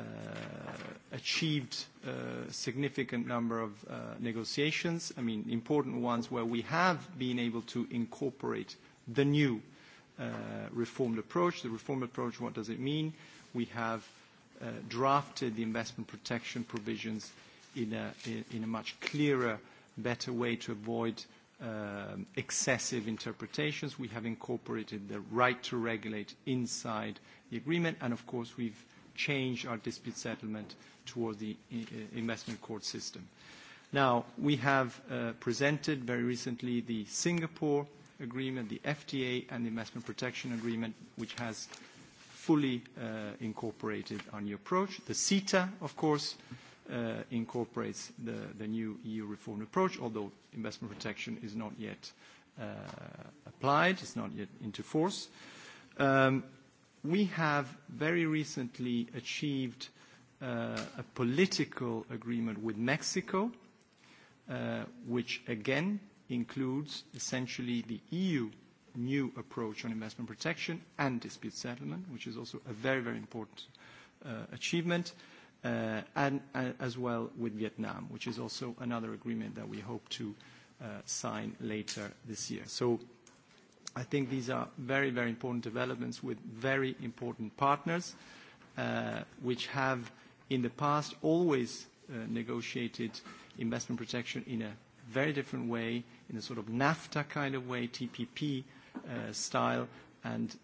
achieved a significant number of uh, negotiations, I mean, important ones where we have been able to incorporate the new uh, reformed approach. The reformed approach, what does it mean? We have drafted the investment protection provisions in a, much clearer, better way to avoid um, excessive interpretations. We have incorporated the right to regulate inside the agreement, and of course, we've change our dispute settlement toward the uh, uh, investment court system. Now, we have uh, presented very recently the Singapore agreement, the FTA, and the investment protection agreement, which has fully incorporated our new approach. The CETA, of course, incorporates the, the new EU reform approach, although investment protection is not yet applied, it's not yet into force. Um, we have very recently achieved uh, a political agreement with Mexico, uh, which again includes essentially the EU new approach on investment protection and dispute settlement, which is also a very, very important uh, achievement, uh, and uh, as well with Vietnam, which is also another agreement that we hope to uh, sign later this year. So I think these are very, very important developments with very important partners, uh, which have in the past always uh, negotiated investment protection in a very different way, in a sort of NAFTA kind of way, TPP uh, style, and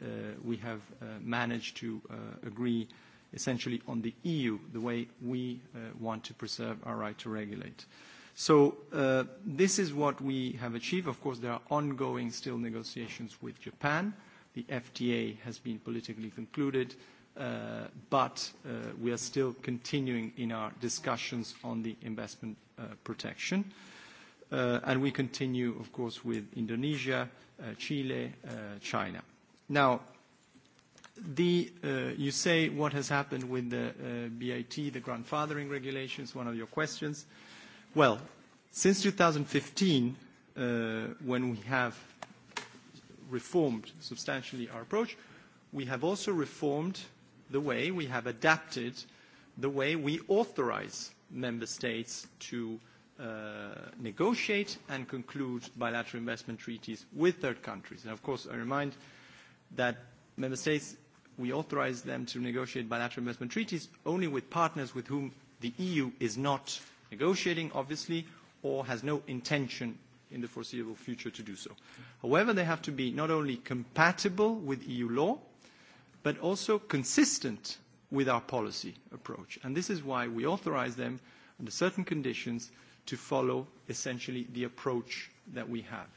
we have managed to agree essentially on the EU, the way we want to preserve our right to regulate. So uh, this is what we have achieved. Of course, there are ongoing still negotiations with Japan. The FTA has been politically concluded, uh, but uh, we are still continuing in our discussions on the investment protection. And we continue, of course, with Indonesia, Chile, China. Now, you say what has happened with the BIT, the grandfathering regulations, one of your questions. Well, since 2015, uh, when we have reformed substantially our approach, we have also reformed the way we have adapted the way we authorize member states to uh, negotiate and conclude bilateral investment treaties with third countries. And of course, I remind that member states, we authorize them to negotiate bilateral investment treaties only with partners with whom the EU is not negotiating, obviously, or has no intention in the foreseeable future to do so. However, they have to be not only compatible with EU law, but also consistent with our policy approach. And this is why we authorize them under certain conditions to follow essentially the approach that we have.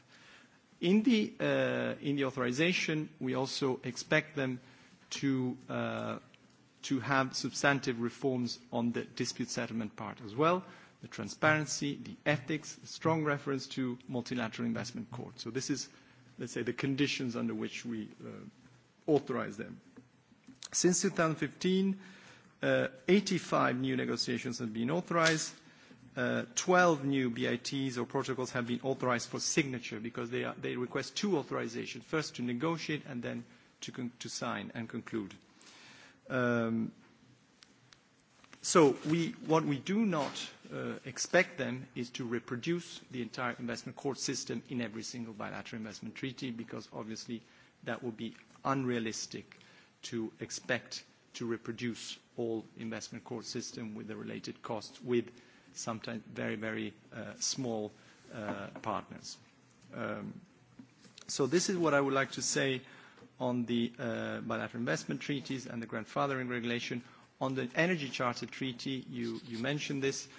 In the, uh, in the authorization, we also expect them to, uh, to have substantive reforms on the dispute settlement part as well, the transparency, the ethics, strong reference to multilateral investment court. So this is, let's say, the conditions under which we uh, authorize them. Since 2015, uh, 85 new negotiations have been authorized. Uh, 12 new BITs or protocols have been authorized for signature because they, are, they request two authorizations, first to negotiate and then to, to sign and conclude. Um, so we, what we do not Uh, expect them is to reproduce the entire investment court system in every single bilateral investment treaty because obviously that would be unrealistic to expect to reproduce all investment court system with the related costs with sometimes very, very uh, small uh, partners. Um, so this is what I would like to say on the uh, bilateral investment treaties and the grandfathering regulation. On the Energy Charter Treaty, you, you mentioned this. Uh,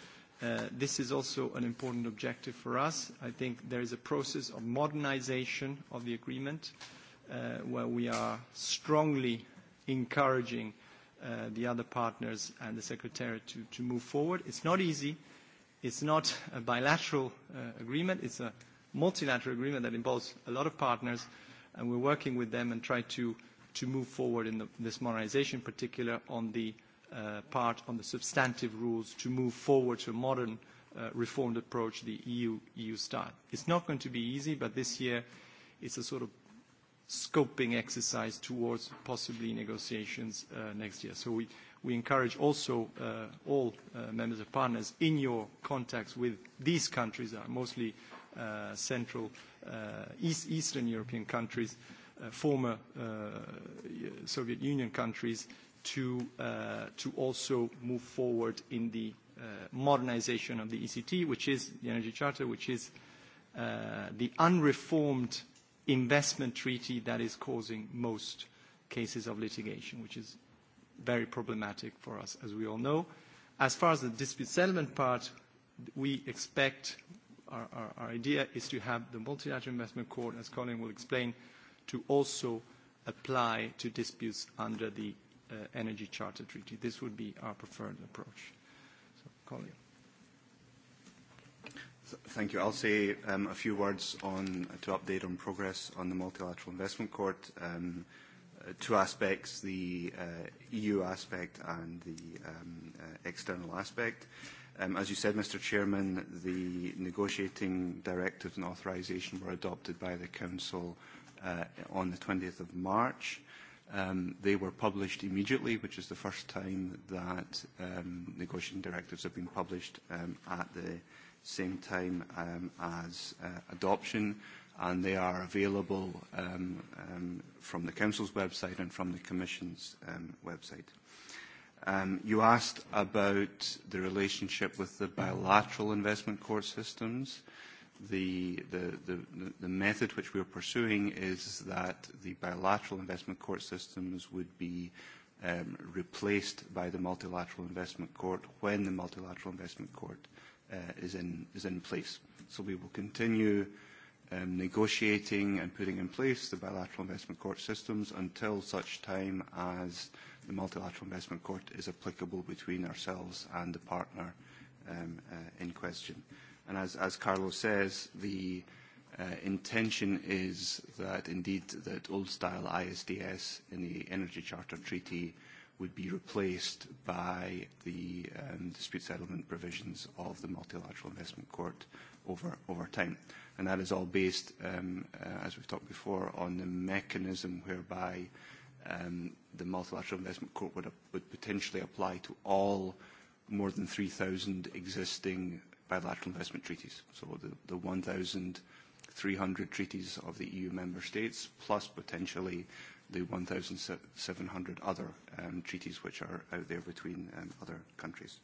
Uh, this is also an important objective for us. I think there is a process of modernization of the agreement uh, where we are strongly encouraging uh, the other partners and the Secretariat to, move forward. It's not easy. It's not a bilateral agreement. It's a multilateral agreement that involves a lot of partners, and we're working with them and try to, to move forward in this modernization, particular on the Uh, part on the substantive rules to move forward to a modern uh, reformed approach, the EU, EU style. It's not going to be easy, but this year it's a sort of scoping exercise towards possibly negotiations uh, next year. So we, we encourage also uh, all uh, members of partners in your contacts with these countries that are mostly uh, central uh, East, Eastern European countries, uh, former Soviet Union countries, Uh, to, also move forward in the uh, modernization of the ECT, which is the Energy Charter, which is uh, the unreformed investment treaty that is causing most cases of litigation, which is very problematic for us, as we all know. As far as the dispute settlement part, we expect our idea is to have the multilateral investment court, as Colin will explain, to also apply to disputes under the uh, Energy Charter Treaty. This would be our preferred approach. So, Colin. Thank you. I'll say um, a few words on, uh, to update on progress on the Multilateral Investment Court. Um, uh, two aspects, the uh, EU aspect and the um, uh, external aspect. Um, as you said, Mr Chairman, the negotiating directives and authorisation were adopted by the Council uh, on the 20th of March. Um, they were published immediately, which is the first time that um, negotiating directives have been published um, at the same time um, as uh, adoption, and they are available um, um, from the Council's website and from the Commission's um, website. Um, you asked about the relationship with the bilateral investment court systems. Uh, the, the, the, the method which we are pursuing is that the bilateral investment court systems would be um, replaced by the multilateral investment court when the multilateral investment court uh, is, in, is in place. So we will continue um, negotiating and putting in place the bilateral investment court systems until such time as the multilateral investment court is applicable between ourselves and the partner um, uh, in question. And as, as Carlo says, the uh, intention is that indeed that old-style ISDS in the Energy Charter Treaty would be replaced by the um, dispute settlement provisions of the Multilateral Investment Court over, over time. And that is all based, um, uh, as we've talked before, on the mechanism whereby um, the Multilateral Investment Court would, would potentially apply to all more than 3,000 existing bilateral investment treaties, so the, the 1,300 treaties of the EU member states, plus potentially the 1,700 other um, treaties which are out there between um, other countries.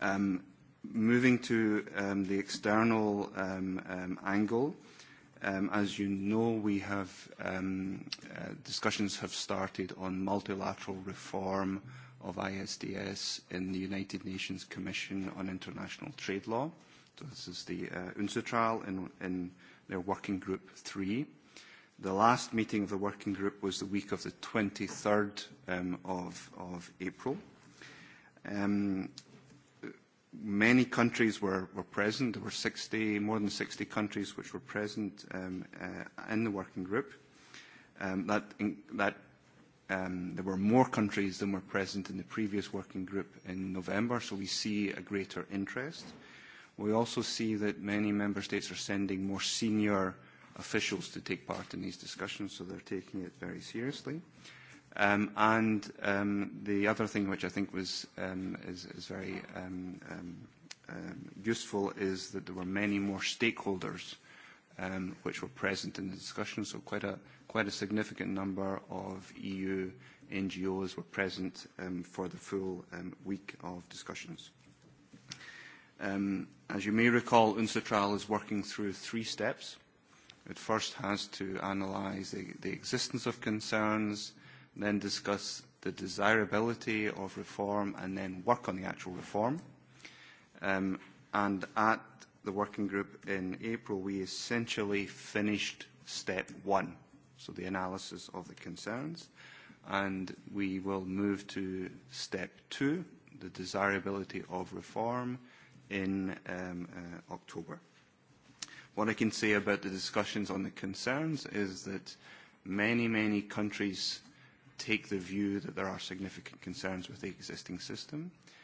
Um, moving to um, the external um, um, angle, um, as you know, we have um, uh, discussions have started on multilateral reform mm-hmm of ISDS in the United Nations Commission on International Trade Law. So this is the uh, UNSA trial in, in their Working Group three. The last meeting of the Working Group was the week of the 23rd um, of, of April. Um, many countries were, were present. There were 60, more than 60 countries which were present um, uh, in the working group. Um, that, in, that Um, there were more countries than were present in the previous working group in November, so we see a greater interest. We also see that many member states are sending more senior officials to take part in these discussions, so they're taking it very seriously. Um, and um, the other thing which I think was, um, is, is very um, um, um, useful is that there were many more stakeholders um, which were present in the discussion. So quite a, quite a significant number of EU NGOs were present um, for the full um, week of discussions. Um, as you may recall, UNCITRAL is working through three steps. It first has to analyse the, the existence of concerns, then discuss the desirability of reform, and then work on the actual reform. Um, and at the working group in April, we essentially finished step one, so the analysis of the concerns, and we will move to step two, the desirability of reform, in um, uh, October. What I can say about the discussions on the concerns is that many, many countries take the view that there are significant concerns with the existing system. Uh,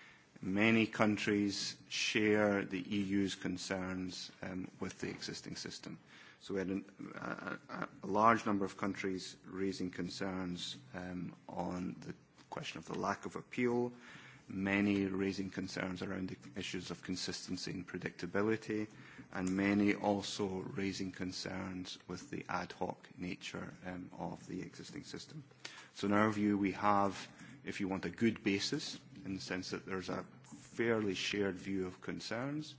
Many countries share the EU's concerns um, with the existing system. So we had an, a, a large number of countries raising concerns um, on the question of the lack of appeal, many raising concerns around the issues of consistency and predictability, and many also raising concerns with the ad hoc nature um, of the existing system. So in our view, we have, if you want, a good basis in the sense that there's a fairly shared view of concerns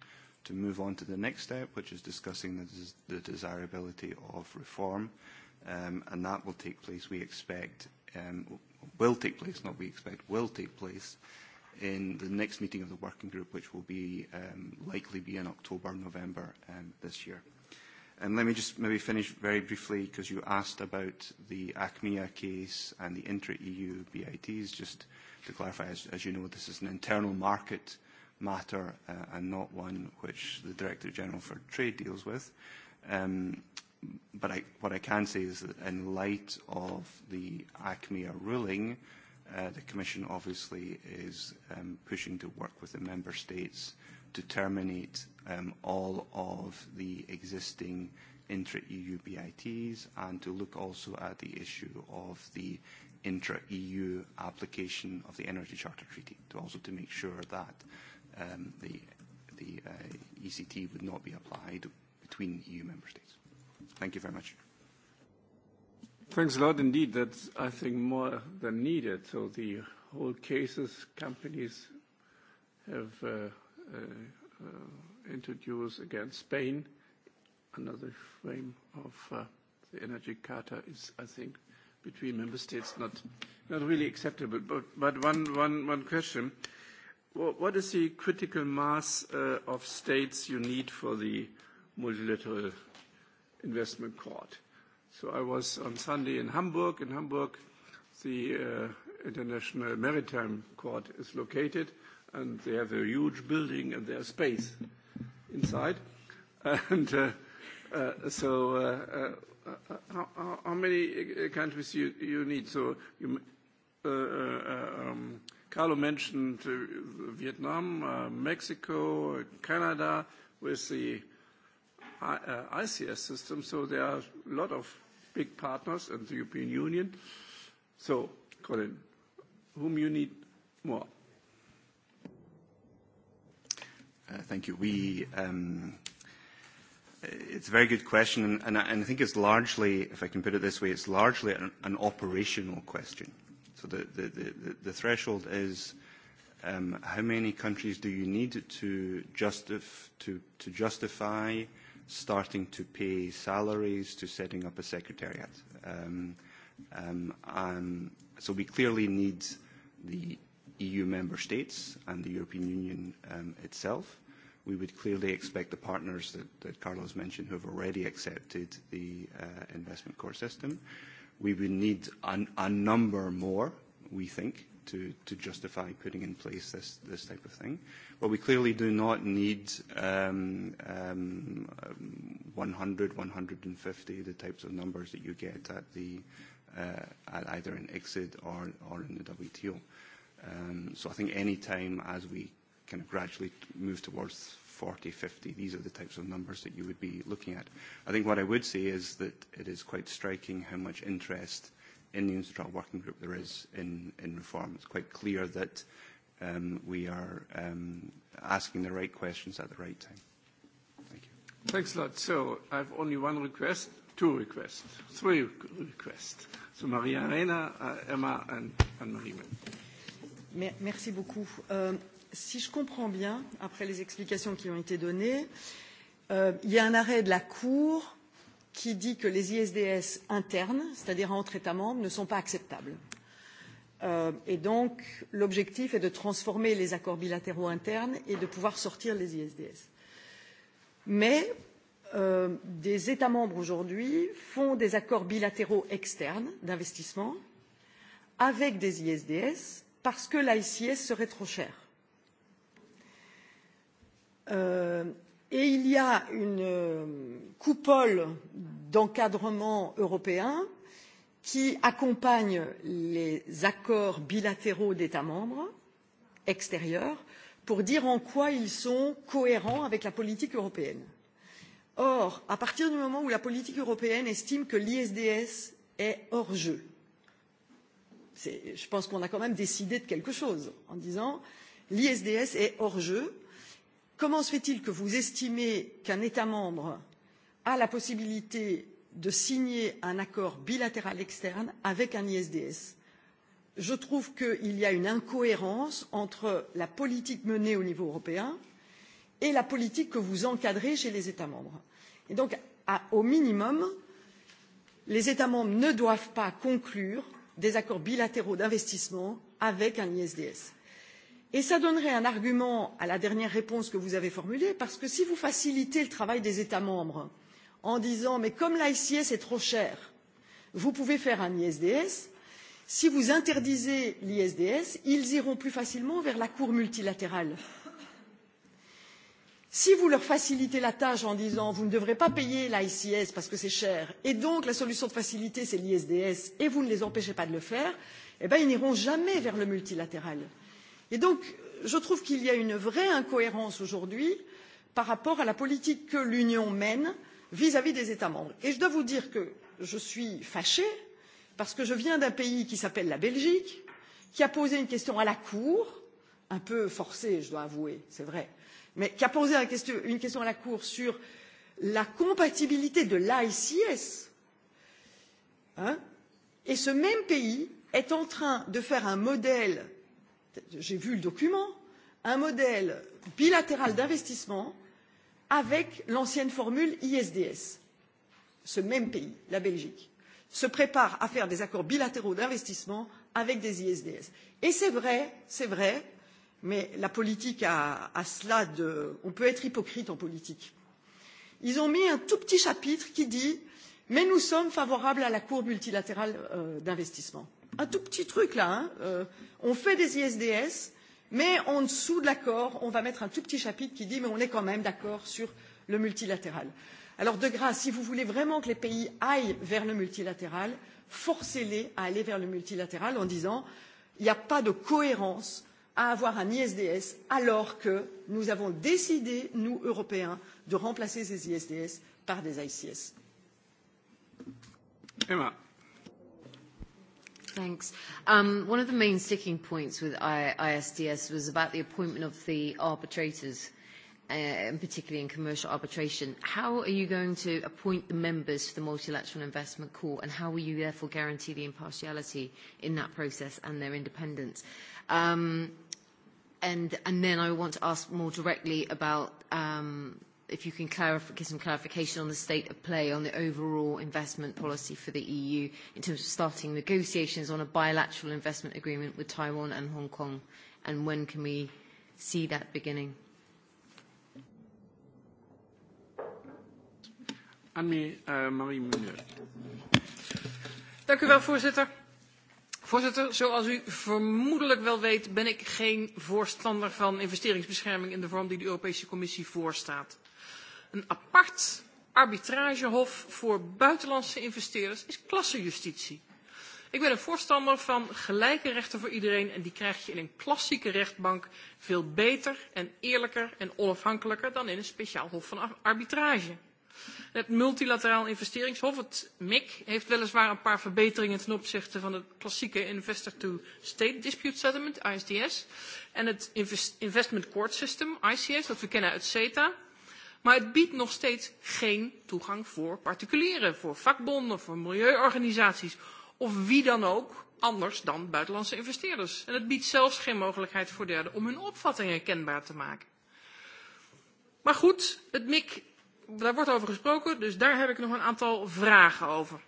to move on to the next step, which is discussing the, des the desirability of reform. Um, and that will take place, we expect, um, will take place, not we expect, will take place in the next meeting of the working group, which will be um, likely be in October, November um, this year. And let me just maybe finish very briefly, because you asked about the ACMEA case and the intra-EU BITs, just to clarify, as, as you know, this is an internal market matter uh, and not one which the Director General for Trade deals with. Um, but I, what I can say is that in light of the ACMEA ruling, uh, the Commission obviously is um, pushing to work with the Member States to terminate um, all of the existing intra-EU BITs and to look also at the issue of the intra-EU application of the Energy Charter Treaty to also to make sure that um, the, the uh, ECT would not be applied between EU member states. Thank you very much. Thanks a lot indeed. That's, I think, more than needed. So the whole cases companies have uh, uh, introduced against Spain, another frame of uh, the Energy Charter is, I think, between member states not not really acceptable. But, but one, one, one question. What is the critical mass uh, of states you need for the multilateral investment court? So I was on Sunday in Hamburg. In Hamburg, the uh, International Maritime Court is located, and they have a huge building and there's space inside. [laughs] And uh, uh, so uh, uh, Uh, uh, how, how many uh, countries you, you need? So you, uh, um, Carlo mentioned Vietnam, Mexico, Canada with the ICS system. So there are a lot of big partners and the European Union. So, Colin, whom you need more? Uh, thank you. We um, It's a very good question, and, I, and I think it's largely, if I can put it this way, it's largely an, an operational question. So the, the, the, the threshold is um, how many countries do you need to, justif- to, to justify starting to pay salaries to setting up a secretariat? Um, um, um, so we clearly need the EU member states and the European Union um, itself we would clearly expect the partners that, that Carlos mentioned who have already accepted the uh, investment core system. We would need an, a number more, we think, to, to justify putting in place this, this type of thing. But we clearly do not need um, um, 100, 150, the types of numbers that you get at the uh, at either in ICSID or, or in the WTO. Um, so I think any time as we kind of gradually move towards 40, 50. These are the types of numbers that you would be looking at. I think what I would say is that it is quite striking how much interest in the Institutional Working Group there is in, in reform. It's quite clear that um, we are um, asking the right questions at the right time. Thank you. Thanks a lot. So I have only one request, two requests, three requests. So Maria Arena, uh, Emma, and Anne-Marie. Merci beaucoup. Euh, si je comprends bien, après les explications qui ont été données, euh, il y a un arrêt de la Cour qui dit que les ISDS internes, c'est-à-dire entre États membres, ne sont pas acceptables. Euh, et donc, l'objectif est de transformer les accords bilatéraux internes et de pouvoir sortir les ISDS. Mais euh, des États membres aujourd'hui font des accords bilatéraux externes d'investissement avec des ISDS parce que l'ICS serait trop cher Euh, et il y a une euh, coupole d'encadrement européen qui accompagne les accords bilatéraux d'états membres extérieurs pour dire en quoi ils sont cohérents avec la politique européenne. or à partir du moment où la politique européenne estime que l'isds est hors jeu je pense qu'on a quand même décidé de quelque chose en disant l'isds est hors jeu comment se fait il que vous estimez qu'un état membre a la possibilité de signer un accord bilatéral externe avec un isds? je trouve qu'il y a une incohérence entre la politique menée au niveau européen et la politique que vous encadrez chez les états membres. Et donc à, au minimum les états membres ne doivent pas conclure des accords bilatéraux d'investissement avec un isds et cela donnerait un argument à la dernière réponse que vous avez formulée parce que si vous facilitez le travail des états membres en disant mais comme l'ics est trop cher vous pouvez faire un isds si vous interdisez l'isds ils iront plus facilement vers la cour multilatérale. si vous leur facilitez la tâche en disant vous ne devrez pas payer l'ics parce que c'est cher et donc la solution de facilité c'est l'isds et vous ne les empêchez pas de le faire eh bien ils n'iront jamais vers le multilatéral et donc je trouve qu'il y a une vraie incohérence aujourd'hui par rapport à la politique que l'union mène vis à vis des états membres et je dois vous dire que je suis fâchée parce que je viens d'un pays qui s'appelle la belgique qui a posé une question à la cour un peu forcée je dois avouer c'est vrai mais qui a posé une question à la cour sur la compatibilité de l'ics hein, et ce même pays est en train de faire un modèle j'ai vu le document un modèle bilatéral d'investissement avec l'ancienne formule isds ce même pays la belgique se prépare à faire des accords bilatéraux d'investissement avec des isds et c'est vrai c'est vrai mais la politique a, a cela de on peut être hypocrite en politique ils ont mis un tout petit chapitre qui dit mais nous sommes favorables à la cour multilatérale euh, d'investissement un tout petit truc là. Hein. Euh, on fait des ISDS, mais en dessous de l'accord, on va mettre un tout petit chapitre qui dit mais on est quand même d'accord sur le multilatéral. Alors de grâce, si vous voulez vraiment que les pays aillent vers le multilatéral, forcez-les à aller vers le multilatéral en disant il n'y a pas de cohérence à avoir un ISDS alors que nous avons décidé, nous, Européens, de remplacer ces ISDS par des ICS. Emma. Thanks. Um, one of the main sticking points with ISDS was about the appointment of the arbitrators, uh, and particularly in commercial arbitration. How are you going to appoint the members to the Multilateral Investment Court, and how will you therefore guarantee the impartiality in that process and their independence? Um, and, and then I want to ask more directly about um, if you can give some clarification on the state of play on the overall investment policy for the EU in terms of starting negotiations on a bilateral investment agreement with Taiwan and Hong Kong, and when can we see that beginning? Annemarie uh, Marie Muller. Dank u wel, voorzitter. Voorzitter, zoals u vermoedelijk wel weet ben ik geen voorstander van investeringsbescherming in de vorm die de Europese Commissie voorstaat. Een apart arbitragehof voor buitenlandse investeerders is klassenjustitie. Ik ben een voorstander van gelijke rechten voor iedereen en die krijg je in een klassieke rechtbank veel beter en eerlijker en onafhankelijker dan in een speciaal hof van arbitrage. Het multilateraal investeringshof, het MIC, heeft weliswaar een paar verbeteringen ten opzichte van het klassieke Investor-to-State Dispute Settlement, ISDS, en het Investment Court System, ICS, dat we kennen uit CETA. Maar het biedt nog steeds geen toegang voor particulieren, voor vakbonden, voor milieuorganisaties of wie dan ook anders dan buitenlandse investeerders. En het biedt zelfs geen mogelijkheid voor derden om hun opvattingen kenbaar te maken. Maar goed, het MIC, daar wordt over gesproken, dus daar heb ik nog een aantal vragen over.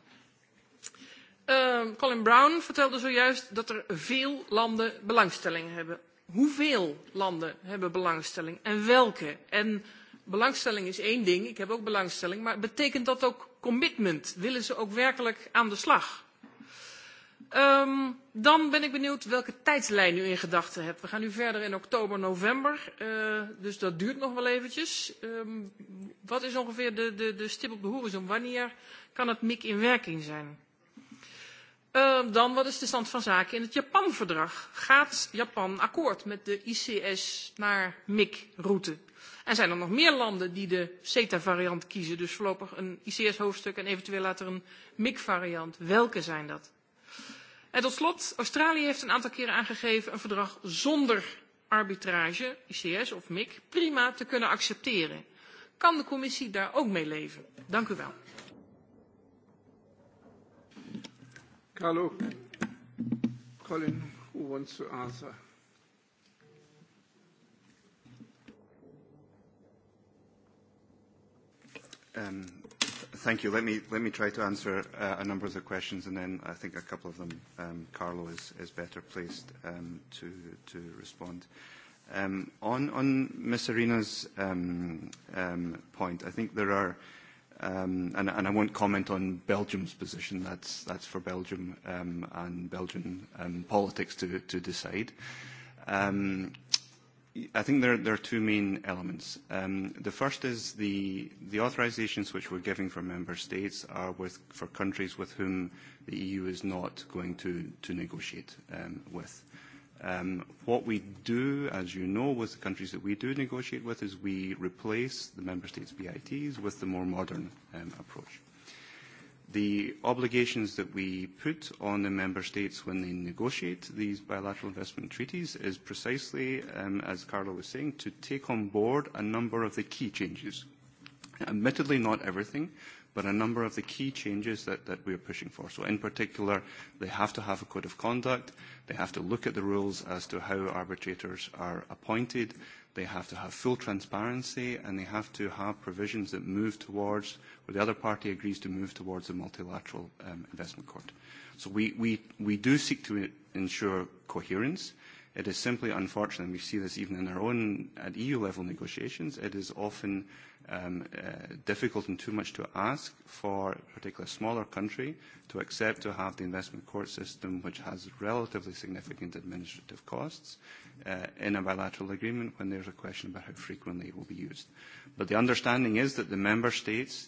Uh, Colin Brown vertelde zojuist dat er veel landen belangstelling hebben. Hoeveel landen hebben belangstelling en welke? En belangstelling is één ding, ik heb ook belangstelling, maar betekent dat ook commitment? Willen ze ook werkelijk aan de slag? Um, dan ben ik benieuwd welke tijdslijn u in gedachten hebt. We gaan nu verder in oktober, november, uh, dus dat duurt nog wel eventjes. Um, wat is ongeveer de, de, de stip op de horizon? Wanneer kan het MIC in werking zijn? Uh, dan, wat is de stand van zaken in het Japan-verdrag? Gaat Japan akkoord met de ICS naar MIC-route? En zijn er nog meer landen die de CETA-variant kiezen, dus voorlopig een ICS-hoofdstuk en eventueel later een MIG-variant? Welke zijn dat? En tot slot, Australië heeft een aantal keren aangegeven een verdrag zonder arbitrage, ICS of MIG, prima te kunnen accepteren. Kan de commissie daar ook mee leven? Dank u wel. Carlo, Colin, who wants to answer? Um, thank you. Let me, let me try to answer uh, a number of the questions, and then I think a couple of them um, Carlo is, is better placed um, to, to respond. Um, on, on Ms. Arena's um, um, point, I think there are, um, and, and I won't comment on Belgium's position, that's, that's for Belgium um, and Belgian um, politics to, to decide. Um, I think there, there are two main elements. Um, the first is the, the authorizations which we're giving for member states are with, for countries with whom the EU is not going to, to negotiate um, with. Um, what we do, as you know, with the countries that we do negotiate with is we replace the member states' BITs with the more modern um, approach the obligations that we put on the member states when they negotiate these bilateral investment treaties is precisely, um, as Carla was saying, to take on board a number of the key changes. Admittedly, not everything, but a number of the key changes that, that we are pushing for. So in particular, they have to have a code of conduct. They have to look at the rules as to how arbitrators are appointed. They have to have full transparency and they have to have provisions that move towards, or the other party agrees to move towards a multilateral um, investment court. So we, we, we do seek to ensure coherence. It is simply unfortunate, and we see this even in our own, at EU level negotiations, it is often um, uh, difficult and too much to ask for particularly a smaller country to accept to have the investment court system, which has relatively significant administrative costs, uh, in a bilateral agreement when there's a question about how frequently it will be used. But the understanding is that the member states,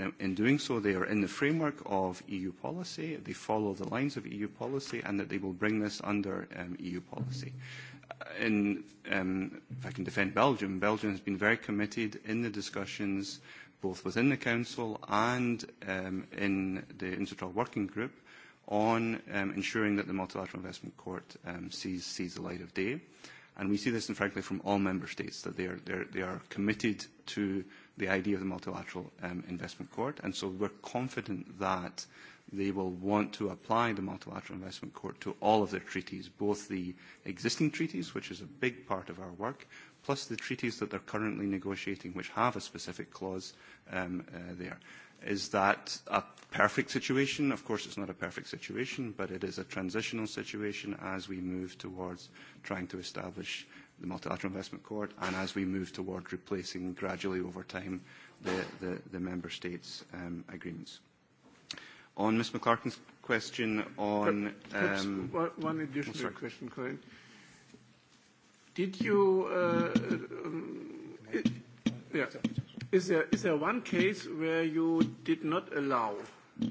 uh, in doing so, they are in the framework of EU policy, they follow the lines of EU policy, and that they will bring this under um, EU policy. Uh, in, um, if I can defend Belgium, Belgium has been very committed in the discussions both within the Council and um, in the Intertrol Working Group on um, ensuring that the Multilateral Investment Court um, sees, sees the light of day. And we see this, and frankly, from all member states, that they are, are, they are committed to the idea of the Multilateral um, Investment Court. And so we're confident that they will want to apply the Multilateral Investment Court to all of their treaties, both the existing treaties, which is a big part of our work, plus the treaties that they're currently negotiating, which have a specific clause um, uh, there. Is that a perfect situation? Of course, it's not a perfect situation, but it is a transitional situation as we move towards trying to establish the Multilateral Investment Court and as we move towards replacing gradually over time the, the, the member states' um, agreements. On Ms McClarkin's question on... Uh, um, one, one oh, additional oh, question, Colin. Did you... Uh, um, it, yeah. Is there, is there one case where you did not allow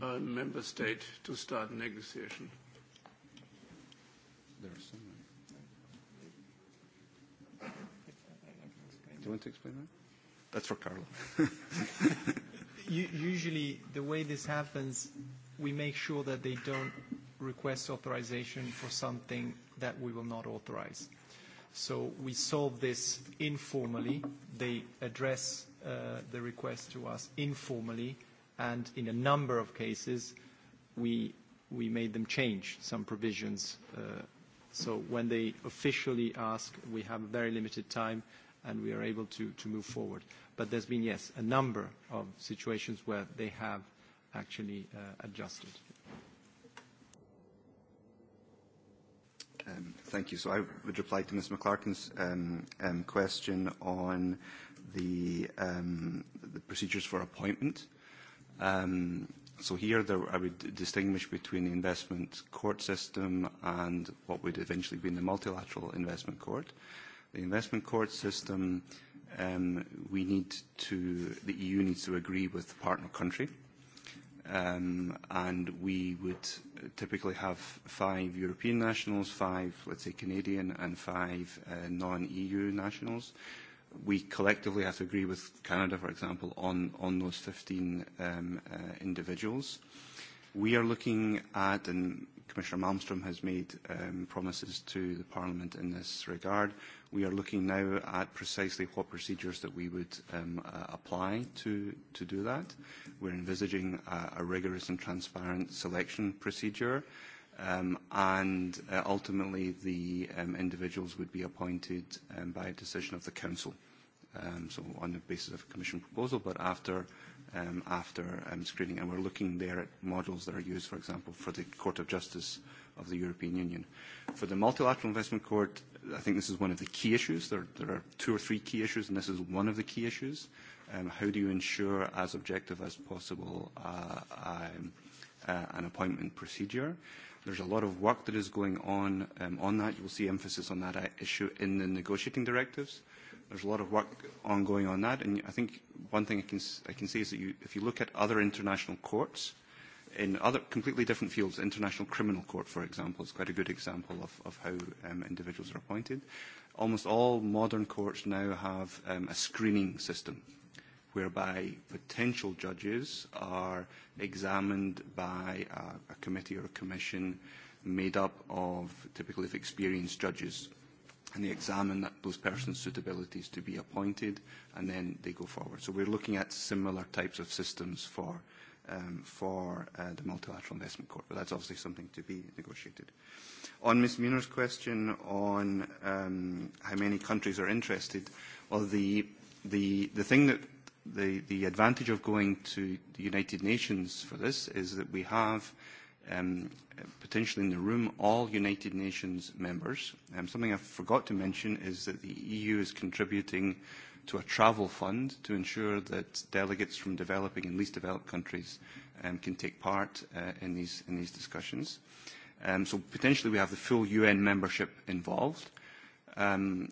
a member state to start negotiation? There are some. Do you want to explain that? That's for Carlo. [laughs] Usually, the way this happens, we make sure that they don't request authorization for something that we will not authorize. So we solve this informally. They address Uh, the request to us informally, and in a number of cases, we, we made them change some provisions. Uh, so when they officially ask, we have very limited time, and we are able to, to move forward. But there's been, yes, a number of situations where they have actually uh, adjusted. Um, thank you. So I would reply to Ms. McClarkin's um, um, question on the, um, the procedures for appointment. Um, so here there, I would distinguish between the investment court system and what would eventually be in the multilateral investment court. The investment court system, um, we need to, the EU needs to agree with the partner country. Um, and we would typically have five European nationals, five, let's say, Canadian, and five uh, non-EU nationals we collectively have to agree with Canada, for example, on, on those 15 um, uh, individuals. We are looking at, and Commissioner Malmstrom has made um, promises to the Parliament in this regard, we are looking now at precisely what procedures that we would um, uh, apply to, to do that. We're envisaging a, a rigorous and transparent selection procedure, um, and uh, ultimately the um, individuals would be appointed um, by a decision of the Council. Um, so on the basis of a Commission proposal, but after um, after um, screening, and we're looking there at models that are used, for example, for the Court of Justice of the European Union. For the Multilateral Investment Court, I think this is one of the key issues. There, there are two or three key issues, and this is one of the key issues. how do you ensure as objective as possible uh, uh, an appointment procedure? There's a lot of work that is going on on that. You will see emphasis on that uh, issue in the negotiating directives there's a lot of work ongoing on that. And I think one thing I can, I can say is that you, if you look at other international courts, in other completely different fields, international criminal court, for example, is quite a good example of, of how um, individuals are appointed. Almost all modern courts now have um, a screening system whereby potential judges are examined by a, a committee or a commission made up of typically of experienced judges and they examine that, those persons' suitabilities to be appointed, and then they go forward. So we're looking at similar types of systems for, um, for uh, the Multilateral Investment Court, but that's obviously something to be negotiated. On Ms. Muner's question on um, how many countries are interested, well, the, the, the thing that the, the advantage of going to the United Nations for this is that we have – um, potentially in the room, all United Nations members. Um, something I forgot to mention is that the EU is contributing to a travel fund to ensure that delegates from developing and least developed countries um, can take part uh, in, these, in these discussions. Um, so potentially we have the full UN membership involved. Um,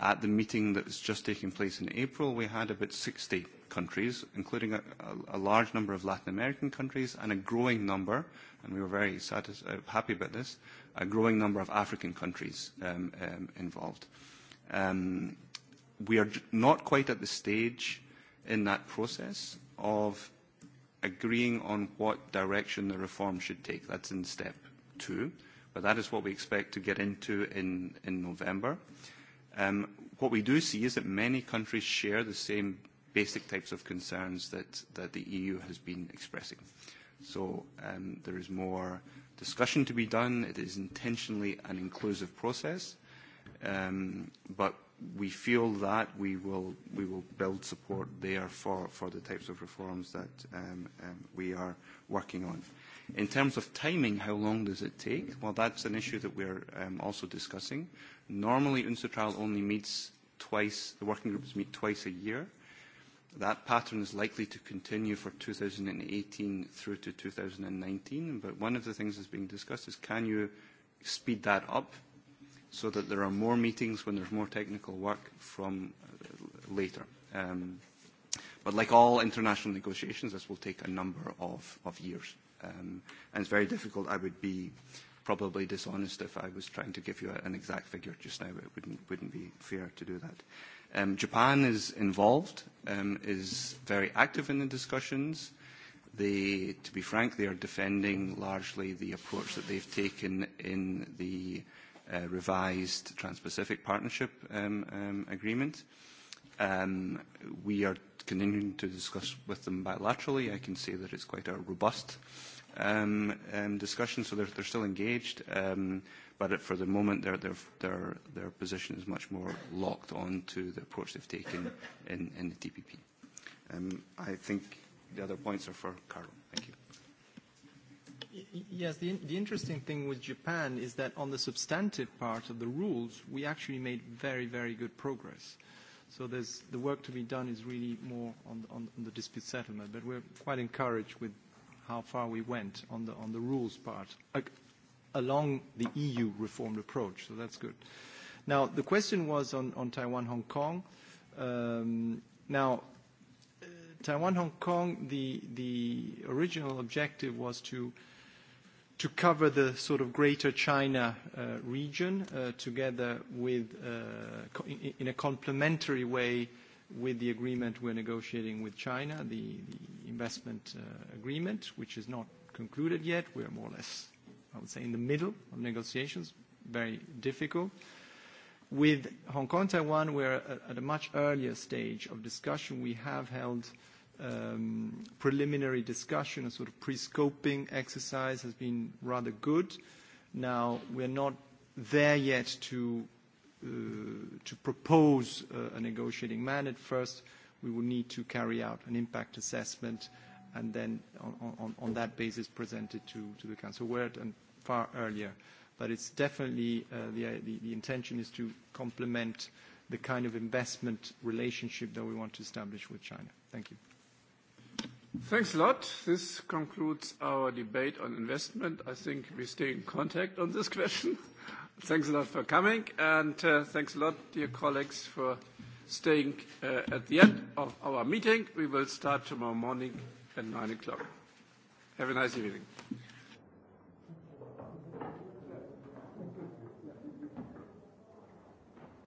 at the meeting that was just taking place in April, we had about 60 countries, including a, a large number of Latin American countries and a growing number, and we were very satis- uh, happy about this, a growing number of African countries um, um, involved. Um, we are not quite at the stage in that process of agreeing on what direction the reform should take. That's in step two, but that is what we expect to get into in, in November. Um, what we do see is that many countries share the same basic types of concerns that, that the EU has been expressing. So um, there is more discussion to be done. It is intentionally an inclusive process, um, but we feel that we will, we will build support there for, for the types of reforms that um, um, we are working on. In terms of timing, how long does it take? Well, that's an issue that we're um, also discussing. Normally, trial only meets twice, the working groups meet twice a year. That pattern is likely to continue for 2018 through to 2019, but one of the things that's being discussed is can you speed that up so that there are more meetings when there's more technical work from uh, later. Um, but like all international negotiations, this will take a number of, of years. Um, and it's very difficult. I would be probably dishonest if I was trying to give you a, an exact figure just now. It wouldn't, wouldn't be fair to do that. Um, Japan is involved, um, is very active in the discussions. They, to be frank, they are defending largely the approach that they've taken in the uh, revised Trans-Pacific Partnership um, um, Agreement. Um, we are continuing to discuss with them bilaterally. I can say that it's quite a robust um, um, discussion, so they're, they're still engaged. Um, But for the moment, their, their, their, their position is much more locked on to the approach they've taken in, in the TPP. Um, I think the other points are for Carlo. Thank you. Yes, the, the interesting thing with Japan is that on the substantive part of the rules, we actually made very, very good progress. So there's, the work to be done is really more on, on, on the dispute settlement, but we're quite encouraged with how far we went on the, on the rules part, along the EU reformed approach, so that's good. Now, the question was on, on Taiwan, Hong Kong. Um, now, uh, Taiwan, Hong Kong, the, the original objective was to, to cover the sort of greater China uh, region uh, together with, uh, in, in a complementary way with the agreement we're negotiating with China, the, the investment uh, agreement, which is not concluded yet. We're more or less I would say, in the middle of negotiations, very difficult. With Hong Kong, Taiwan, we're at a much earlier stage of discussion. We have held um, preliminary discussion, a sort of pre-scoping exercise has been rather good. Now, we're not there yet to, uh, propose a negotiating mandate. First, we will need to carry out an impact assessment and then on, that basis present it to the council. We're at an far earlier. But it's definitely uh, uh, the, intention is to complement the kind of investment relationship that we want to establish with China. Thank you. Thanks a lot. This concludes our debate on investment. I think we stay in contact on this [laughs] question. Thanks a lot for coming, and uh, thanks a lot, dear colleagues, for staying at the end of our meeting. We will start tomorrow morning at 9:00 A.M. Have a nice evening.